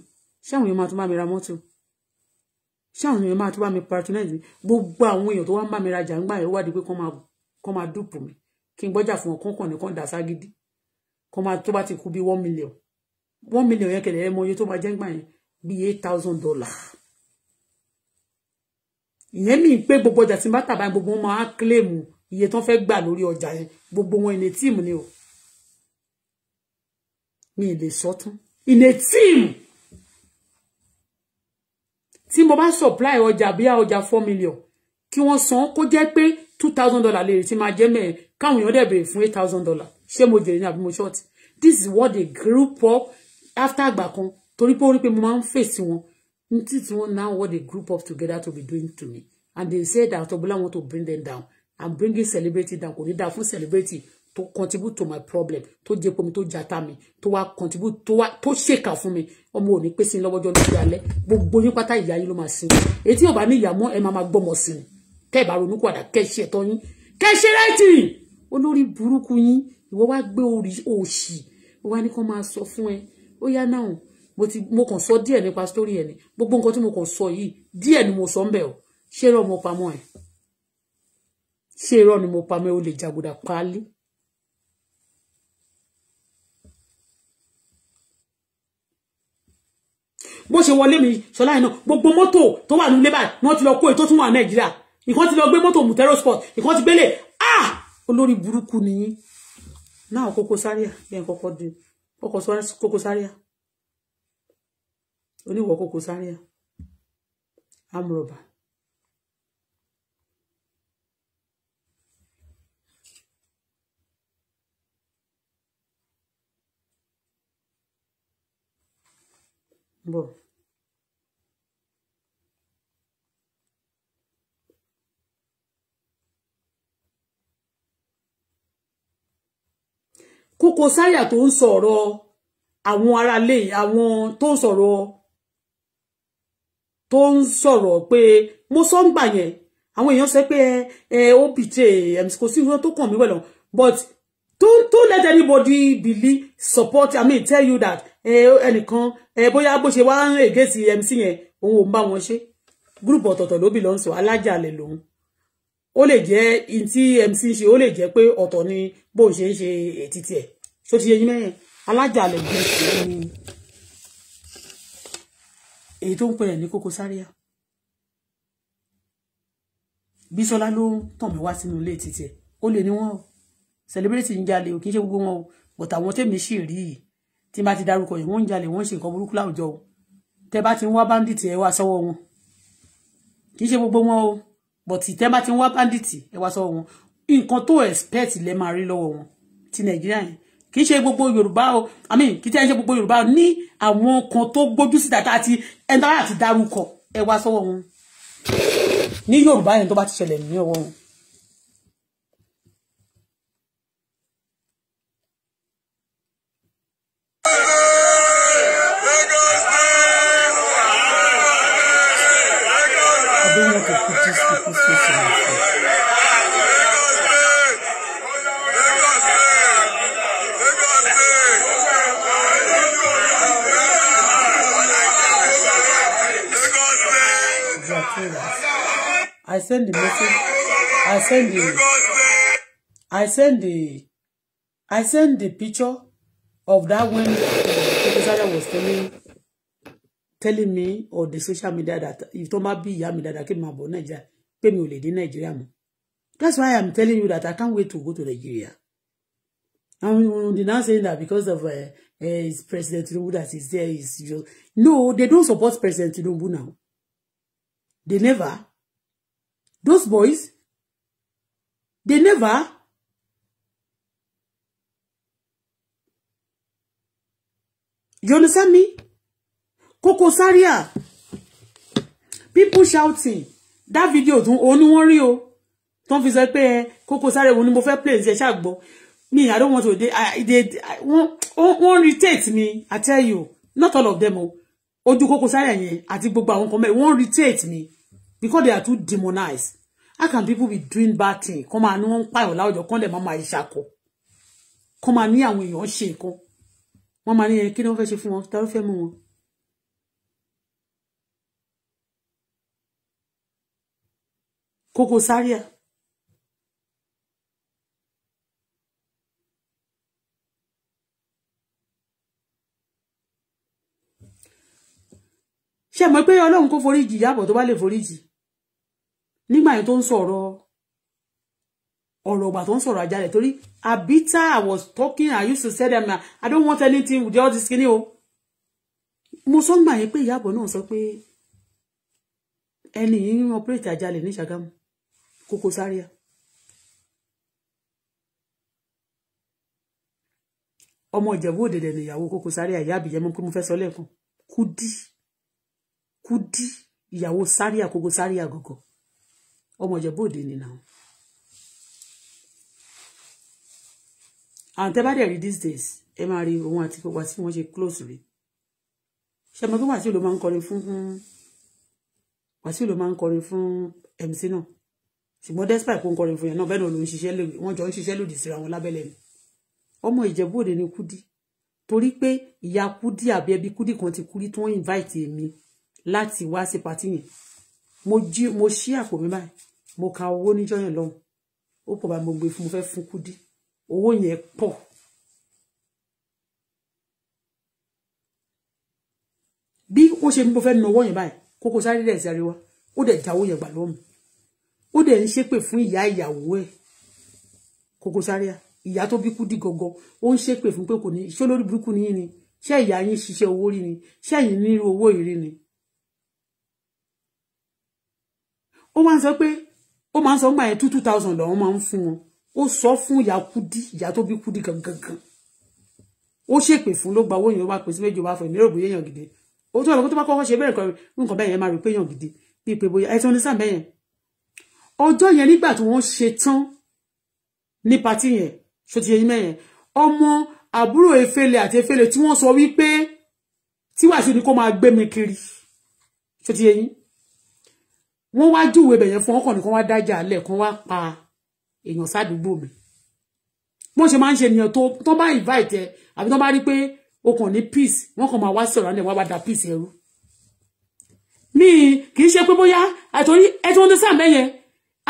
ṣáwọn èèyàn máa tún bá mi ra mọ́tò ṣáwọn èèyàn máa tún bá mi patronize mi gbogbo àwọn èèyàn tó wá ń bá mi rajà ń yẹn wádìí pé kán máa dùpù mi kí n gbọ́jà fún ọkàn kàn ní dà ságídí kán máa tó bá ti kú bí one million one million yẹn kẹlẹ̀ ẹ mọ iye tó máa jẹ́ ń gbà yẹn bí eight thousand dollars ìyẹn mi pé gbogbo ọjà tí n bá tà báyìí gbogbo wọn máa kílèmù iye tó ń fẹ́ gbà lórí ọjà yẹn gbogbo wọn ìní tíìmù ni o mi ì lè sọ tán ìní tíìmù tí mo bá supply ọjà bí i ọjà four million kí wọ́n san kó jẹ́ pé two thousand dollar lè retí máa jẹ́ mẹ́ẹ̀ káwọn èèyàn dẹ̀ béèrè fún eight thousand dollar ṣé mo jèrè ní àbí mo short this is what they group up after àgbà kan torí pé ó rí pé mo máa ń fèsì wọn until tomorrow now what they group up together to be doing to me and they say that Auto want to bring them down i'm bringing celebrity down kò ní dáa celebrity to contribute to my problem to jẹ́ pomi tó jata me, to wá contribute to wá tó ṣèkà fún mi ọmọ ò ní question sí lọ́wọ́jọ́ lójú alẹ́ gbogbo yín pátá ìyá yín ló máa sin etí ò bá ní ìyá mọ́ ẹ máa máa gbọ́mọ sí ni tẹ́ ẹ bá ronú padà kẹ́ṣe ẹ̀tọ́ yín kẹ́ṣe rẹ́tì olórí burúkú yín ìwọ wá gbé òṣì mo ti mo kàn sọ díẹ̀ nípa sítórì ẹ̀ ni gbogbo nǹkan tí mo kàn sọ yìí díẹ̀ ni mo sọ ń bẹ̀ ọ́ ṣé irọ́ mo pamọ́ ẹ̀ ṣé ni mo pamọ́ ẹ̀ o lè jàgùdà páálí. bó ṣe wọlé mi ṣọlá iná gbogbo mọ́tò tó wà nílé báyìí wọ́n ti lọ kó ètò tún wà nàìjíríà ìkan ti lọ gbé mọ́tò mutero sport ìkan ti gbélé ah olórí burúkú nìyí náà Koko Zaria yẹn kọ́kọ́ di Koko saria oníwọ̀ kókó sáríà amúrọ̀bà. bọ̀. Kókó sáríà tó ń sọ̀rọ̀ àwọn aráalé àwọn tó ń sọ̀rọ̀ tó ń sọ̀rọ̀ pé mo sọ ń gbà yẹn àwọn èèyàn sọ pé ẹ ó bìtẹ kò sí ìwé tó kàn mí wẹ̀lọ̀ but don't don't let anybody believe support i mean tell you that ẹnìkan bóyá bó ṣe wá ń ègé sí mc yẹn òun ò ń bá wọn ṣe gúrùpù ọ̀tọ̀ọ̀tọ̀ ló bì lọ́n sọ alájàlẹ̀ lòun ó lè jẹ́ in tí mc ń ṣe ó lè jẹ́ pé ọ̀tọ̀ ni bó ṣe ń ṣe ètìtì ẹ̀ ṣó ti yẹ yín mẹ́rin alájàlẹ̀ gbèsè ni èyí tó ń pè ẹ̀ ní Koko Zaria Bísọ́lá ló ń tàn mí wá sínú ilé títí ẹ̀ ó lè ní wọ́n o celebrity ń jalè o kì í ṣe gbogbo wọn o but àwọn tèmi sì rí yìí tí n bá ti darúkọ yìí wọ́n ń jalè wọ́n ń ṣe nǹkan burúkú láwùjọ o tẹ bá ti ń wá báńdìtì ẹ wá sọ́wọ́ wọn kì í ṣe gbogbo wọn o but tẹ bá ti ń wá báńdìtì ẹ wá sọ́wọ́ wọn nǹkan tó expect lẹ máa rí lọ́wọ́ wọn ti Nàìjíríà yẹn kì í ṣe gbogbo yorùbá o i mean kì í ṣe gbogbo yorùbá o ní àwọn kan tó gbójú síta tá a ti ẹni tó bá ti dárúkọ ẹ wá sọ́wọ́ wọn ní yorùbá yẹn tó bá ti ṣẹlẹ̀ ní ọwọ́ wọn. I send the message. I send the. I send the. I send the picture of that when Obisanya was telling telling me or the social media that if tó máa bí that mi dáadáa kí n máa bọ̀ Nàìjíríà pé That's why I'm telling you that I can't wait to go to Nigeria. And they're not saying that because of uh, eh, uh, eh, his President Tinubu that is there is just no, they don't support President Tinubu now. They never. Those boys, they never You understand me? Koko Zaria. People shouting. That video tún only worry oh. rí o. Tọ́n fi sọ pé eh, Koko Zaria òun ni mo fẹ́ play ṣe ṣá gbọ́. Me I don't want to they I, they wọ́n wọ́n irritate me I tell you. Not all of them oh. Ojú Koko Zaria yẹn àti gbogbo àwọn kan me wọ́n irritate me because they are too demonized how can people be doing bad things? Come on, no one ń pààyàn láwùjọ kọ́ lè má máa ṣàkọ kọ́ máa ní àwọn èèyàn ṣe nǹkan wọ́n máa ní yẹn kí ni wọ́n fẹ́ ṣe fún wọn ta ló fẹ́ mú wọn. Koko Zaria ṣe mọ̀ pé ọlọ́run kò foríjì Ìyábọ̀ tó nígbà yẹn tó ń sọ̀rọ̀ ọ̀rọ̀ ọ̀gbà tó ń sọ̀rọ̀ àjálẹ̀ torí abita I was talking I used to say them I don't want anything with all this kini o mo sọ gbà yẹn pé ìyàbọ̀ náà sọ pé ẹni yìí ń ọpẹ́rẹ́tì àjálẹ̀ ní Ṣàgámù Koko Zaria. ọmọ ìjẹ̀bú òdèdè nìyàwó Koko Zaria ìyá àbíyẹmọ pé mo fẹ́ sọ lẹ́ẹ̀kan Kudi Kudi ìyàwó Zaria Koko Zaria gọ̀gọ̀ ọmọ Ìjẹ̀bú Òde ni náà àwọn bá dẹ̀ rí these days ẹ máa rí òun àti pípa tí wọ́n ṣe close rí ṣe mọ̀ pé Wàsíù ló máa ń kọrin fún fún Wàsíù ló máa ń kọrin fún MC náà ṣùgbọ́n despite kó ń kọrin fún yẹn náà bẹ́ẹ̀ náà ló ń ṣiṣẹ́ lòdì wọ́n jọ ń ṣiṣẹ́ lòdì síra wọn lábẹ́lẹ̀ ni ọmọ Ìjẹ̀bú Òde ni Kúdí torí pé ìyá Kúdí àbí ẹbí Kúdí kan ti Kúdí tí wọ́n invite èmi láti wá sí pàtí yẹn mo jí mo ṣí àpò mi báyìí mo ka owó níjọ́ yẹn lọ́hùn ó pọ̀ bá mo gbé fún mo fẹ́ fún Kúdí owó yẹn pọ̀ bí ó ṣe mo fẹ́ nawọ́ yẹn báyìí Koko Zaria dẹ̀ sí ariwa ó dẹ̀ jáwó yẹn gbà lọ́mù ó dẹ̀ ń ṣépè fún ìyá ìyàwó ẹ̀ Koko Zaria ìyá tó bí Kúdí gọgọ ó ń ṣépè fún pé kò ní ṣé lórí burúkú ni yín ni ṣé ìyá yín ṣiṣẹ́ owó rí ni ṣé ẹ̀yin nírú owó ìrí ni ó wá ń sọ pé ó máa ń sọ nígbà yẹn two two thousand lọ́wọ́ máa ń fún wọn ó sọ fún ìyá kúdí ìyá tó bí kúdí gangan ó ṣèpè fún ló gba owó yẹn ó bá pèsè méjì ó bá fọ ìmíràn òbí yẹn gidi ó tún ọ̀rọ̀ tó bá kọ́kọ́ ṣe bẹ́ẹ̀ kan nǹkan bẹ́ẹ̀ yẹn máa rò pé yàn gidi bíi pé bóyá ẹtí onísàn bẹ́ẹ̀ yẹn ọjọ́ yẹn nígbà tí wọ́n ṣe tán ní patí yẹn ṣòtì yẹn mẹ́yẹn ọmọ àbúrò efele àti efele tí wọ́n sọ wípé tí wàásù ni kó máa gbé mi kiri ṣòtì yẹn wọ́n wá júwèé bẹ̀yẹn fún ọkọ̀ nìkan wá dájà alẹ̀ kan wá pa èèyàn sádùúgbò mi bó ṣe máa ń ṣe ènìyàn tó tó bá invite ẹ àbí tó bá rí pé o kàn ní peace wọ́n kàn máa wá sọ̀rọ̀ alẹ̀ wọ́n bá da peace ẹrú mi kì í ṣe pé bóyá àtòrí ẹ tí tó sàn bẹ́yẹn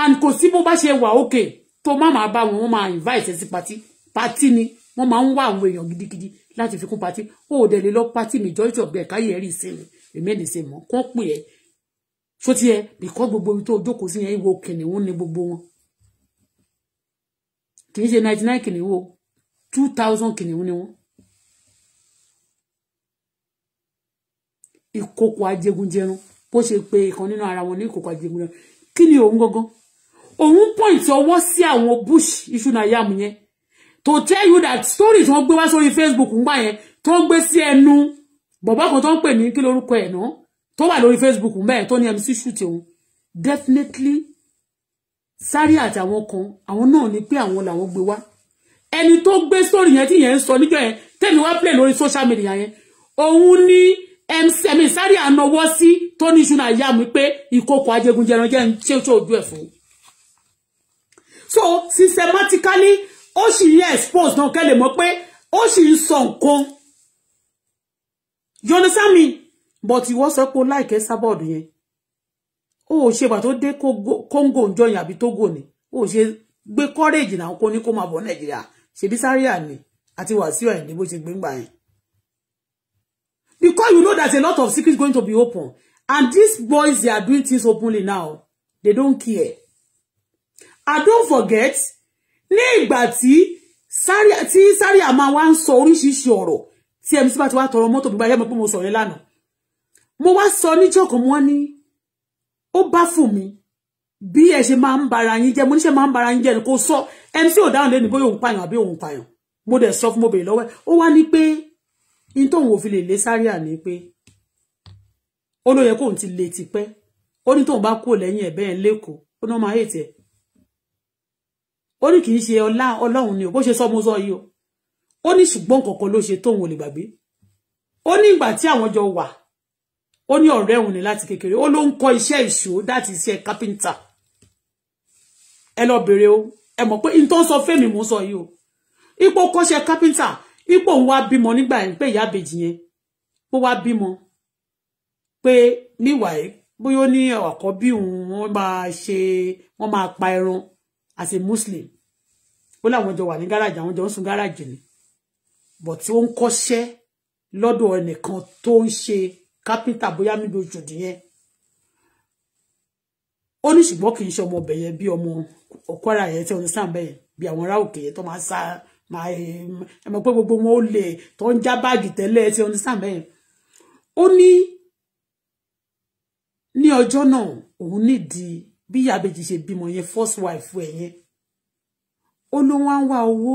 and kò sí bó bá ṣe wà ókè tó má máa bá wọn wọ́n máa invite ẹ sí pati pati ni wọ́n máa ń wá àwọn èèyàn gidigidi láti fi kún pati ó ò dẹ̀ lè lọ pati majority of the ẹ̀ka yẹ̀ẹ́rì ìsinmi èmi ẹ̀ nìṣe mọ́ kán pè ẹ́ ṣó ti ẹ bìkọ́ gbogbo ibi tó jókòó sí yẹn ìwo kìnìún ni gbogbo wọn kì í ṣe ninety nine kìnìún o two thousand kìnìún ni wọn. ìkòkò ajégunjẹrun bó ṣe pé ìkan nínú ara wọn ní ìkòkò ajégunjẹrun kí ni òun gangan òun point ọwọ́ sí àwọn bush iṣu nayam yẹn to tell you that story tí wọ́n gbé wá sórí Facebook ń gbà yẹn tó ń gbé sí ẹnu bọ̀bá kan tó ń pè ní kí lórúkọ ẹ̀ náà tó wà lórí Facebook mẹ́ẹ̀ tó ní MC ṣùtì òun definitely sáré àti àwọn kan àwọn náà ni pé àwọn làwọn gbé wá ẹni tó gbé story? yẹn tí yẹn ń sọ níjọ́ yẹn tẹ́mi play lórí social media yẹn òun ní MC ẹ̀mí sáré ànáwọ́ sí tó ní ìṣúná ìyá mi pé ìkókò ajégunjẹran jẹ́ ń ṣe tó ojú ẹ̀ fún so systematically ó sì ń expose náà kẹ́lẹ̀ mọ́ pé ó sì ń sọ nǹkan you understand me but ìwọ sọ pé o láìkẹ́ sábọ̀d yẹn o ò ṣe ìgbà tó dé kóńgò ńjọ àbí tógò ni o ò ṣe gbé kọ́rẹ́ẹ̀jì náà kó ní kó máa bọ̀ nàìjíríà ṣèbí sáríà ni àti wàsíù ẹ̀ ní bó ṣe gbéńgbà yẹn. because you know that a lot of secrets going to be open and these boys they are doing things openly now they don't care i don't forget ní ìgbà tí sáríà tí sáríà máa wá ń sọ oríṣiríṣi ọ̀rọ̀ tí mc bá ti wá tọrọ mọ́tò gbígbá yẹ́mi pé mo sọ̀rọ̀ lánàá mo wá sọ níjọ́ kan wọ́n ní ó bá fún mi bí ẹ ṣe máa ń bara yín jẹ́ mo níṣẹ́ máa ń bara yín jẹ́ ni kò sọ mc ò dáhùn lẹ́nu bóyá òun pààyàn àbí òun pààyàn mo dẹ̀ sọ fún mo bèrè lọ́wọ́ ó wá ní pé in tóun ò fi lè lé Zaria ni pé ó ló yẹ kóun ti lè tipẹ́ ó ní tóun bá kúrò lẹ́yìn ẹ̀ bẹ́ẹ̀ lẹ́kọ̀ọ́ ó náà máa hètè ó ní kì í ṣe ọlá ọlọ́run ni ò bó ṣe sọ mo sọ yìí ó ní ṣùgbọ́n kọ̀ọ̀kan ló ṣe tóun ò lè gbàgbé ó ní ìgbà tí àwọn jọ wà ó ní ọ̀rẹ́ òun ní láti kékeré ó ló ń kọ́ iṣẹ́ ìṣó láti iṣẹ́ kápẹ́ńtà ẹ lọ bèrè o ẹ mọ̀ pé n tó ń sọ fẹ́mi mò ń sọ yìí o ipò kọ́ṣẹ́ kápẹ́ńtà ipò òun wá bímọ nígbà yẹn pé ìyá àbèjì yẹn ó wá bímọ pé níwàá bóyá ó ní àkọ́bí òun wọ́n máa ṣe wọ́n máa pa ẹran as a muslim ó láwọn jọ wà ní gáràjì àwọn jọ ń sun gáràjì ni bọ̀ tí ó ń kọ́ṣẹ́ lọ́dọ̀ ẹnìkan tó ń ṣe kápítà bóyá mi lójú nìyẹn ó ní ṣùgbọ́n kì í ṣe ọmọ ọbẹ̀ yẹn bí ọmọ Kwara yẹn tí ọdún sàn bẹ́ẹ̀ bí àwọn ará òkè yẹn tó máa sá máa pé gbogbo wọn ó lè tó ń já báàgì tẹ́lẹ̀ tí ọdún sàn bẹ́ẹ̀ ó ní ní ọjọ́ náà òun nídìí bí ìyàbẹ̀jì ṣe bímọ yẹn first wife ẹ̀ yẹn ó ló wá ń wá owó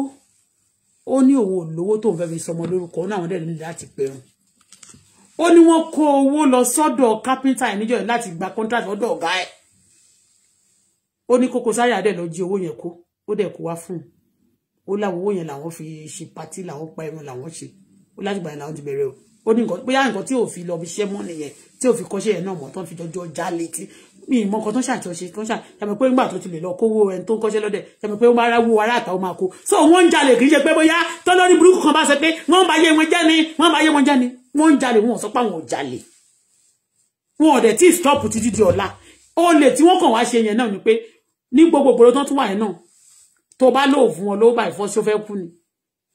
ó ní òun ò lówó tóun fẹ́ fi sọmọ lórúkọ ó ní àwọn dẹ̀ nílẹ̀ láti pẹ̀rùn ó ní wọ́n kó owó lọ sọ́dọ̀ kápẹ́ńtà ẹ̀ níjọ́ láti gba contract lọ́dọ̀ ọ̀gá ẹ̀ ó ní Koko Zaria dẹ̀ lọ jí owó yẹn kó ó dẹ̀ kó wá fún un ó láwọn owó yẹn làwọn fi ṣe patí làwọn pa ẹran làwọn ṣe ó látìgbà yẹn làwọn ti bẹ̀rẹ̀ o ó ní nǹkan bóyá nǹkan tí ò fi lọ fi ṣẹ́ mọ́ nìyẹn tí ò fi kọ́ṣẹ́ yẹn náà mọ̀ tó fi jọjọ́ já létí mi ìmọ̀ nǹkan tó ń ṣàtúnṣe tó ń ṣà yàmẹ̀ pé nígbà tó ti lè lọ kówó ẹni tó ń kọ́ṣẹ́ lọ́dẹ̀ yàmẹ̀ pé ó máa wo ara àtàwọn máa kó so wọ́n ń jalè kì í ṣe pé bóyá tọ́lọ́rí burúkú kan bá sọ pé wọ́n bá yé wọn jẹ́ ni wọ́n bá yé wọn jẹ́ ni wọ́n ń jalè wọ́n sọ pé àwọn ò jalè wọn ò dẹ̀ tí ì stop títí di ọ̀la olè tí wọ́n kàn wá ṣe yẹn náà ni pé ní gbogbo gbòòrò tán tún wà yẹn náà tó bá lóò fún wọn lówó báyìí fọ́ sí ó fẹ́ kú ni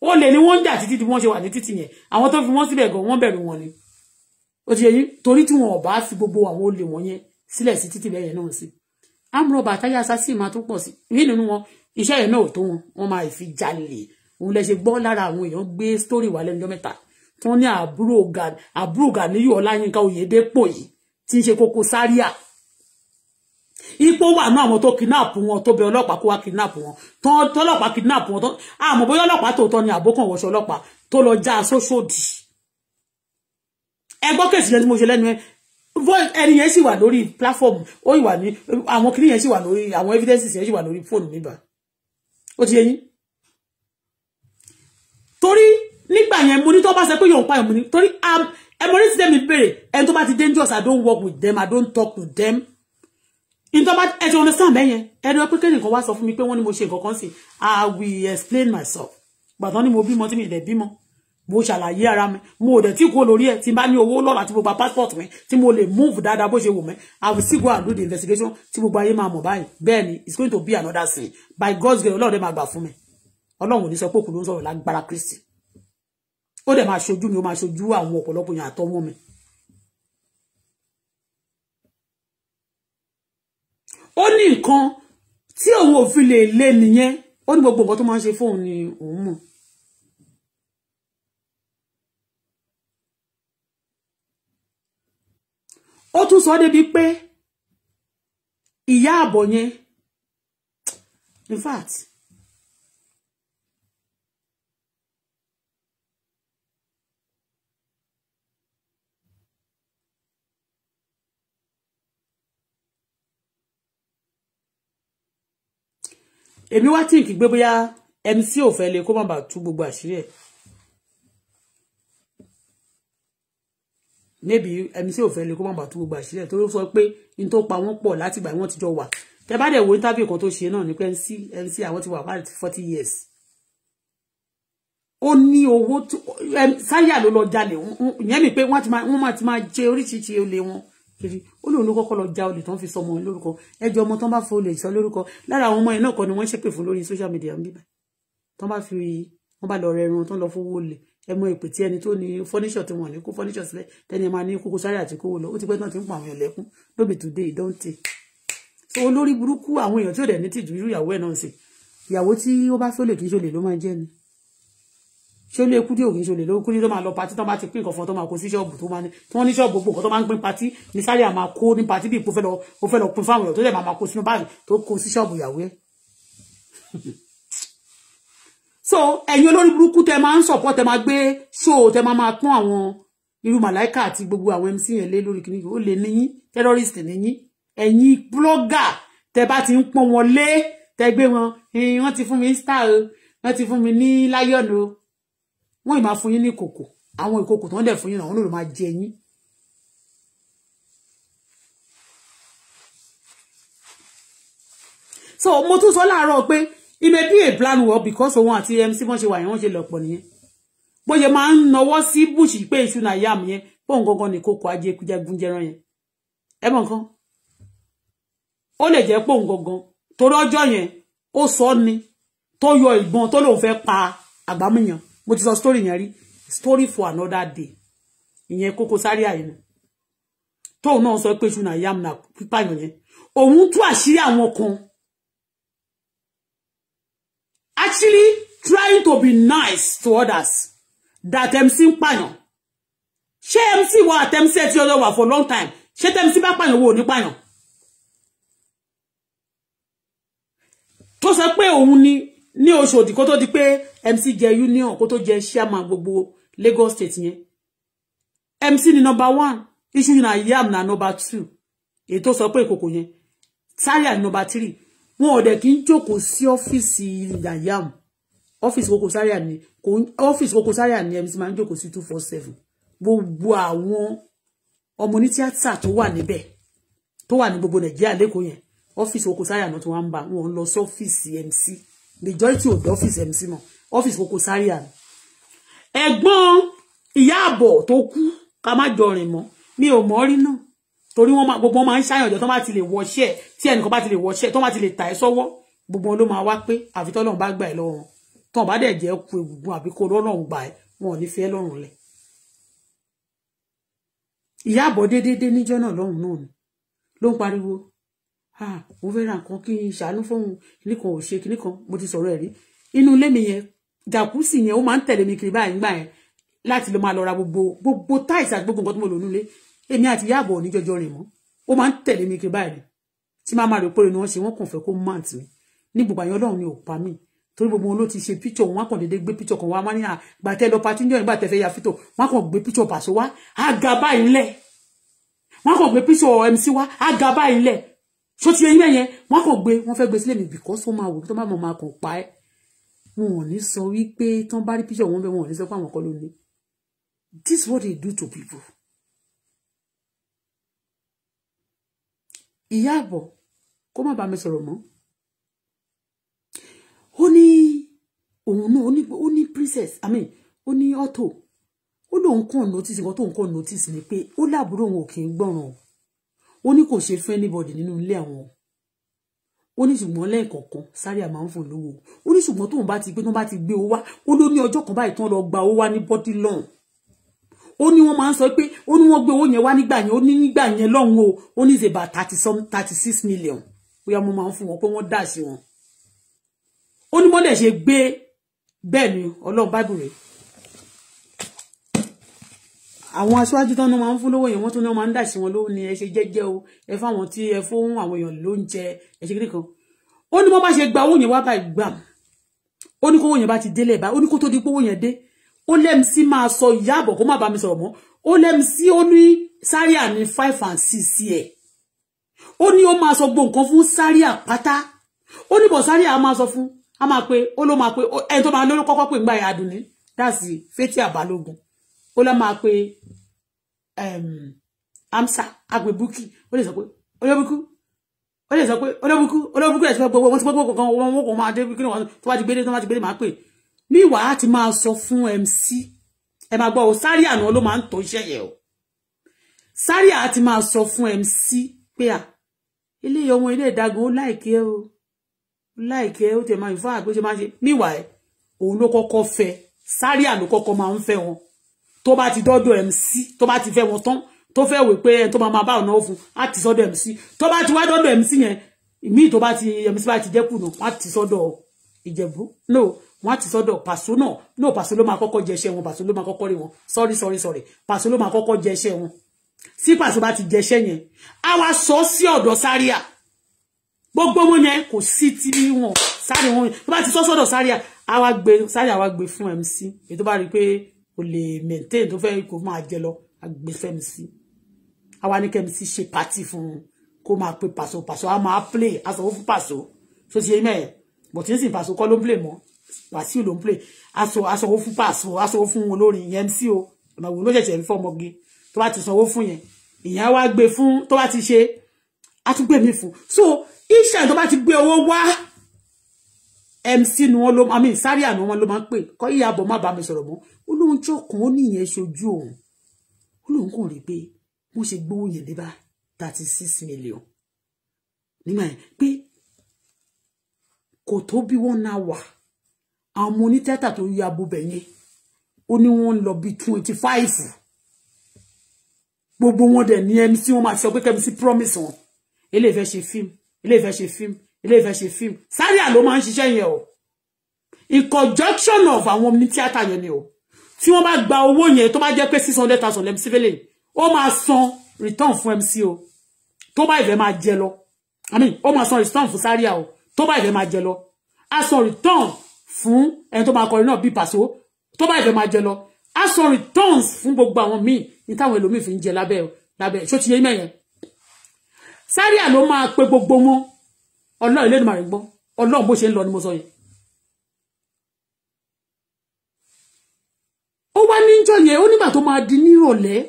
olè ni wọ́n ń jà títí di wọ́n ṣe wà ní títì yẹn àwọn tó fi wọ́n síbẹ̀ gan wọ́n bẹ̀rù wọn ni ó ti yẹ yín torí tí wọn ò bá fi gbogbo àwọn olè wọn yẹn sílẹ̀ sí títì bẹ́ẹ̀ yẹn náà sí amúrọ̀bà àtàyà sásì máa tún pọ̀ sí ìwé nínú wọn iṣẹ́ yẹn náà ò tó wọn wọ́n máa fi jalè òun lẹ ṣe gbọ́ lára àwọn èèyàn gbé sítórì wà lẹ́nu mẹ́ta tí wọ́n ní àbúrò Gàníyù Ọláyínká Oyèdépò yìí tí ń ṣe Koko Zaria ipò wà ní àwọn tó kidnap wọn tó bẹ ọlọ́pàá kó wá kidnap wọn tọ́lọ́pàá kidnap wọn àmọ́ bóyá ọlọ́pàá tòótọ́ ni àbókan wọṣọ ọlọ́pàá tó lọ já sóṣòdì ẹgbọ́n kèsì yẹn tí mo ṣe lẹ́nu ẹni yẹn sì wà lórí platform ó wà ní àwọn kìnìún yẹn sì wà lórí àwọn evidences yẹn sì wà lórí fóònù mi bá ó ti yé yín torí nígbà yẹn mo ní tó bá sọ pé yóò pa ẹ̀mọ́ ni torí um, ẹ̀mọ́rí ti dẹ́mi béèrè ẹni tó bá ti dangerous I don't work with them I don't talk to them in tó bá ẹ ti understand bẹ́yẹn ẹni wọ́n pé kéde nǹkan wá sọ fún mi pé wọ́n ní mo ṣe nǹkan sí I will explain myself gbàtàn ni mo bímọ tí mi ìdẹ̀ bímọ mo ṣàlàyé ara mi mo ò dẹ̀ tí kò lórí ẹ̀ tí n bá ní owó lọ́la tí mo gba passport mi tí mo lè move dáadáa bó ṣe wù mí I will still go and do the investigation tí gbogbo ayé máa mọ̀ báyìí bẹ́ẹ̀ ni it's going to be another thing by God's grace ọlọ́run dẹ̀ máa gbà fún mi ọlọ́run ò ní sọ pé òkú ló ń sọ̀rọ̀ lágbára Kristi ó dẹ̀ máa ṣojú mi ó máa ṣojú àwọn ọ̀pọ̀lọpọ̀ èèyàn àtọwọ́ mi. ó ní nǹkan tí òun ò fi lè lé nìyẹn ó ní gbogbo nǹkan tó máa ń ṣe fóun ni òun mọ̀. ó tún sọ débi pé ìyá àbọ̀ yẹn in fact èmi wá tí nkì gbé bóyá MC ò fẹ́ lè kó má bàa tú gbogbo àṣírí ẹ̀ MC ò fẹ́ lè kó má bàa tú gbogbo àṣírí ẹ̀ tó ló sọ pé n tó pa wọ́n pọ̀ látìgbà wọ́n ti jọ wà tẹ bá dẹ̀ wo interview kan tó ṣe náà ní pé MC MC àwọn ti wà fáàlì forty years ó ní owó sáyà ló lọ jalè ìyẹn mi pé wọ́n máa ti máa jẹ oríṣiríṣi olè wọn kiri ó lóun ló kọ́kọ́ lọ já olè tán fi sọmọ lórúkọ ẹjọ́ ọmọ tán bá fọ olè sọ lórúkọ lára àwọn ọmọ yẹn náà kọ́ ni wọ́n ṣépè fún lórí social media níbà tán bá fi wọ́n bá lọ rẹ irun tán lọ fowó olè ẹ ìpè tí ẹni tó ní fọ́níṣọ̀ tí wọ́n ní kó fọ́níṣọ̀ sílẹ̀ tẹ́ni ẹ máa ní kókó sáré àti kówó lọ ó ti pẹ́ tán ti ń pa àwọn èèyàn lẹ́kún lóbi today don't so olórí burúkú àwọn èèyàn tí ò dẹ̀ ní tìjú irú ìyàwó ẹ̀ náà sí ìyàwó tí ó bá fẹ́ kì í ṣe ló máa jẹ́ ni ṣé ó lé kúdí òkè ṣe olè ló kúdí tó máa lọ patí tó máa ti pín nǹkan fún ọ tó máa kó sí ṣọ́ọ̀bù tó máa ní tí wọ́n ní ṣọ́ọ̀bù gbogbo tó máa ń pín patí ní sáré àmà kó ní patí bí ìpò fẹ́ lọ ó fẹ́ lọ pín fáwọn èèyàn tó dẹ̀ máa kó sínú báàgì tó kó sí ṣọ́ọ̀bù ìyàwó ẹ̀. so ẹ̀yin olórí burúkú tẹ máa ń sọ̀pọ̀ tẹ máa gbé ṣó tẹ máa máa pọ́n àwọn irú màláìkà àti gbogbo àwọn MC yẹn lé lórí kìnìkì ó lè níyín terrorist níyín ẹ̀yin blogger tẹ bá ti ń pọ́n wọn lé tẹ gbé wọn wọ́n ti fún mi star o wọ́n ti fún mi ní lion o wọ́n ì máa fún yín ní ìkòkò àwọn ìkòkò tó ń dẹ̀ fún yín náà wọ́n ló máa jẹ yín so mo tún sọ láàárọ̀ pé it may be a plan work because òun àti mc wọ́n ṣe wà yẹn wọ́n ṣe lọ́pọ̀ nìyẹn bó ṣe máa ń nawọ́ sí bush pé èṣù náà yá mi yẹn bóun gangan ní kókó ajé kújẹgúnjẹran yẹn ẹ mọ̀ nǹkan ó lè jẹ́ pòun gangan torí ọjọ́ yẹn ó sọ ni tó yọ ìbọn tó lóun fẹ́ pa àgbámúyàn mo ti sọ story yẹn rí story for another day ìyẹn Koko Zaria yẹn tóun náà sọ pé ṣùnà yam na pípàyàn yẹn òun tú àṣírí àwọn kan actually trying to be nice to others that MC ń pàyàn ṣé MC wà at MC ẹ ti ọjọ́ wà for long time ṣé tMC bá pàyàn wo ò ní pàyàn tó sọ pé òun ni ní oṣù òdì kó tó di pé MC jẹ union kó tó jẹ chairman gbogbo Lagos state yẹn MC ni number one iṣu na yam na number two èyí tó sọ pé ìkòkò yẹn Zaria number three wọn ò dẹ̀ kí ń jókòó sí ọ́fíìsì ìyá yam ọ́fíìsì Koko Zaria ni ọ́fíìsì Koko Zaria ni MC máa ń jókòó sí two four seven gbogbo àwọn ọmọ ní tíátà tó wà níbẹ̀ tó wà ní gbogbo Nàìjíríà lẹ́kọ̀ọ́ yẹn ọ́fíìsì Koko Zaria náà tó wá ń bá wọn lọ sọ́fíìsì MC. The majority of the office mc mọ office Koko Zaria ni ẹ̀gbọ́n ìyá àbọ̀ tó kú ká má jọrìn mọ́ mi ò mọ̀ rí náà torí wọ́n máa gbogbo wọn máa ń ṣàyàn ọjọ́ tó bá ti lè wọṣẹ́ tí ẹnìkan bá ti lè wọṣẹ́ tó bá ti lè tà ẹ́ sọ́wọ́ gbogbo wọn ló máa wá pé àfi tọ́lọ́run bá gbà ẹ́ lọ́wọ́ wọn tọ́n bá dẹ̀ jẹ́ ku egungun àbí kó lọ́lọ́run gbà ẹ́ wọn ò ní fi ẹ́ lọ́rùn lẹ̀. ìyá àbọ̀ déédéé níjọ́ náà lọ́hùn náà ni ló ń pariwo mo fẹ́ ra nǹkan kí n ṣàánú fóun kíní kan ò ṣe kíní kan mo ti sọ̀rọ̀ ẹ̀ rí inú ilé mi yẹn jàkúsì yẹn ó máa ń tẹ̀lé mi kiri báyìí nígbà yẹn láti lọ máa lọ ra gbogbo gbogbo táìsì àti gbogbo nǹkan tó mo lò nílé èmi àti ìyá àbọ̀ oníjọjọ rìn mọ́ ó máa ń tẹ̀lé mi kiri báyìí tí máa máa rò pé ni wọ́n ṣe wọ́n kàn fẹ́ kó mount mi ní gbogbo àyàn ọlọ́run ni ò pa mí torí gbogbo wọn ló ti ṣe píchọ wọn kàn déédéé gbé píchọ kan wá wọn ní àgbàtẹ lọ pati níjọ nígbà tẹfẹ ya fító wọn kàn gbé píchọ pàṣọ wá àgàbá ìlẹ wọn kàn gbé píchọ MC wá àgàbá ìlẹ ṣó ti eyín ẹ̀yẹn wọ́n kàn gbé wọ́n fẹ́ gbé sílé mi because wọ́n máa wò tó bá mọ̀ máa kàn pa ẹ́ wọn ò ní sọ wípé tán bá rí picture wọn bẹ́ẹ̀ wọn ò ní sọ pé àwọn kan ló this what they do to people. ìyá àbọ̀ kó má bàa mi sọ̀rọ̀ mọ́ ó ní òun náà princess i mean ó Auto ó lóun kàn notice nǹkan tóun kàn notice ni pé ó láàbúrò òun ò kì í o ó ní kò ṣe fún anybody nínú ilé àwọn ó ní ṣùgbọ́n lẹ́ẹ̀kọ̀ọ̀kan Zaria máa ń fò lówó ó ní ṣùgbọ́n tóun bá ti gbé tóun bá ti gbé owó wá ó ló ní ọjọ́ kan báyìí tán lọ gba owó wá ní bọ́dí lọ́n ó ní wọ́n máa ń sọ pé ó ní wọ́n gbé owó yẹn wá nígbà yẹn ó ní nígbà yẹn lọ́hùn o ó ní ìṣèbà thirty some thirty six million bóyá mo máa ń fún wọn pé wọ́n dà sí wọn ó ní mọ́lẹ̀ ṣe gbé bẹ́ẹ̀ ni ọlọ́run báìbù àwọn aṣáájú tán máa ń fún lówó yẹn wọ́n tún náà máa ń dàsí wọn lówó ni ẹ ṣe jẹ́jẹ́ o ẹ fáwọn tí ẹ fóun àwọn èèyàn ló ń jẹ ẹ ṣe kíríkan ó ní wọ́n bá ṣe gba owó yẹn wá báyìí gbà ó ní kówó yẹn bá ti délẹ̀ báyìí ó ní kó tó di pówó yẹn dé ó lẹ́mi sí máa sọ ìyá àbọ̀ kó má bá mi sọ̀rọ̀ mọ́ ó lẹ́mi sí ó ní sáré àmì five and six ẹ̀ ó ní ó máa sọ gbogbo nǹkan fún sáré àpáta ó ní bọ̀ sáré ó ló máa pe ó lọ́ máa pe Um, amsa agbebuki ó lè sọ pé olóbukú ó lè sọ pé olóbukú olóbukú ẹ̀ ti fẹ́ gbogbo wọn ti gbogbo kankan wọn wọn kò máa dé kí wọn tó bá ti gbélé tó bá ti gbélé máa pè ní ìwà á ti máa sọ fún MC ẹ máa gbọ́ ọ sáré àná ló máa ń tó iṣẹ́ yẹ o sáré àá ti máa sọ fún MC pé à ilé ọmọ ilé ìdágun ó láìkẹ́ o láìkẹ́ ó tẹ̀ máa ìfọ́ àgbéṣe máa ṣe níwàá ẹ̀ òun ló kọ́kọ́ fẹ́ sáré àná kọ́kọ́ máa ń fẹ́ wọn tó bá ti dọ́dọ̀ MC tó bá ti fẹ́ wọn tán tó fẹ́ wò pé ẹni tó máa máa bá ọ̀nà òfun á ti sọ́dọ̀ MC tó bá ti wá dọ́dọ̀ MC yẹn mi tó bá ti MC bá ti jẹ́ kùnà wọ́n á ti sọ́dọ̀ Ìjẹ̀bú no wọ́n ti sọ́dọ̀ pàṣọ no pàṣọ ló máa kọ́kọ́ jẹ iṣẹ́ wọn pàṣọ ló máa kọ́kọ́ sorry sorry sorry pàṣọ ló máa kọ́kọ́ jẹ iṣẹ́ wọn tí pàṣọ bá ti jẹ iṣẹ́ yẹn á wá sọ sí ọ̀dọ̀ sáríà gbogbo wọn yẹn kò sí tí wọn sáré wọn tó bá ti sọ sọ́dọ̀ sáríà á wá gbé sáríà wá gbé fún MC èyí tó bá rí i o lè maintain tó fẹ́ kó máa jẹ lọ agbèfẹ́ mi sí àwa ní kẹ́mi sí ṣe pàtì fún kó máa pe pàṣọ pàṣọ a máa play aṣọ fún pàṣọ tó ṣe mẹ́ẹ̀ bọ̀tí ní sìn pàṣọ kọ́ ló ń play mọ́ wàsíù ló ń play aṣọ aṣọ fún pàṣọ aṣọ fún olórin yẹn sí o ọ̀nà òun ló ṣẹ̀ṣẹ̀ ń fọ́mọge tó bá ti sanwó fún yẹn ìyẹn wá gbé fún tó bá ti ṣe á tún gbé mi fún so iṣẹ́ tó bá ti gbé owó wá mc ni wọ́n ló I mean sáré àná wọn ló máa ń pè kọ́ ìyàbọ̀ má bá mi sọ̀rọ̀ mọ́ ó lóun jókòó ó nìyẹn ṣojú òun ó lóun kò rí pé mo ṣe gbówó yẹn dé thirty six million nígbà yẹn pé kò tó bí one hour àwọn ọmọ onítẹ́tà tó yọ abúbẹ̀ yẹn ó ní wọ́n lọ bí twenty five gbogbo wọn dẹ̀ ní mc wọn máa sọ pé kẹ́mi promise wọn eléyìí fẹ́ ṣe fíìmù eléyìí fẹ́ ṣe fíìmù ilé ìfẹ́ ṣe fíìmù Zaria ló máa ń ṣiṣẹ́ yẹn o in conjunction of àwọn ní tíátà yẹn ni o tí wọ́n bá gba owó yẹn tó bá jẹ́ pé six hundred thousand lẹ́mí sífẹ́lẹ̀ ó máa san return fún MC o tó bá ìfẹ́ máa jẹ lọ i mean ó máa san return fún Zaria o tó bá ìfẹ́ máa jẹ lọ a san return fún ẹni tó máa kọrin náà bí pàṣọ tó bá ìfẹ́ máa jẹ lọ a san returns fún gbogbo àwọn míì ní táwọn ẹlòmíì fi ń jẹ lábẹ́ lábẹ́ ṣó ti yé mẹ́yẹn Zaria ló máa pe gbogbo wọn ọlọ́run ilé ìdùnmọ̀ gbọ́ ọlọ́run bó ṣe ń lọ ni mo sọ yẹn. ó wá níjọ́ yẹn ó nígbà tó máa di nírọ̀lẹ́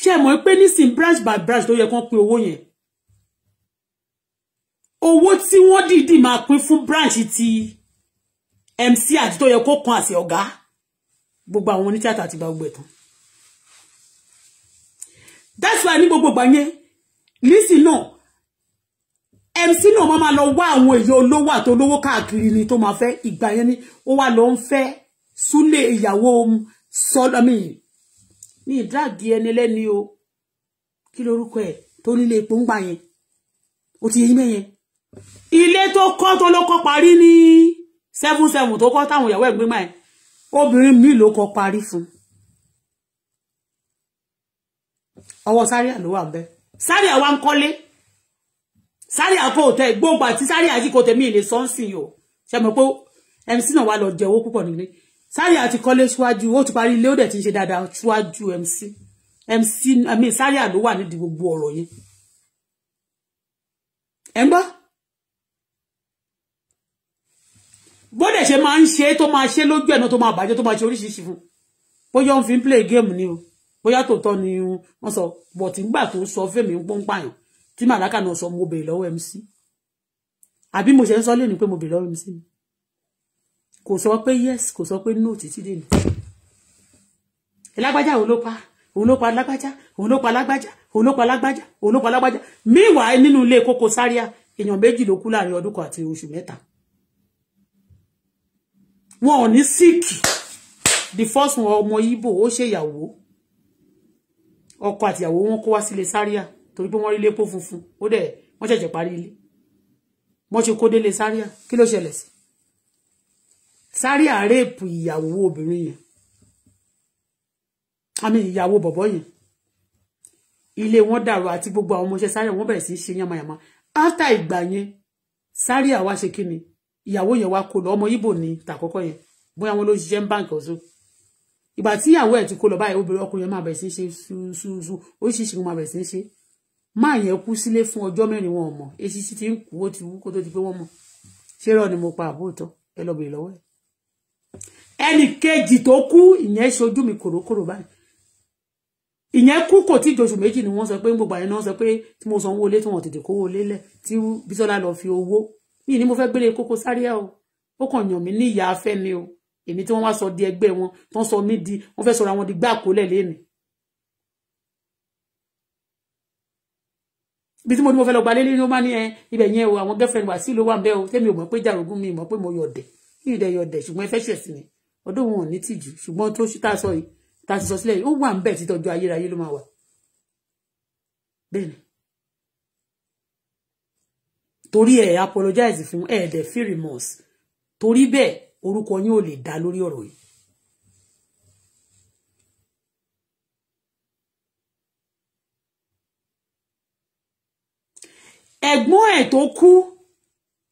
ṣe mọ̀ pé nísìn branch by branch ló yẹ kán pín owó yẹn owó tí wọ́n dìídì máa pín fún branch ti MC àti tó yẹ kó kan àṣẹ ọ̀gá gbogbo àwọn onítíátà ti gba gbogbo ẹ̀tàn that's why ní gbogbo ìgbà yẹn Lisi no, MC náà máa lọ wá àwọn èèyàn olówó àtolówó káàkiri ni tó máa fẹ́ ìgbà yẹn ni ó wá lọ ń fẹ́ súlé ìyàwó sọdọmí ní ìdáàgì ẹni lẹ́ni o kí lorúkọ ẹ̀ tó ni, epo ń gbà yẹn ó ti yẹyìn mẹ́yẹn ilé tó kọ́ tó ló kọ́ parí ní seven seven tó kọ́ táwọn ìyàwó ẹ̀gbẹ́ máa ẹ̀ mi lo kọ́ parí fún ọwọ́ sáré àlówà bẹ́ẹ̀ sáré àwa ń kọ́lé sáré àkó tẹ gbogbo àti sáré àyíkò tèmi ìlè sọ́nsìn o ṣe mọ̀ pé MC náà wà lọ jẹ owó púpọ̀ nílé sáré àti kọ́lé síwájú ó ti parí ilé ó dẹ̀ ti ṣe dáadáa síwájú MC MC I mean sáré àló wà nídìí gbogbo ọ̀rọ̀ yẹn ẹ ń gbọ́ bódẹ̀ ṣe máa ń ṣe tó máa ṣe lójú ẹ̀ náà tó máa bàjẹ́ tó máa ṣe oríṣiríṣi fún bóyá ó fi ń play game ni o bóyá tòótọ́ ni wọ́n sọ bọ̀tí ńgbà tó sọ fèmí ń pọ́n pààyàn tí màdáka náà sọ mo bèrè lọ́wọ́ MC àbí mo ṣe ń sọ lónìí pé mo bèrè lọ́wọ́ MC kò sọ pé yes kò sọ pé no títí dènì lágbájá òun ló pa òun ló pa lágbájá òun ló pa lágbájá òun ló pa lágbájá òun ló pa lágbájá meanwhile nínú ilé Koko Zaria èèyàn méjì ló kú láàrin ọdún kan àti oṣù mẹ́ta wọn ò ní síìkì the first one ọmọ Ìgbò ó ṣèyàwó ọkọ àtìyàwó wọn kó wá sílé sáríà torí pé wọ́n rí lépo funfun ó dẹ̀ wọ́n ṣẹ̀ṣẹ̀ parí ilé wọ́n ṣe kó délé sáríà kí ló ṣẹlẹ̀ sí sáríà réèpù ìyàwó obìnrin yẹn àmì ìyàwó bọ̀bọ̀ yẹn ilé wọn dàrú àti gbogbo àwọn ọmọọṣẹ́ sáríà wọ́n bẹ̀rẹ̀ sí í ṣe yamayama after ìgbà yẹn sáríà wá ṣe kí ni ìyàwó yẹn wá kó lọ ọmọ ibo ní tàkọ́kọ́ yẹn bóyá wọn ló ṣiṣẹ́ ń báǹkì ọ̀sùn ìgbà tí ìyàwó ẹ̀ ti kó lọ báyìí obìnrin ọkùnrin máa bẹ̀rẹ̀ sí ṣe ṣuṣuṣu oríṣiríṣi máa bẹ̀rẹ̀ sí ṣe máa yẹn kú sílé fún ọjọ́ mẹ́rin wọn mọ̀ èsì sì ti ń kú ó ti wú kó tó di pé wọ́n mọ̀ ṣé rọ ni mo pa àbóòtọ́ ẹ lọ bèrè lọ́wọ́ ẹ̀. ẹnì kejì tó kú ìyẹn ṣojú mi kòrókòrò báyìí ìyẹn kú kò tí joṣù méjì ni wọ́n sọ pé gbogbo àyẹn náà sọ pé tí mo sanwó ilé tí wọ́n tètè kówó ilé lẹ̀ tí Bísọ́lá lọ fi owó mi ni mo fẹ́ gbélé Koko Zaria o ó kàn yàn mí ní ìyá afẹ́ ni o èmi tí wọ́n wá sọ di ẹgbẹ́ wọn tó ń sọ mí di wọ́n fẹ́ sọra wọn di gbá àkólẹ̀ lẹ́nu ibi tí mo ní mo fẹ́ lọ gba lélẹ́ ní ó máa ní ẹ ibẹ̀ yẹn o àwọn girlfriend wà sí ló wà ń bẹ́ o tẹ́mi ò mọ̀ pé jàrògún mi mọ̀ pé mo yọ̀dẹ̀ kí ìdẹ̀ yọ̀dẹ̀ ṣùgbọ́n ẹ fẹ́ ṣẹ̀ sí mi ọdún wọn ò ní tìjú ṣùgbọ́n tó ṣí tá a sọ yìí tá a ti sọ sílẹ̀ yìí ó wà ń bẹ̀ títọ́jú ayérayé ló máa wà bẹ́ẹ̀ni torí ẹ̀ apologize fún ẹ̀ dẹ̀ feel remorse torí bẹ́ẹ̀ orúkọ yín ò lè dá lórí ọ̀rọ̀ yìí. ẹ̀gbọ́n ẹ̀ tó kú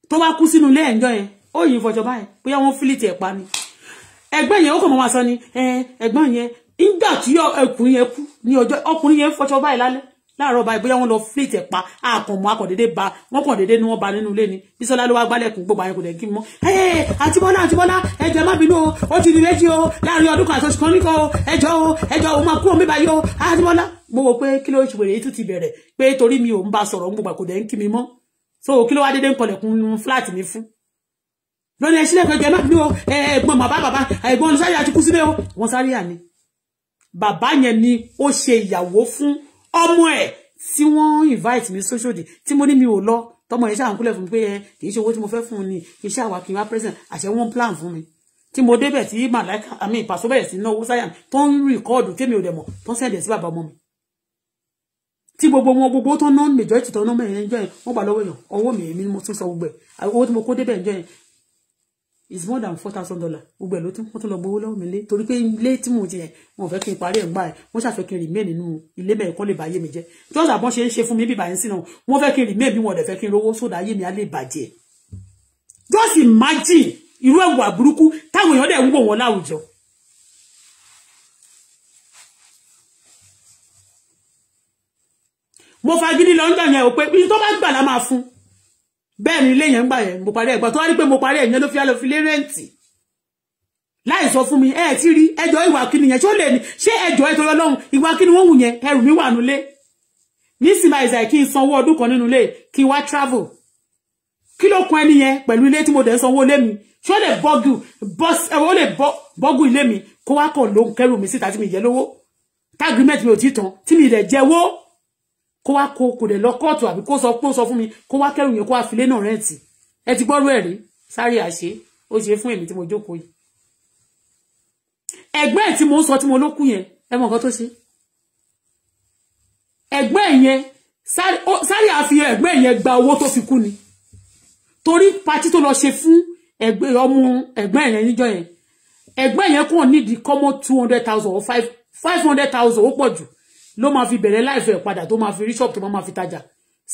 tó wá kú sínú ilé ẹ̀ńjọ́ yẹn ó yìí fọjọ́ báyìí bóyá wọ́n fílìtì ẹ̀ pa ni ẹ̀gbọ́n yẹn ó kàn máa sọ ni ẹ̀gbọ́n yẹn nígbà tí ẹkùnrin yẹn kú ní ọjọ́ ọkùnrin yẹn fọjọ́ báyìí lálẹ́ láàárọ̀ báyìí bóyá wọ́n lọ fleet ẹ̀ pa àkànmọ́ akọ̀dédé ba wọ́n kọ̀dédé ni wọ́n ba nínú ilé ni bísọ́lá ló wá gbálẹ̀kùn gbogbo àyẹ̀kùn lẹ́kí mọ́ ẹ̀ àtibọ́lá àtibọ́lá ẹ̀jẹ̀ má bínú o ó ti di méjì o láàrin ọdún kan àtọ́sí kan níkan o ẹ̀jọ́ o ẹ̀jọ́ o máa kúrò mébàáyé o àtibọ́lá mo wò pé kí ló ṣe wèrè tún ti pé torí mi ò ń so kí ló wá dédé ń kọlẹ̀kùn flat mi fún lónìí ẹ sílẹ̀ kẹjẹ má bínú o ẹ̀gbọ́n bàbá bàbá ẹ̀gbọ́n olùsáyà ti kú sílẹ̀ o wọ́n ọmọ ẹ̀ tí wọ́n invite mi social di tí mo ní mi ò lọ tọmọ yẹn ṣáà ń kúlẹ̀ fún pé ẹ kì í ṣe owó tí mo fẹ́ fún un ni kì í ṣe àwa kì í wá present àṣẹ wọn plan fún mi tí mo débẹ̀ tí màláìka àmì ìpàṣọ bẹ̀rẹ̀ sí náwó sáyà tó ń rìkọ́ọ̀dù tèmi ò dẹ̀ mọ̀ tó ń sẹ̀dẹ̀ sí bàbá ọmọ mi tí gbogbo wọn gbogbo tó ná majority tó ná mẹ́rin ẹjọ́ yẹn wọ́n gbà lọ́wọ́ èèyàn ọwọ́ mi èmi ni mo tún sọ gbogbo ẹ̀ owó tí mo kó débẹ̀ ẹjọ́ yẹn is more than four thousand dollars gbogbo ẹ̀ ló tún wọ́n tún lọ gbowó lọ́wọ́ mi lé torí pé ilé tí mo ti yẹn wọn ò fẹ́ kí n parí ẹ̀ gbà ẹ̀ wọ́n ṣàfẹ́ kí n remain nínú ilé mẹ́rin kọ́ lè bá ayé mi jẹ́ just àbọ̀ ṣe ń ṣe fún mi bíbá yẹn sínú wọ́n fẹ́ kí n remain bí wọn ò dẹ̀ fẹ́ kí n rówó sódà ayé mi á lè bàjẹ́ just imagine irú ẹ̀wà burúkú táwọn èèyàn dẹ̀ ń wò wọn láwùjọ. mo fagídí lọ́jọ́ yẹn ò pé ibi tó bá gbà la máa fún bẹ́ẹ̀ ni ilé yẹn ń gbà yẹn mo parí ẹ̀ gbà tó wá rí pé mo parí ẹ̀ yẹn ló fi alọ́ fi lé rẹ́ǹtì láì sọ fún mi ẹ ti rí ẹjọ́ ìwà kíni yẹn ṣé ó lè ní ṣé ẹjọ́ ẹ torí ọlọ́run ìwà kíni wọ́n wù yẹn ẹrù mi wà nulẹ̀ nísìnyí àìsàn kí n sanwó ọdún kan nínú ilé kí n wá travel kí ló kun ẹni yẹn pẹ̀lú ilé tí mo dẹ̀ sanwó ilé mi ṣé ó lè bọ́gù ó lè bọ́gù ilé mi kó wá kọ̀ ló ń kẹrù mi síta tí mi jẹ́ lówó tágírímẹ̀tì mi ò tí tán tí mi ilẹ̀ jẹ́wọ́ kó wá kó kò dẹ̀ lọ kóòtù àbí kó sọ pé ó sọ fún mi kó wá kẹrù yẹn kó wá filé náà rẹ́ǹtì ẹ ti gbọ́rú ẹ̀ rí sáré àṣe ó ṣe fún èmi tí mo jókòó yìí ẹgbẹ́ tí mo ń sọ tí mo lókù yẹn ẹ mọ nǹkan tó ṣe ẹgbẹ́ yẹn sáré àfihàn ẹgbẹ́ yẹn gba owó tó fi kú ni torí patí tó lọ ṣe fún ẹgbẹ́ ọmọ ẹgbẹ́ yẹn níjọ́ yẹn ẹgbẹ́ yẹn kàn nídìí kọ́mọ́ two hundred thousand or five five hundred thousand ó pọ̀ jù ló máa fi bẹ̀rẹ̀ láìfẹ́ padà tó máa fi rí ṣọ́ọ̀bù tó máa fi tajà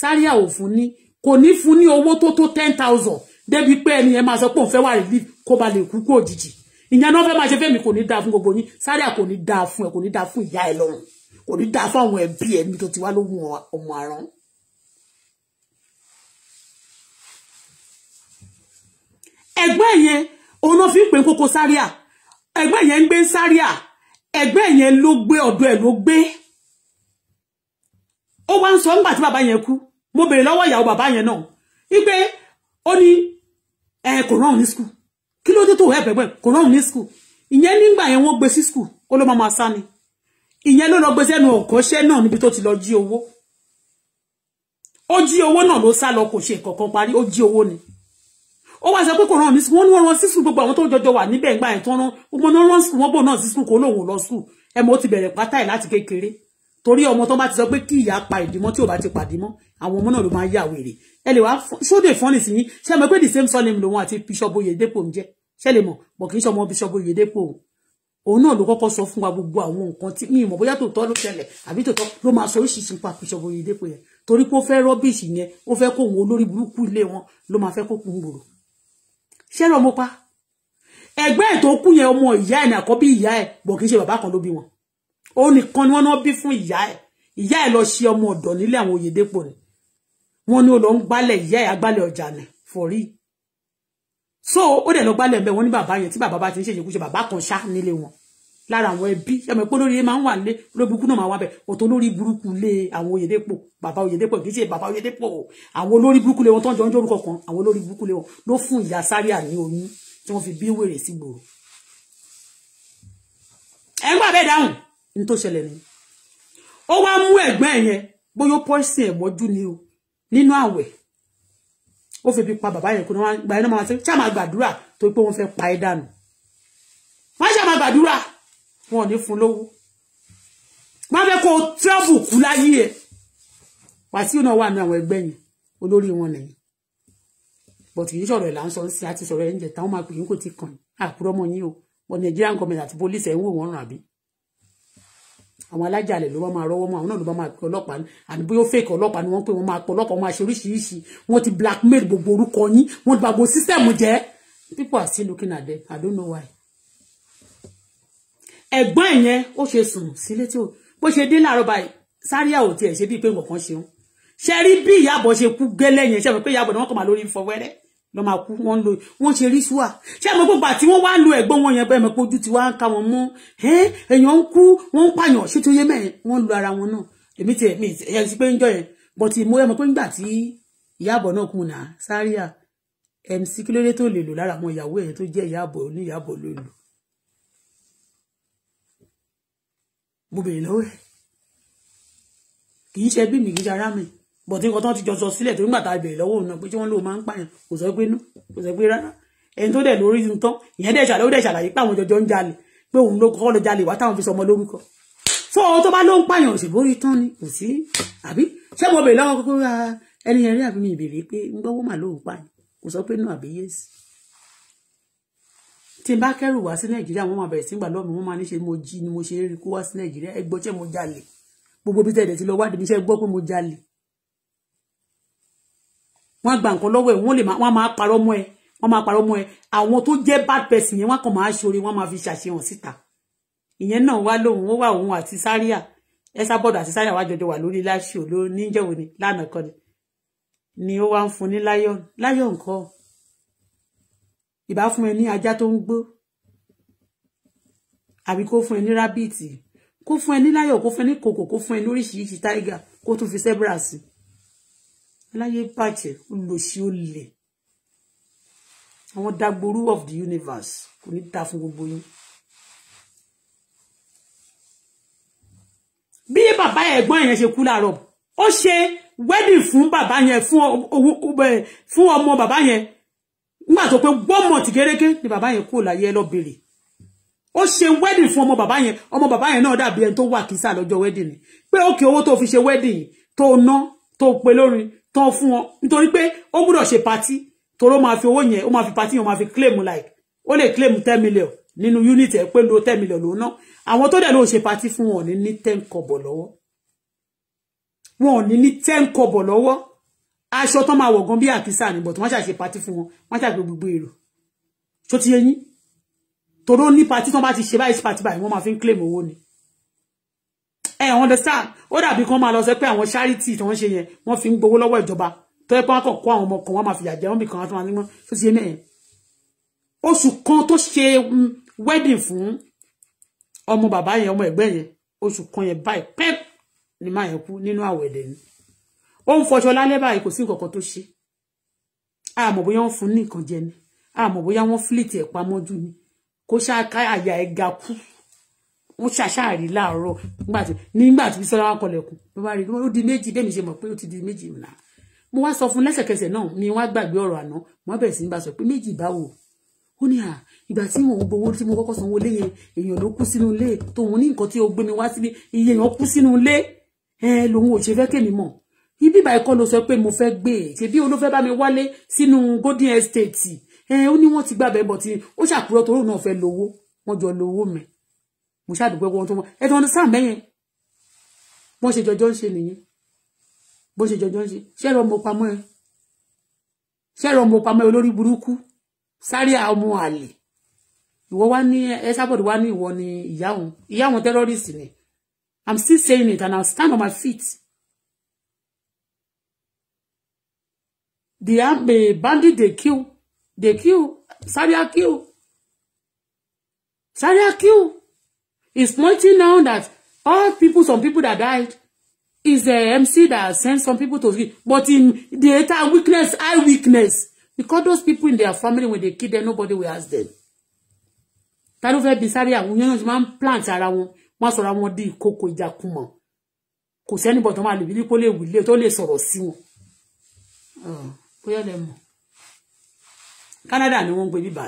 Zaria ò fún ní kò ní fún ní owó tó tó ten thousand débi pé ẹni yẹn máa sọ pé òun fẹ́ wà relief kó ba lè kú kú òjijì ìyẹn náà fẹ́ máa ṣe fẹ́mi kò ní dáa fún gbogbo yín Zaria kò ní dáa fún ẹ kò ní dáa fún ìyá ẹ lọ́rùn kò ní dáa fún àwọn ẹbí ti wá lóhun ọmọ àrán. ẹgbẹ́ yẹn òun fi ń pè kókó Zaria ẹgbẹ́ yẹn ń gbé Zaria ẹgbẹ́ yẹn ló gbé ọ̀dọ́ ẹ̀ ló gbé ó wá ń sọ nígbà tí bàbá yẹn mo bèrè lọ́wọ́ ìyàwó bàbá yẹn náà wípé ó ní ẹ kò rán òun ní skul kí ló dé tó ẹ bẹ̀bẹ̀ kò rán òun ní skul ìyẹn nígbà yẹn wọ́n gbé sí skul ó ló máa máa sá ni ìyẹn ló lọ gbé sẹ́nu ọ̀kọ́ṣẹ́ náà níbi tó ti lọ jí owó ó jí owó náà ló sá lọ kò ṣe kankan parí ó jí owó ni ó wá sọ pé kò rán mi wọn ní wọn rán sí skul gbogbo àwọn tó jọjọ wà níbẹ̀ ìgbà yẹn tó rán wọn rán skul wọn bò náà sí skul kó lóun lọ skul ẹ mọ ó ti bẹ̀rẹ̀ pátá ẹ̀ láti kékeré torí ọmọ tó bá ti sọ pé kí ìyá pa ìdímọ́ tí ò bá ti pàdé mọ́ àwọn ọmọ náà ló máa yà wèrè ẹ lè wá sóde fọ́nì sí yín ṣé ẹ mọ̀ pé the same surname lòun àti bishop oyedepo ń jẹ́ ṣé lè mọ̀ bọ̀ kì í ṣọmọ bishop oyedepo o òun náà ló kọ́kọ́ sọ fún wa gbogbo àwọn nǹkan tí mi ìmọ̀ bóyá tòótọ́ ló ṣẹlẹ̀ àbí tòótọ́ ló máa sọ oríṣiríṣi pa bishop oyedepo yẹn torí pé ó fẹ́ rọ́bìṣì yẹn ó fẹ́ kó òun olórí burúkú ilé wọn ló máa fẹ́ kó kún gbòòrò ṣé rọ mo pa ẹgbẹ́ ètò kú yẹn ọmọ ìyá ẹ̀ ní àkọ́bí ìyá ẹ̀ bọ̀ kì í ṣe bàbá kan ló bí wọn òun nìkan ni wọ́n náà bí fún ìyá ẹ̀ ìyá ẹ̀ lọ ṣe ọmọ ọ̀dọ̀ nílé àwọn Oyèdépò ni wọ́n ní ó lọ ń gbálẹ̀ ìyá ẹ̀ agbálẹ̀ ni forí so ó dẹ̀ lọ gbálẹ̀ ẹ̀bẹ̀ wọ́n ní bàbá yẹn tí bàbá bá ti ń ṣe ìṣekúṣe bàbá kan ṣá nílé wọn lára àwọn ẹbí ẹmọ ìpó lórí máa ń wà lé olóbukú náà máa wà bẹ ọ̀tọ̀ olórí burúkú lé àwọn Oyèdépò bàbá Oyèdépò kì í ṣe bàbá Oyèdépò àwọn olórí burúkú lé wọn tó ń jọ ń kan àwọn olórí burúkú lé wọn ló fún ìyá sáré àní oyún tí wọ́n fi bí wèrè sí gbòòrò. ẹ ń gbà bẹ́ẹ̀ ní tó ṣẹlẹ̀ ni ó wá mú ẹ̀gbọ́n ẹ̀ yẹn bóyá pọ́ìsì ẹ̀ ni o nínú àwẹ̀ ó fi bí pa bàbá yẹn kó náà gba iná ma ṣe ṣá máa gbàdúrà torí pé wọ́n fẹ́ pa ẹ́ dànù wọ́n ṣá máa gbàdúrà wọn ò ní fún lówó wọ́n fẹ́ kó tírọ́fù kú láyé ẹ̀ wàsíù náà wà ní àwọn ẹgbẹ́ yẹn olórí wọn nìyẹn bọ̀tù yìí sọ̀rọ̀ ẹ̀ là ń sọ sí àti sọ̀rọ̀ ẹ̀ ń jẹ̀ táwọn máa pè yín kò ti kàn àkúrọ́mọ yín o but Nigerian government àti police ẹ̀ ń wò wọ́n àwọn alájàlẹ̀ ló bá máa rọ́wọ́ mọ́ àwọn náà ló bá máa pe ọlọ́pàá àní bóyá ó fèkì ọlọ́pàá ni wọ́n pè wọ́n máa pe ọlọ́pàá wọ́n máa ṣe oríṣiríṣi wọ́n ti blackmail gbogbo orúkọ yín wọ́n ti bà gbogbo sísẹ́ẹ̀mù jẹ́ people are still looking at them I don't know why. ẹ̀gbọ́n ẹ̀ yẹn ó ṣe sùn sílé tí ó bó ṣe dé láàárọ̀ báyìí sáré àwò tiẹ̀ ṣe bíi pé nǹkan ṣeun ṣe rí bí ìyàbọ̀ ṣe kú gẹ́lẹ́ yẹn ṣe mọ̀ pé ìyàbọ̀ ni wọ́n kọ̀ máa lórí fọwẹ́rẹ́ lọ máa kú wọ́n ń lo wọ́n ṣe rí ṣúà ṣé àmọ́ gbogbo àti wọ́n wá ń lo ẹ̀gbọ́n wọn yẹn bẹ́ẹ̀ mọ̀ pé ojú ti wá ń ka wọn mọ́ èèyàn ń kú wọ́n ń pààyàn ṣé tó yé mẹ́rin wọ́n ń lo ara wọn náà èmi tiẹ̀ mi ẹ̀yà sí pé ń jọ yẹn but mo yẹ mọ̀ pé ńgbà tí ìyáàbọ̀ náà kùnà sáríà MC kí ló dé tó lè lò lára àwọn ìyàwó ẹ̀yẹn tó jẹ́ ìyáàbọ̀ ní ìyáàbọ̀ ló lò mo bèrè lọ́wọ́ ẹ̀ kì í mi kì í mi bọ̀tí nǹkan tán ti jọ sọ sílẹ̀ tó nígbà tá a bẹ̀rẹ̀ lọ́wọ́ òun náà pé tí wọ́n lò máa ń pààyàn kò sọ pé nú kò sọ pé rárá ẹni tó dẹ̀ lórí ti tán ìyẹn dẹ̀ ṣàlàyé dẹ̀ ṣàlàyé pé àwọn jọjọ ń jalè pé òun ló kọ́ lọ jalè wá táwọn fi sọmọ lórúkọ so ohun tó bá ló ń pààyàn òsì bórí tán ni kò sí àbí ṣé mo bèèrè lọ́wọ́ kókó ra ah, ẹni yẹn rí àbí mi ìbèrè pé ń gbọ́ wọ́mà lóhùn pààyàn kò sọ pé nú àbí yéésì tí n bá kẹ́rù wá sí nàìjíríà wọ́n máa bẹ̀rẹ̀ sí gbà lọ́mọ wọ́n máa ní ṣe mo jí ni mo ṣe é rí kó wá sí nàìjíríà ẹ gbọ́ mo jalè gbogbo bí tẹ̀lé ti lọ wádìí mo jalè wọ́n á gba nǹkan lọ́wọ́ ẹ̀ wọ́n lè wọ́n máa parọ́ mọ́ ẹ wọ́n máa parọ́ mọ́ ẹ àwọn tó jẹ́ bad person yẹn wọ́n kàn máa ṣoore wọ́n máa fi ṣàṣehàn síta ìyẹn náà wá lóhùn ó wà òun àti sáríà ẹsà bọ́ọ̀dù àti sáríà wá jọjọ wà lórí láṣìó lórí níjẹ̀wò ni lánàá kan ni ni ó wá ń fún ní láyọ̀ láyọ̀ nǹkan ìbá fún ẹ ní ajá tó ń gbó àbí kó fún ẹ ní rábìtì kó fún ẹ ní láyọ̀ kó fún ẹ ní kòkò kó fún ẹ ní oríṣiríṣi táìgà kó tún fi sẹ́bírà sí láyé bàjẹ́ olùsí olè àwọn dagboru of the universe kò ní ta fún gbogbo yín. bí bàbá ẹ̀gbọ́n yẹn ṣe kú láàárọ̀ ó ṣe wedding fún bàbá yẹn fún ọmọ bàbá yẹn nígbà tó pé gbọ́mọ̀ tí kéréké ni bàbá yẹn kúrò láyé lọ bèrè ó ṣe wedding fún ọmọ bàbá yẹn ọmọ bàbá yẹn náà dàbí ẹni tó wà kísà lọ́jọ́ wedding ni pé ókè owó tó fi ṣe wedding tó ná tó pe lórin tán fún wọn nítorí pé ó gbọ́dọ̀ ṣe pati toro máa fi owó yẹn ó máa fi pati yẹn ó máa fi claim like ó lè claim ten million nínú unit ẹ̀ pé lo ten million ló ná àwọn tó dẹ̀ ló ṣe pati fún wọn ní ní ten kọ́bọ̀ lọ́wọ́ wọn ò ní ní ten kọ́bọ̀ lọ́wọ́ aṣọ tán máa wọ̀ gan bí àkísà ni but wọ́n ṣàṣe pati fún wọn wọ́n ṣàgbé gbogbo èrò tó ti yẹ yín toro ní pati tán bá ti ṣe báyìí pati báyìí wọ́n máa fi ń claim owó ni ẹ eh, understand ó dàbí kan máa lọ sọ pé àwọn charity tí wọ́n ṣe yẹn wọ́n fi ń gbowó lọ́wọ́ ìjọba tó yẹ pé wọ́n kàn kó àwọn ọmọ kan wọ́n máa fìyà jẹ wọ́n bì kan wọ́n tó máa ní mọ́ tó ṣe mẹ́ẹ̀. oṣù kan tó ṣe mm, wedding fún ọmọ bàbá yẹn ọmọ ẹ̀gbẹ́ yẹn oṣù kan yẹn báyìí pẹ́p ni máa yẹn kú nínú àwẹ̀dẹ̀ ni ó ń fọṣọ lálẹ́ báyìí kò sí nǹkan kan tó ṣe àmọ́ bóyá wọ́n fún ní nǹkan jẹ ni àmọ́ bóyá wọ́n fìlìtì ẹ̀ pamọ́ jù ni kó ṣáà ká àyà ẹ̀ ga kú ó ṣàṣàrí láàárọ̀ nígbà tí nígbà tí Bísọ́lá wá kọlẹ̀kùn ló bá rí i ó di méjì bẹ́ẹ̀ mi ṣe mọ̀ pé ó ti di méjì nà mo wá sọ fún lẹ́sẹ̀kẹsẹ̀ náà ni wọ́n á gbàgbé ọ̀rọ̀ àná wọ́n bẹ̀rẹ̀ sí ní bá sọ pé méjì báwo ó ní à ìgbà tí mò ń gbowó tí mo kọ́kọ́ sanwó lé yẹn èèyàn ló kú sínú ilé tòun ní nǹkan tí o gbé mi wá síbi iye èèyàn kú sínú ilé ẹ lòun ò ṣe fẹ́ kémi mọ̀ ibi ìbàyẹ̀ kọ́ ló sọ pé mo fẹ́ gbé e ṣebí olófẹ́ bá mi wálé sínú Golden Estate ẹ ó ní wọ́n ti gbàbẹ̀ bọ̀ tí ó ṣàkúrọ̀ torí òun náà fẹ́ lówó wọ́n jọ lówó mi mo ṣàdúgbò wọn tó wọn ẹ ti sáà mẹ́yẹn bọ́n ṣe jọjọ́ ń ṣe nìyẹn bọ́n ṣe jọjọ́ ń ṣe ṣẹ́rọ ọmọ pamọ́ ẹ ṣẹ́rọ ọmọ pamọ́ ẹ olórí burúkú sáré ọmọ àlè ìwọ wá ní ẹ sábọ̀dù wá ní ìwọ ni ìyá òun ìyá òun terrorist ni I'm still saying it and I'll stand on my feet. The, the bandit they kill they kill Saria kill Saria kill It's pointing now that all people, some people that died, is the MC that sent some people to sleep. But in the entire weakness, I weakness. Because those people in their family, when they kill them, nobody will ask them. Ta ló fẹ́ bí sáré àwọn yẹn ti máa ń plant ara wọn wọ́n sọ̀rọ̀ àwọn di ìkókò ìjàkùmọ̀ kò sẹ́ni bọ̀ tó máa lè bí nípò lè wílé Canada ni wọ́n ń gbé bíbá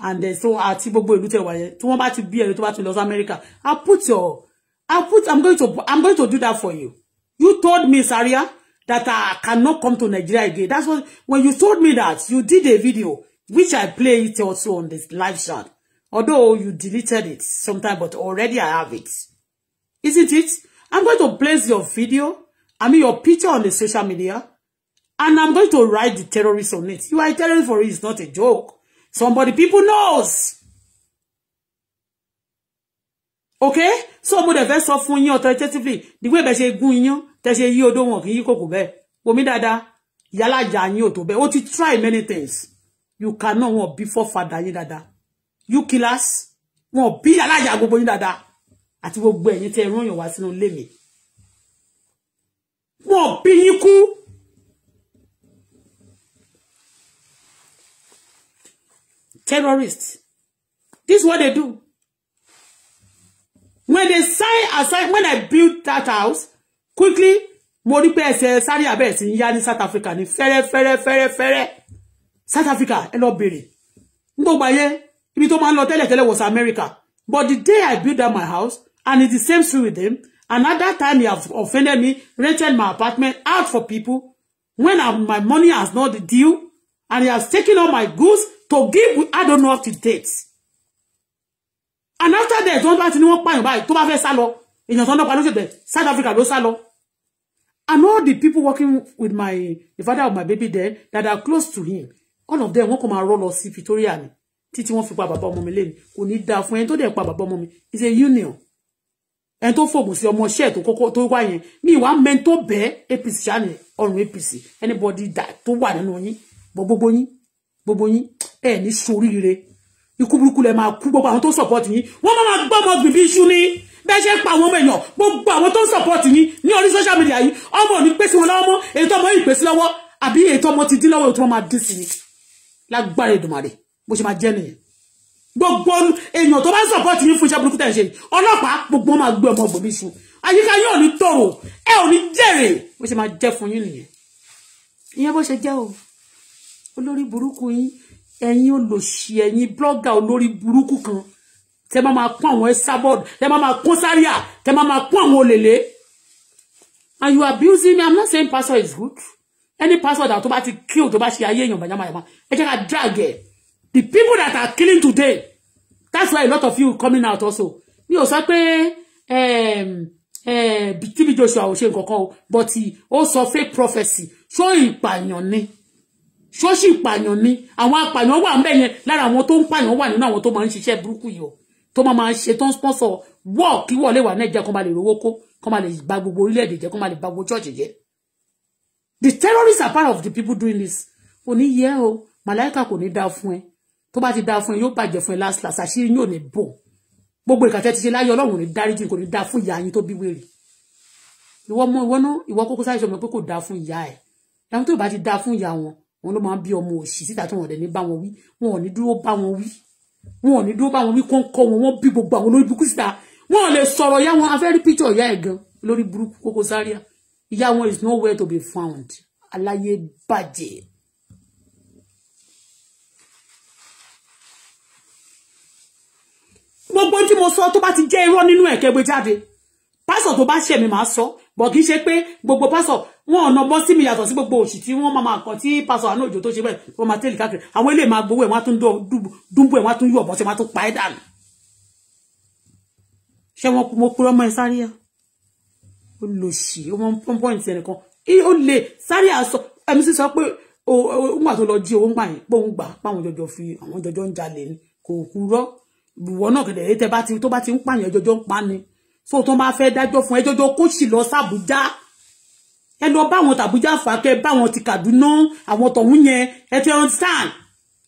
and then so àti gbogbo ìlú tẹ́ wà yẹn tí wọ́n bá ti bí ẹni to bá ti lọ sí America I put your I put I'm going to I'm going to do that for you you told me Saria that I cannot come to Nigeria again that's what when you told me that you did a video which I play it also on this live chat although you deleted it sometime but already I have it isn't it I'm going to place your video I mean your picture on the social media and I'm going to write the terrorist on it you are a terrorist for it it's not a joke Somebody people knows. Okay? So mo dẹ̀ fẹ́ sọ fún yín authoritatively the way bẹ́ẹ̀ ṣe gún yín tẹ́ ṣe yí odó wọn kì í kòkò bẹ́ẹ̀. Omi dada, ìyálàjà yín ò tó bẹ́ẹ̀. Ó ti try many things. You cannot wọn bí fọ́fadà yín dáadáa. You killers wọn bí ìyálàjà gbogbo yín dada. Àti gbogbo ẹ̀yin te run yàn wá sínú ilé mi. Wọn bí yín kú. terrorists. This is what they do. When they sign aside, when I built that house, quickly, mo rí pé ẹsẹ̀ sáré in sí ń South Africa ní fẹ́rẹ́ fẹ́rẹ́ fẹ́rẹ́ fẹ́rẹ́ South Africa ẹ lọ bèrè nígbà yẹn ibi tó máa ń lọ tẹ́lẹ̀ tẹ́lẹ̀ was America but the day I built that my house and it's the same thing with them and at that time he have offended me rented my apartment out for people when I, my money has not the due and he has taken all my goods to give with I don't know up to date and after that don't want anyone ní wọ́n buy báyìí tó bá fẹ́ sá lọ èèyàn South Africa no sá and all the people working with my the father of my baby there that are close to him all of them won't come and roll or see Victoria. ni títí wọ́n fi mommy. bàbá ọmọ mi lẹ́nu kò ní dáa mommy. ẹni tó dẹ̀ pa bàbá ọmọ mi is a union ẹni tó fògùn sí ọmọ iṣẹ́ tó kọ́kọ́ tó wá yẹn mi ìwà mẹ́ni tó bẹ́ẹ̀ APC ṣáà APC anybody that to one nínú yín gbogbo yín gbogbo yín ẹ ní soríire ikú burúkú lẹ máa kú gbogbo àwọn tó support yín wọ́n máa máa gbọ́ ọmọ gbìbí iṣu ni bẹ́ẹ̀ ṣe ń pa àwọn ọmọ èèyàn gbogbo àwọn tó support yín ní orí social media yìí ọmọ ní pèsè wọn lọ́wọ́ mọ́ èyí tó ọmọ yìí pèsè lọ́wọ́ àbí èyí tó ọmọ ti dín lọ́wọ́ èyí tó ọmọ máa dín sí ni lágbára Èdùmàrè bó ṣe máa jẹ́ nìyẹn gbogbo èèyàn tó bá ń support yín fún iṣẹ́ burúkú tẹ̀ ń ṣe yìí ọlọ́pàá gbogbo wọn máa gbé ọmọ gbòmí iṣu àyíká yóò ní tòrò ẹ ò ní jèrè bó ṣe máa jẹ́ fún yín nìyẹn ìyẹn bó ṣe jẹ́ o olórí burúkú yín ẹ̀yin olòṣì ẹ̀yin blọ́gà olórí burúkú kan tẹ́ máa máa kún àwọn Esabod tẹ́ máa máa kún sáríà tẹ́ máa máa kún àwọn olèlé and you abusing me i'm not saying pastor is good any pastor that tó bá ti kill tó bá ṣe ayé èèyàn bàjá màyàmá ẹ jẹ́ ká drag ẹ̀ the people that are killing today that's why a lot of you coming out also mi ò sọ pé ehm, eh, tíbi Joshua ò ṣe nǹkan kan o but he also fake prophecy So ìpààyàn ni ṣọ́ọ̀ṣì ìpààyàn ni àwọn apààyàn wà ńbẹ̀ yẹn lára àwọn tó ń pààyàn wà nínú àwọn tó máa ń ṣiṣẹ́ burúkú yìí o tó máa máa ṣe tó ń sponsor wọ́ọ̀ kí wọ́ọ̀ lè wà náà jẹ́ kó máa lè rówó kó kó máa lè ba gbogbo orílẹ̀-èdè jẹ́ kó máa lè ba gbogbo church jẹ́ the terrorists are part of the people doing this kò ní yẹ o màláìka kò ní dáa fún ẹ tó bá ti dáa fún ẹ yóò bàjẹ́ fún ẹ last last àṣírí yóò ní bò gbogbo ìkàtẹ́ ti ṣe láyé ọlọ́run ní dáríjì kò ní dáa fún ìyá yín tó bí wèrè ìwọ mọ ìwọ náà ìwọ kókó sáyẹsọ mọ pé kò dáa fún ìyá ẹ ẹni tó bá ti dáa fún ìyá wọn wọn ló máa ń bí ọmọ òṣì síta tó wọn dẹ̀ ní bá wọn wí wọn ò ní dúró bá wọn wí wọn ò ní dúró bá wọn wí kó ń kọ wọn wọn bí gbogbo àwọn olórí burúkú síta wọn ò lè sọ̀rọ̀ ya wọn afẹ́rí píjọ ìyá ẹ̀ gan lórí burúkú Koko Zaria ìyá wọn is nowhere to be found aláyé bàjẹ́. gbogbo tí mo sọ tó bá ti jẹ́ irọ́ nínú ẹ̀kẹ́ gbé jáde pásọ̀ tó bá ṣẹ̀ mi máa sọ bọ̀ kì í ṣe pé gbogbo pásọ̀ wọn ọ̀nà bọ́ sí mi yàtọ̀ sí gbogbo òṣì tí wọ́n máa kàn tí pásọ̀ àánú òjò tó ṣe bẹ́ẹ̀ wọ́n máa tẹ̀lé káàkiri àwọn eléyìí máa gbowó ẹ̀ wọ́n á tún dúnbò ẹ̀ wọ́n á tún yọ̀ bọ́ sí wọ́n á tún pa ẹ́ dànù. ṣé wọn mo kúrọ́ mọ́ ẹ sáré yá ó lò sí ọmọ pọ́ńpọ́ǹtì ẹnìkan ó lè sáré àsọ ẹ̀mí sì sọ pé òun àti lọ jí owó ń gbà yẹn pé òun gbà páwọn jọjọ fi àwọn jọjọ ń jalè ni kò kúrọ́ ìwọ náà kẹ̀dẹ̀ tó bá ti ń pààyàn jọjọ ń pa ni so tó máa fẹ́ dájọ́ fún ko kó sì lọ E ẹ ba bá àwọn tàbújá fàákẹ́ bá àwọn ti Kàdúná àwọn tọ̀hún yẹn ẹ ti understand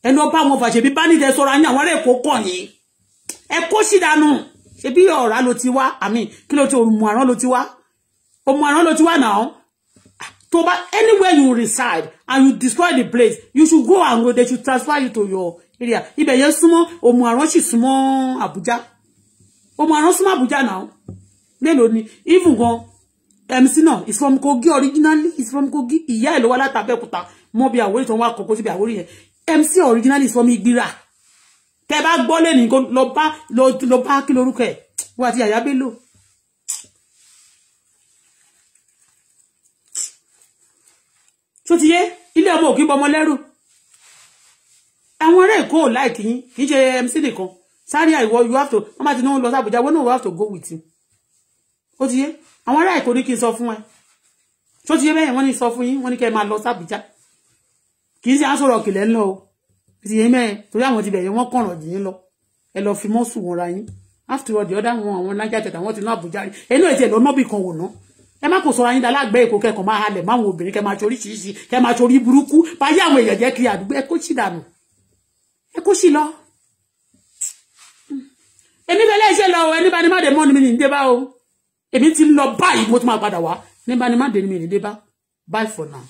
ẹ lọ bá àwọn fàṣẹbí bani de sọra yín àwọn ará èkó kọ yín ẹ kó sì dànù ṣebí ọ̀rá ló ti wá àmì kí ló ti òmù àrán ló ti wá òmù àrán ló ti wá náà tó bá anywhere you reside and you destroy the place you should go and go they should transfer you to your area ibẹ̀ yẹn súnmọ́ òmù àrán sì súnmọ́ Abuja. Omo máa rán súnmọ́ Àbújá náà ni even gan MC náà is from Kogi originally is from Kogi ìyá ẹ̀ ló wá láti Abẹ́òkúta mọ́ bí àwòrán ìtàn wa kọ̀ọ̀kọ́ síbi àwòrán yẹn MC originally is from Igbira tẹ bá gbọ́ lé ní lọ bá lọ bá kí lorúkọ ẹ̀ wọ́n àti àyà Bello. tó ti yé ilé ọmọ òkè bọmọ lẹ́rù àwọn ará Èkó ò láìkì yín kì í MC nìkan Zaria ìwọ you have to wọ́n máa ti ní wọ́n lọ sí Àbújá wọ́n náà you have to go with him ó ti yé àwọn ará Èkó ní kí n sọ fún ẹ tó ti yé bẹ́ẹ̀ wọ́n ní sọ fún yín wọ́n ní kẹ́ ẹ máa lọ sí Àbújá kì í ṣe aṣọ́rọ̀ òkèlè ńlọ o ti yé mẹ́rin torí àwọn ti bẹ̀yẹ wọ́n kọ̀ràn jì yín lọ ẹ lọ fi mọ́sùn wọn ra yín after all the other one àwọn Niger Delta wọ́n ti ná Àbújá ẹnu ètí ẹ̀ lọ́nà bì kan wò ná ẹ má kò sọ ayín dalágbẹ́ èkó kẹ́kọ̀ọ́ máa halẹ̀ máwọn obìnrin kẹ́ máa torí ṣìṣì kẹ́ máa torí burúkú báyé àwọn èèyàn jẹ́ kiri àdúgbò ẹ kó sì dànù ẹ kó sì lọ èmi bẹ̀lẹ́ iṣẹ́ lọ ẹni bá ní má dé mọ́ ni mi ní dé bá o èmi ti ń lọ báyìí mo tún máa padà wá ní bá ní má dé ni mi ní dé for now.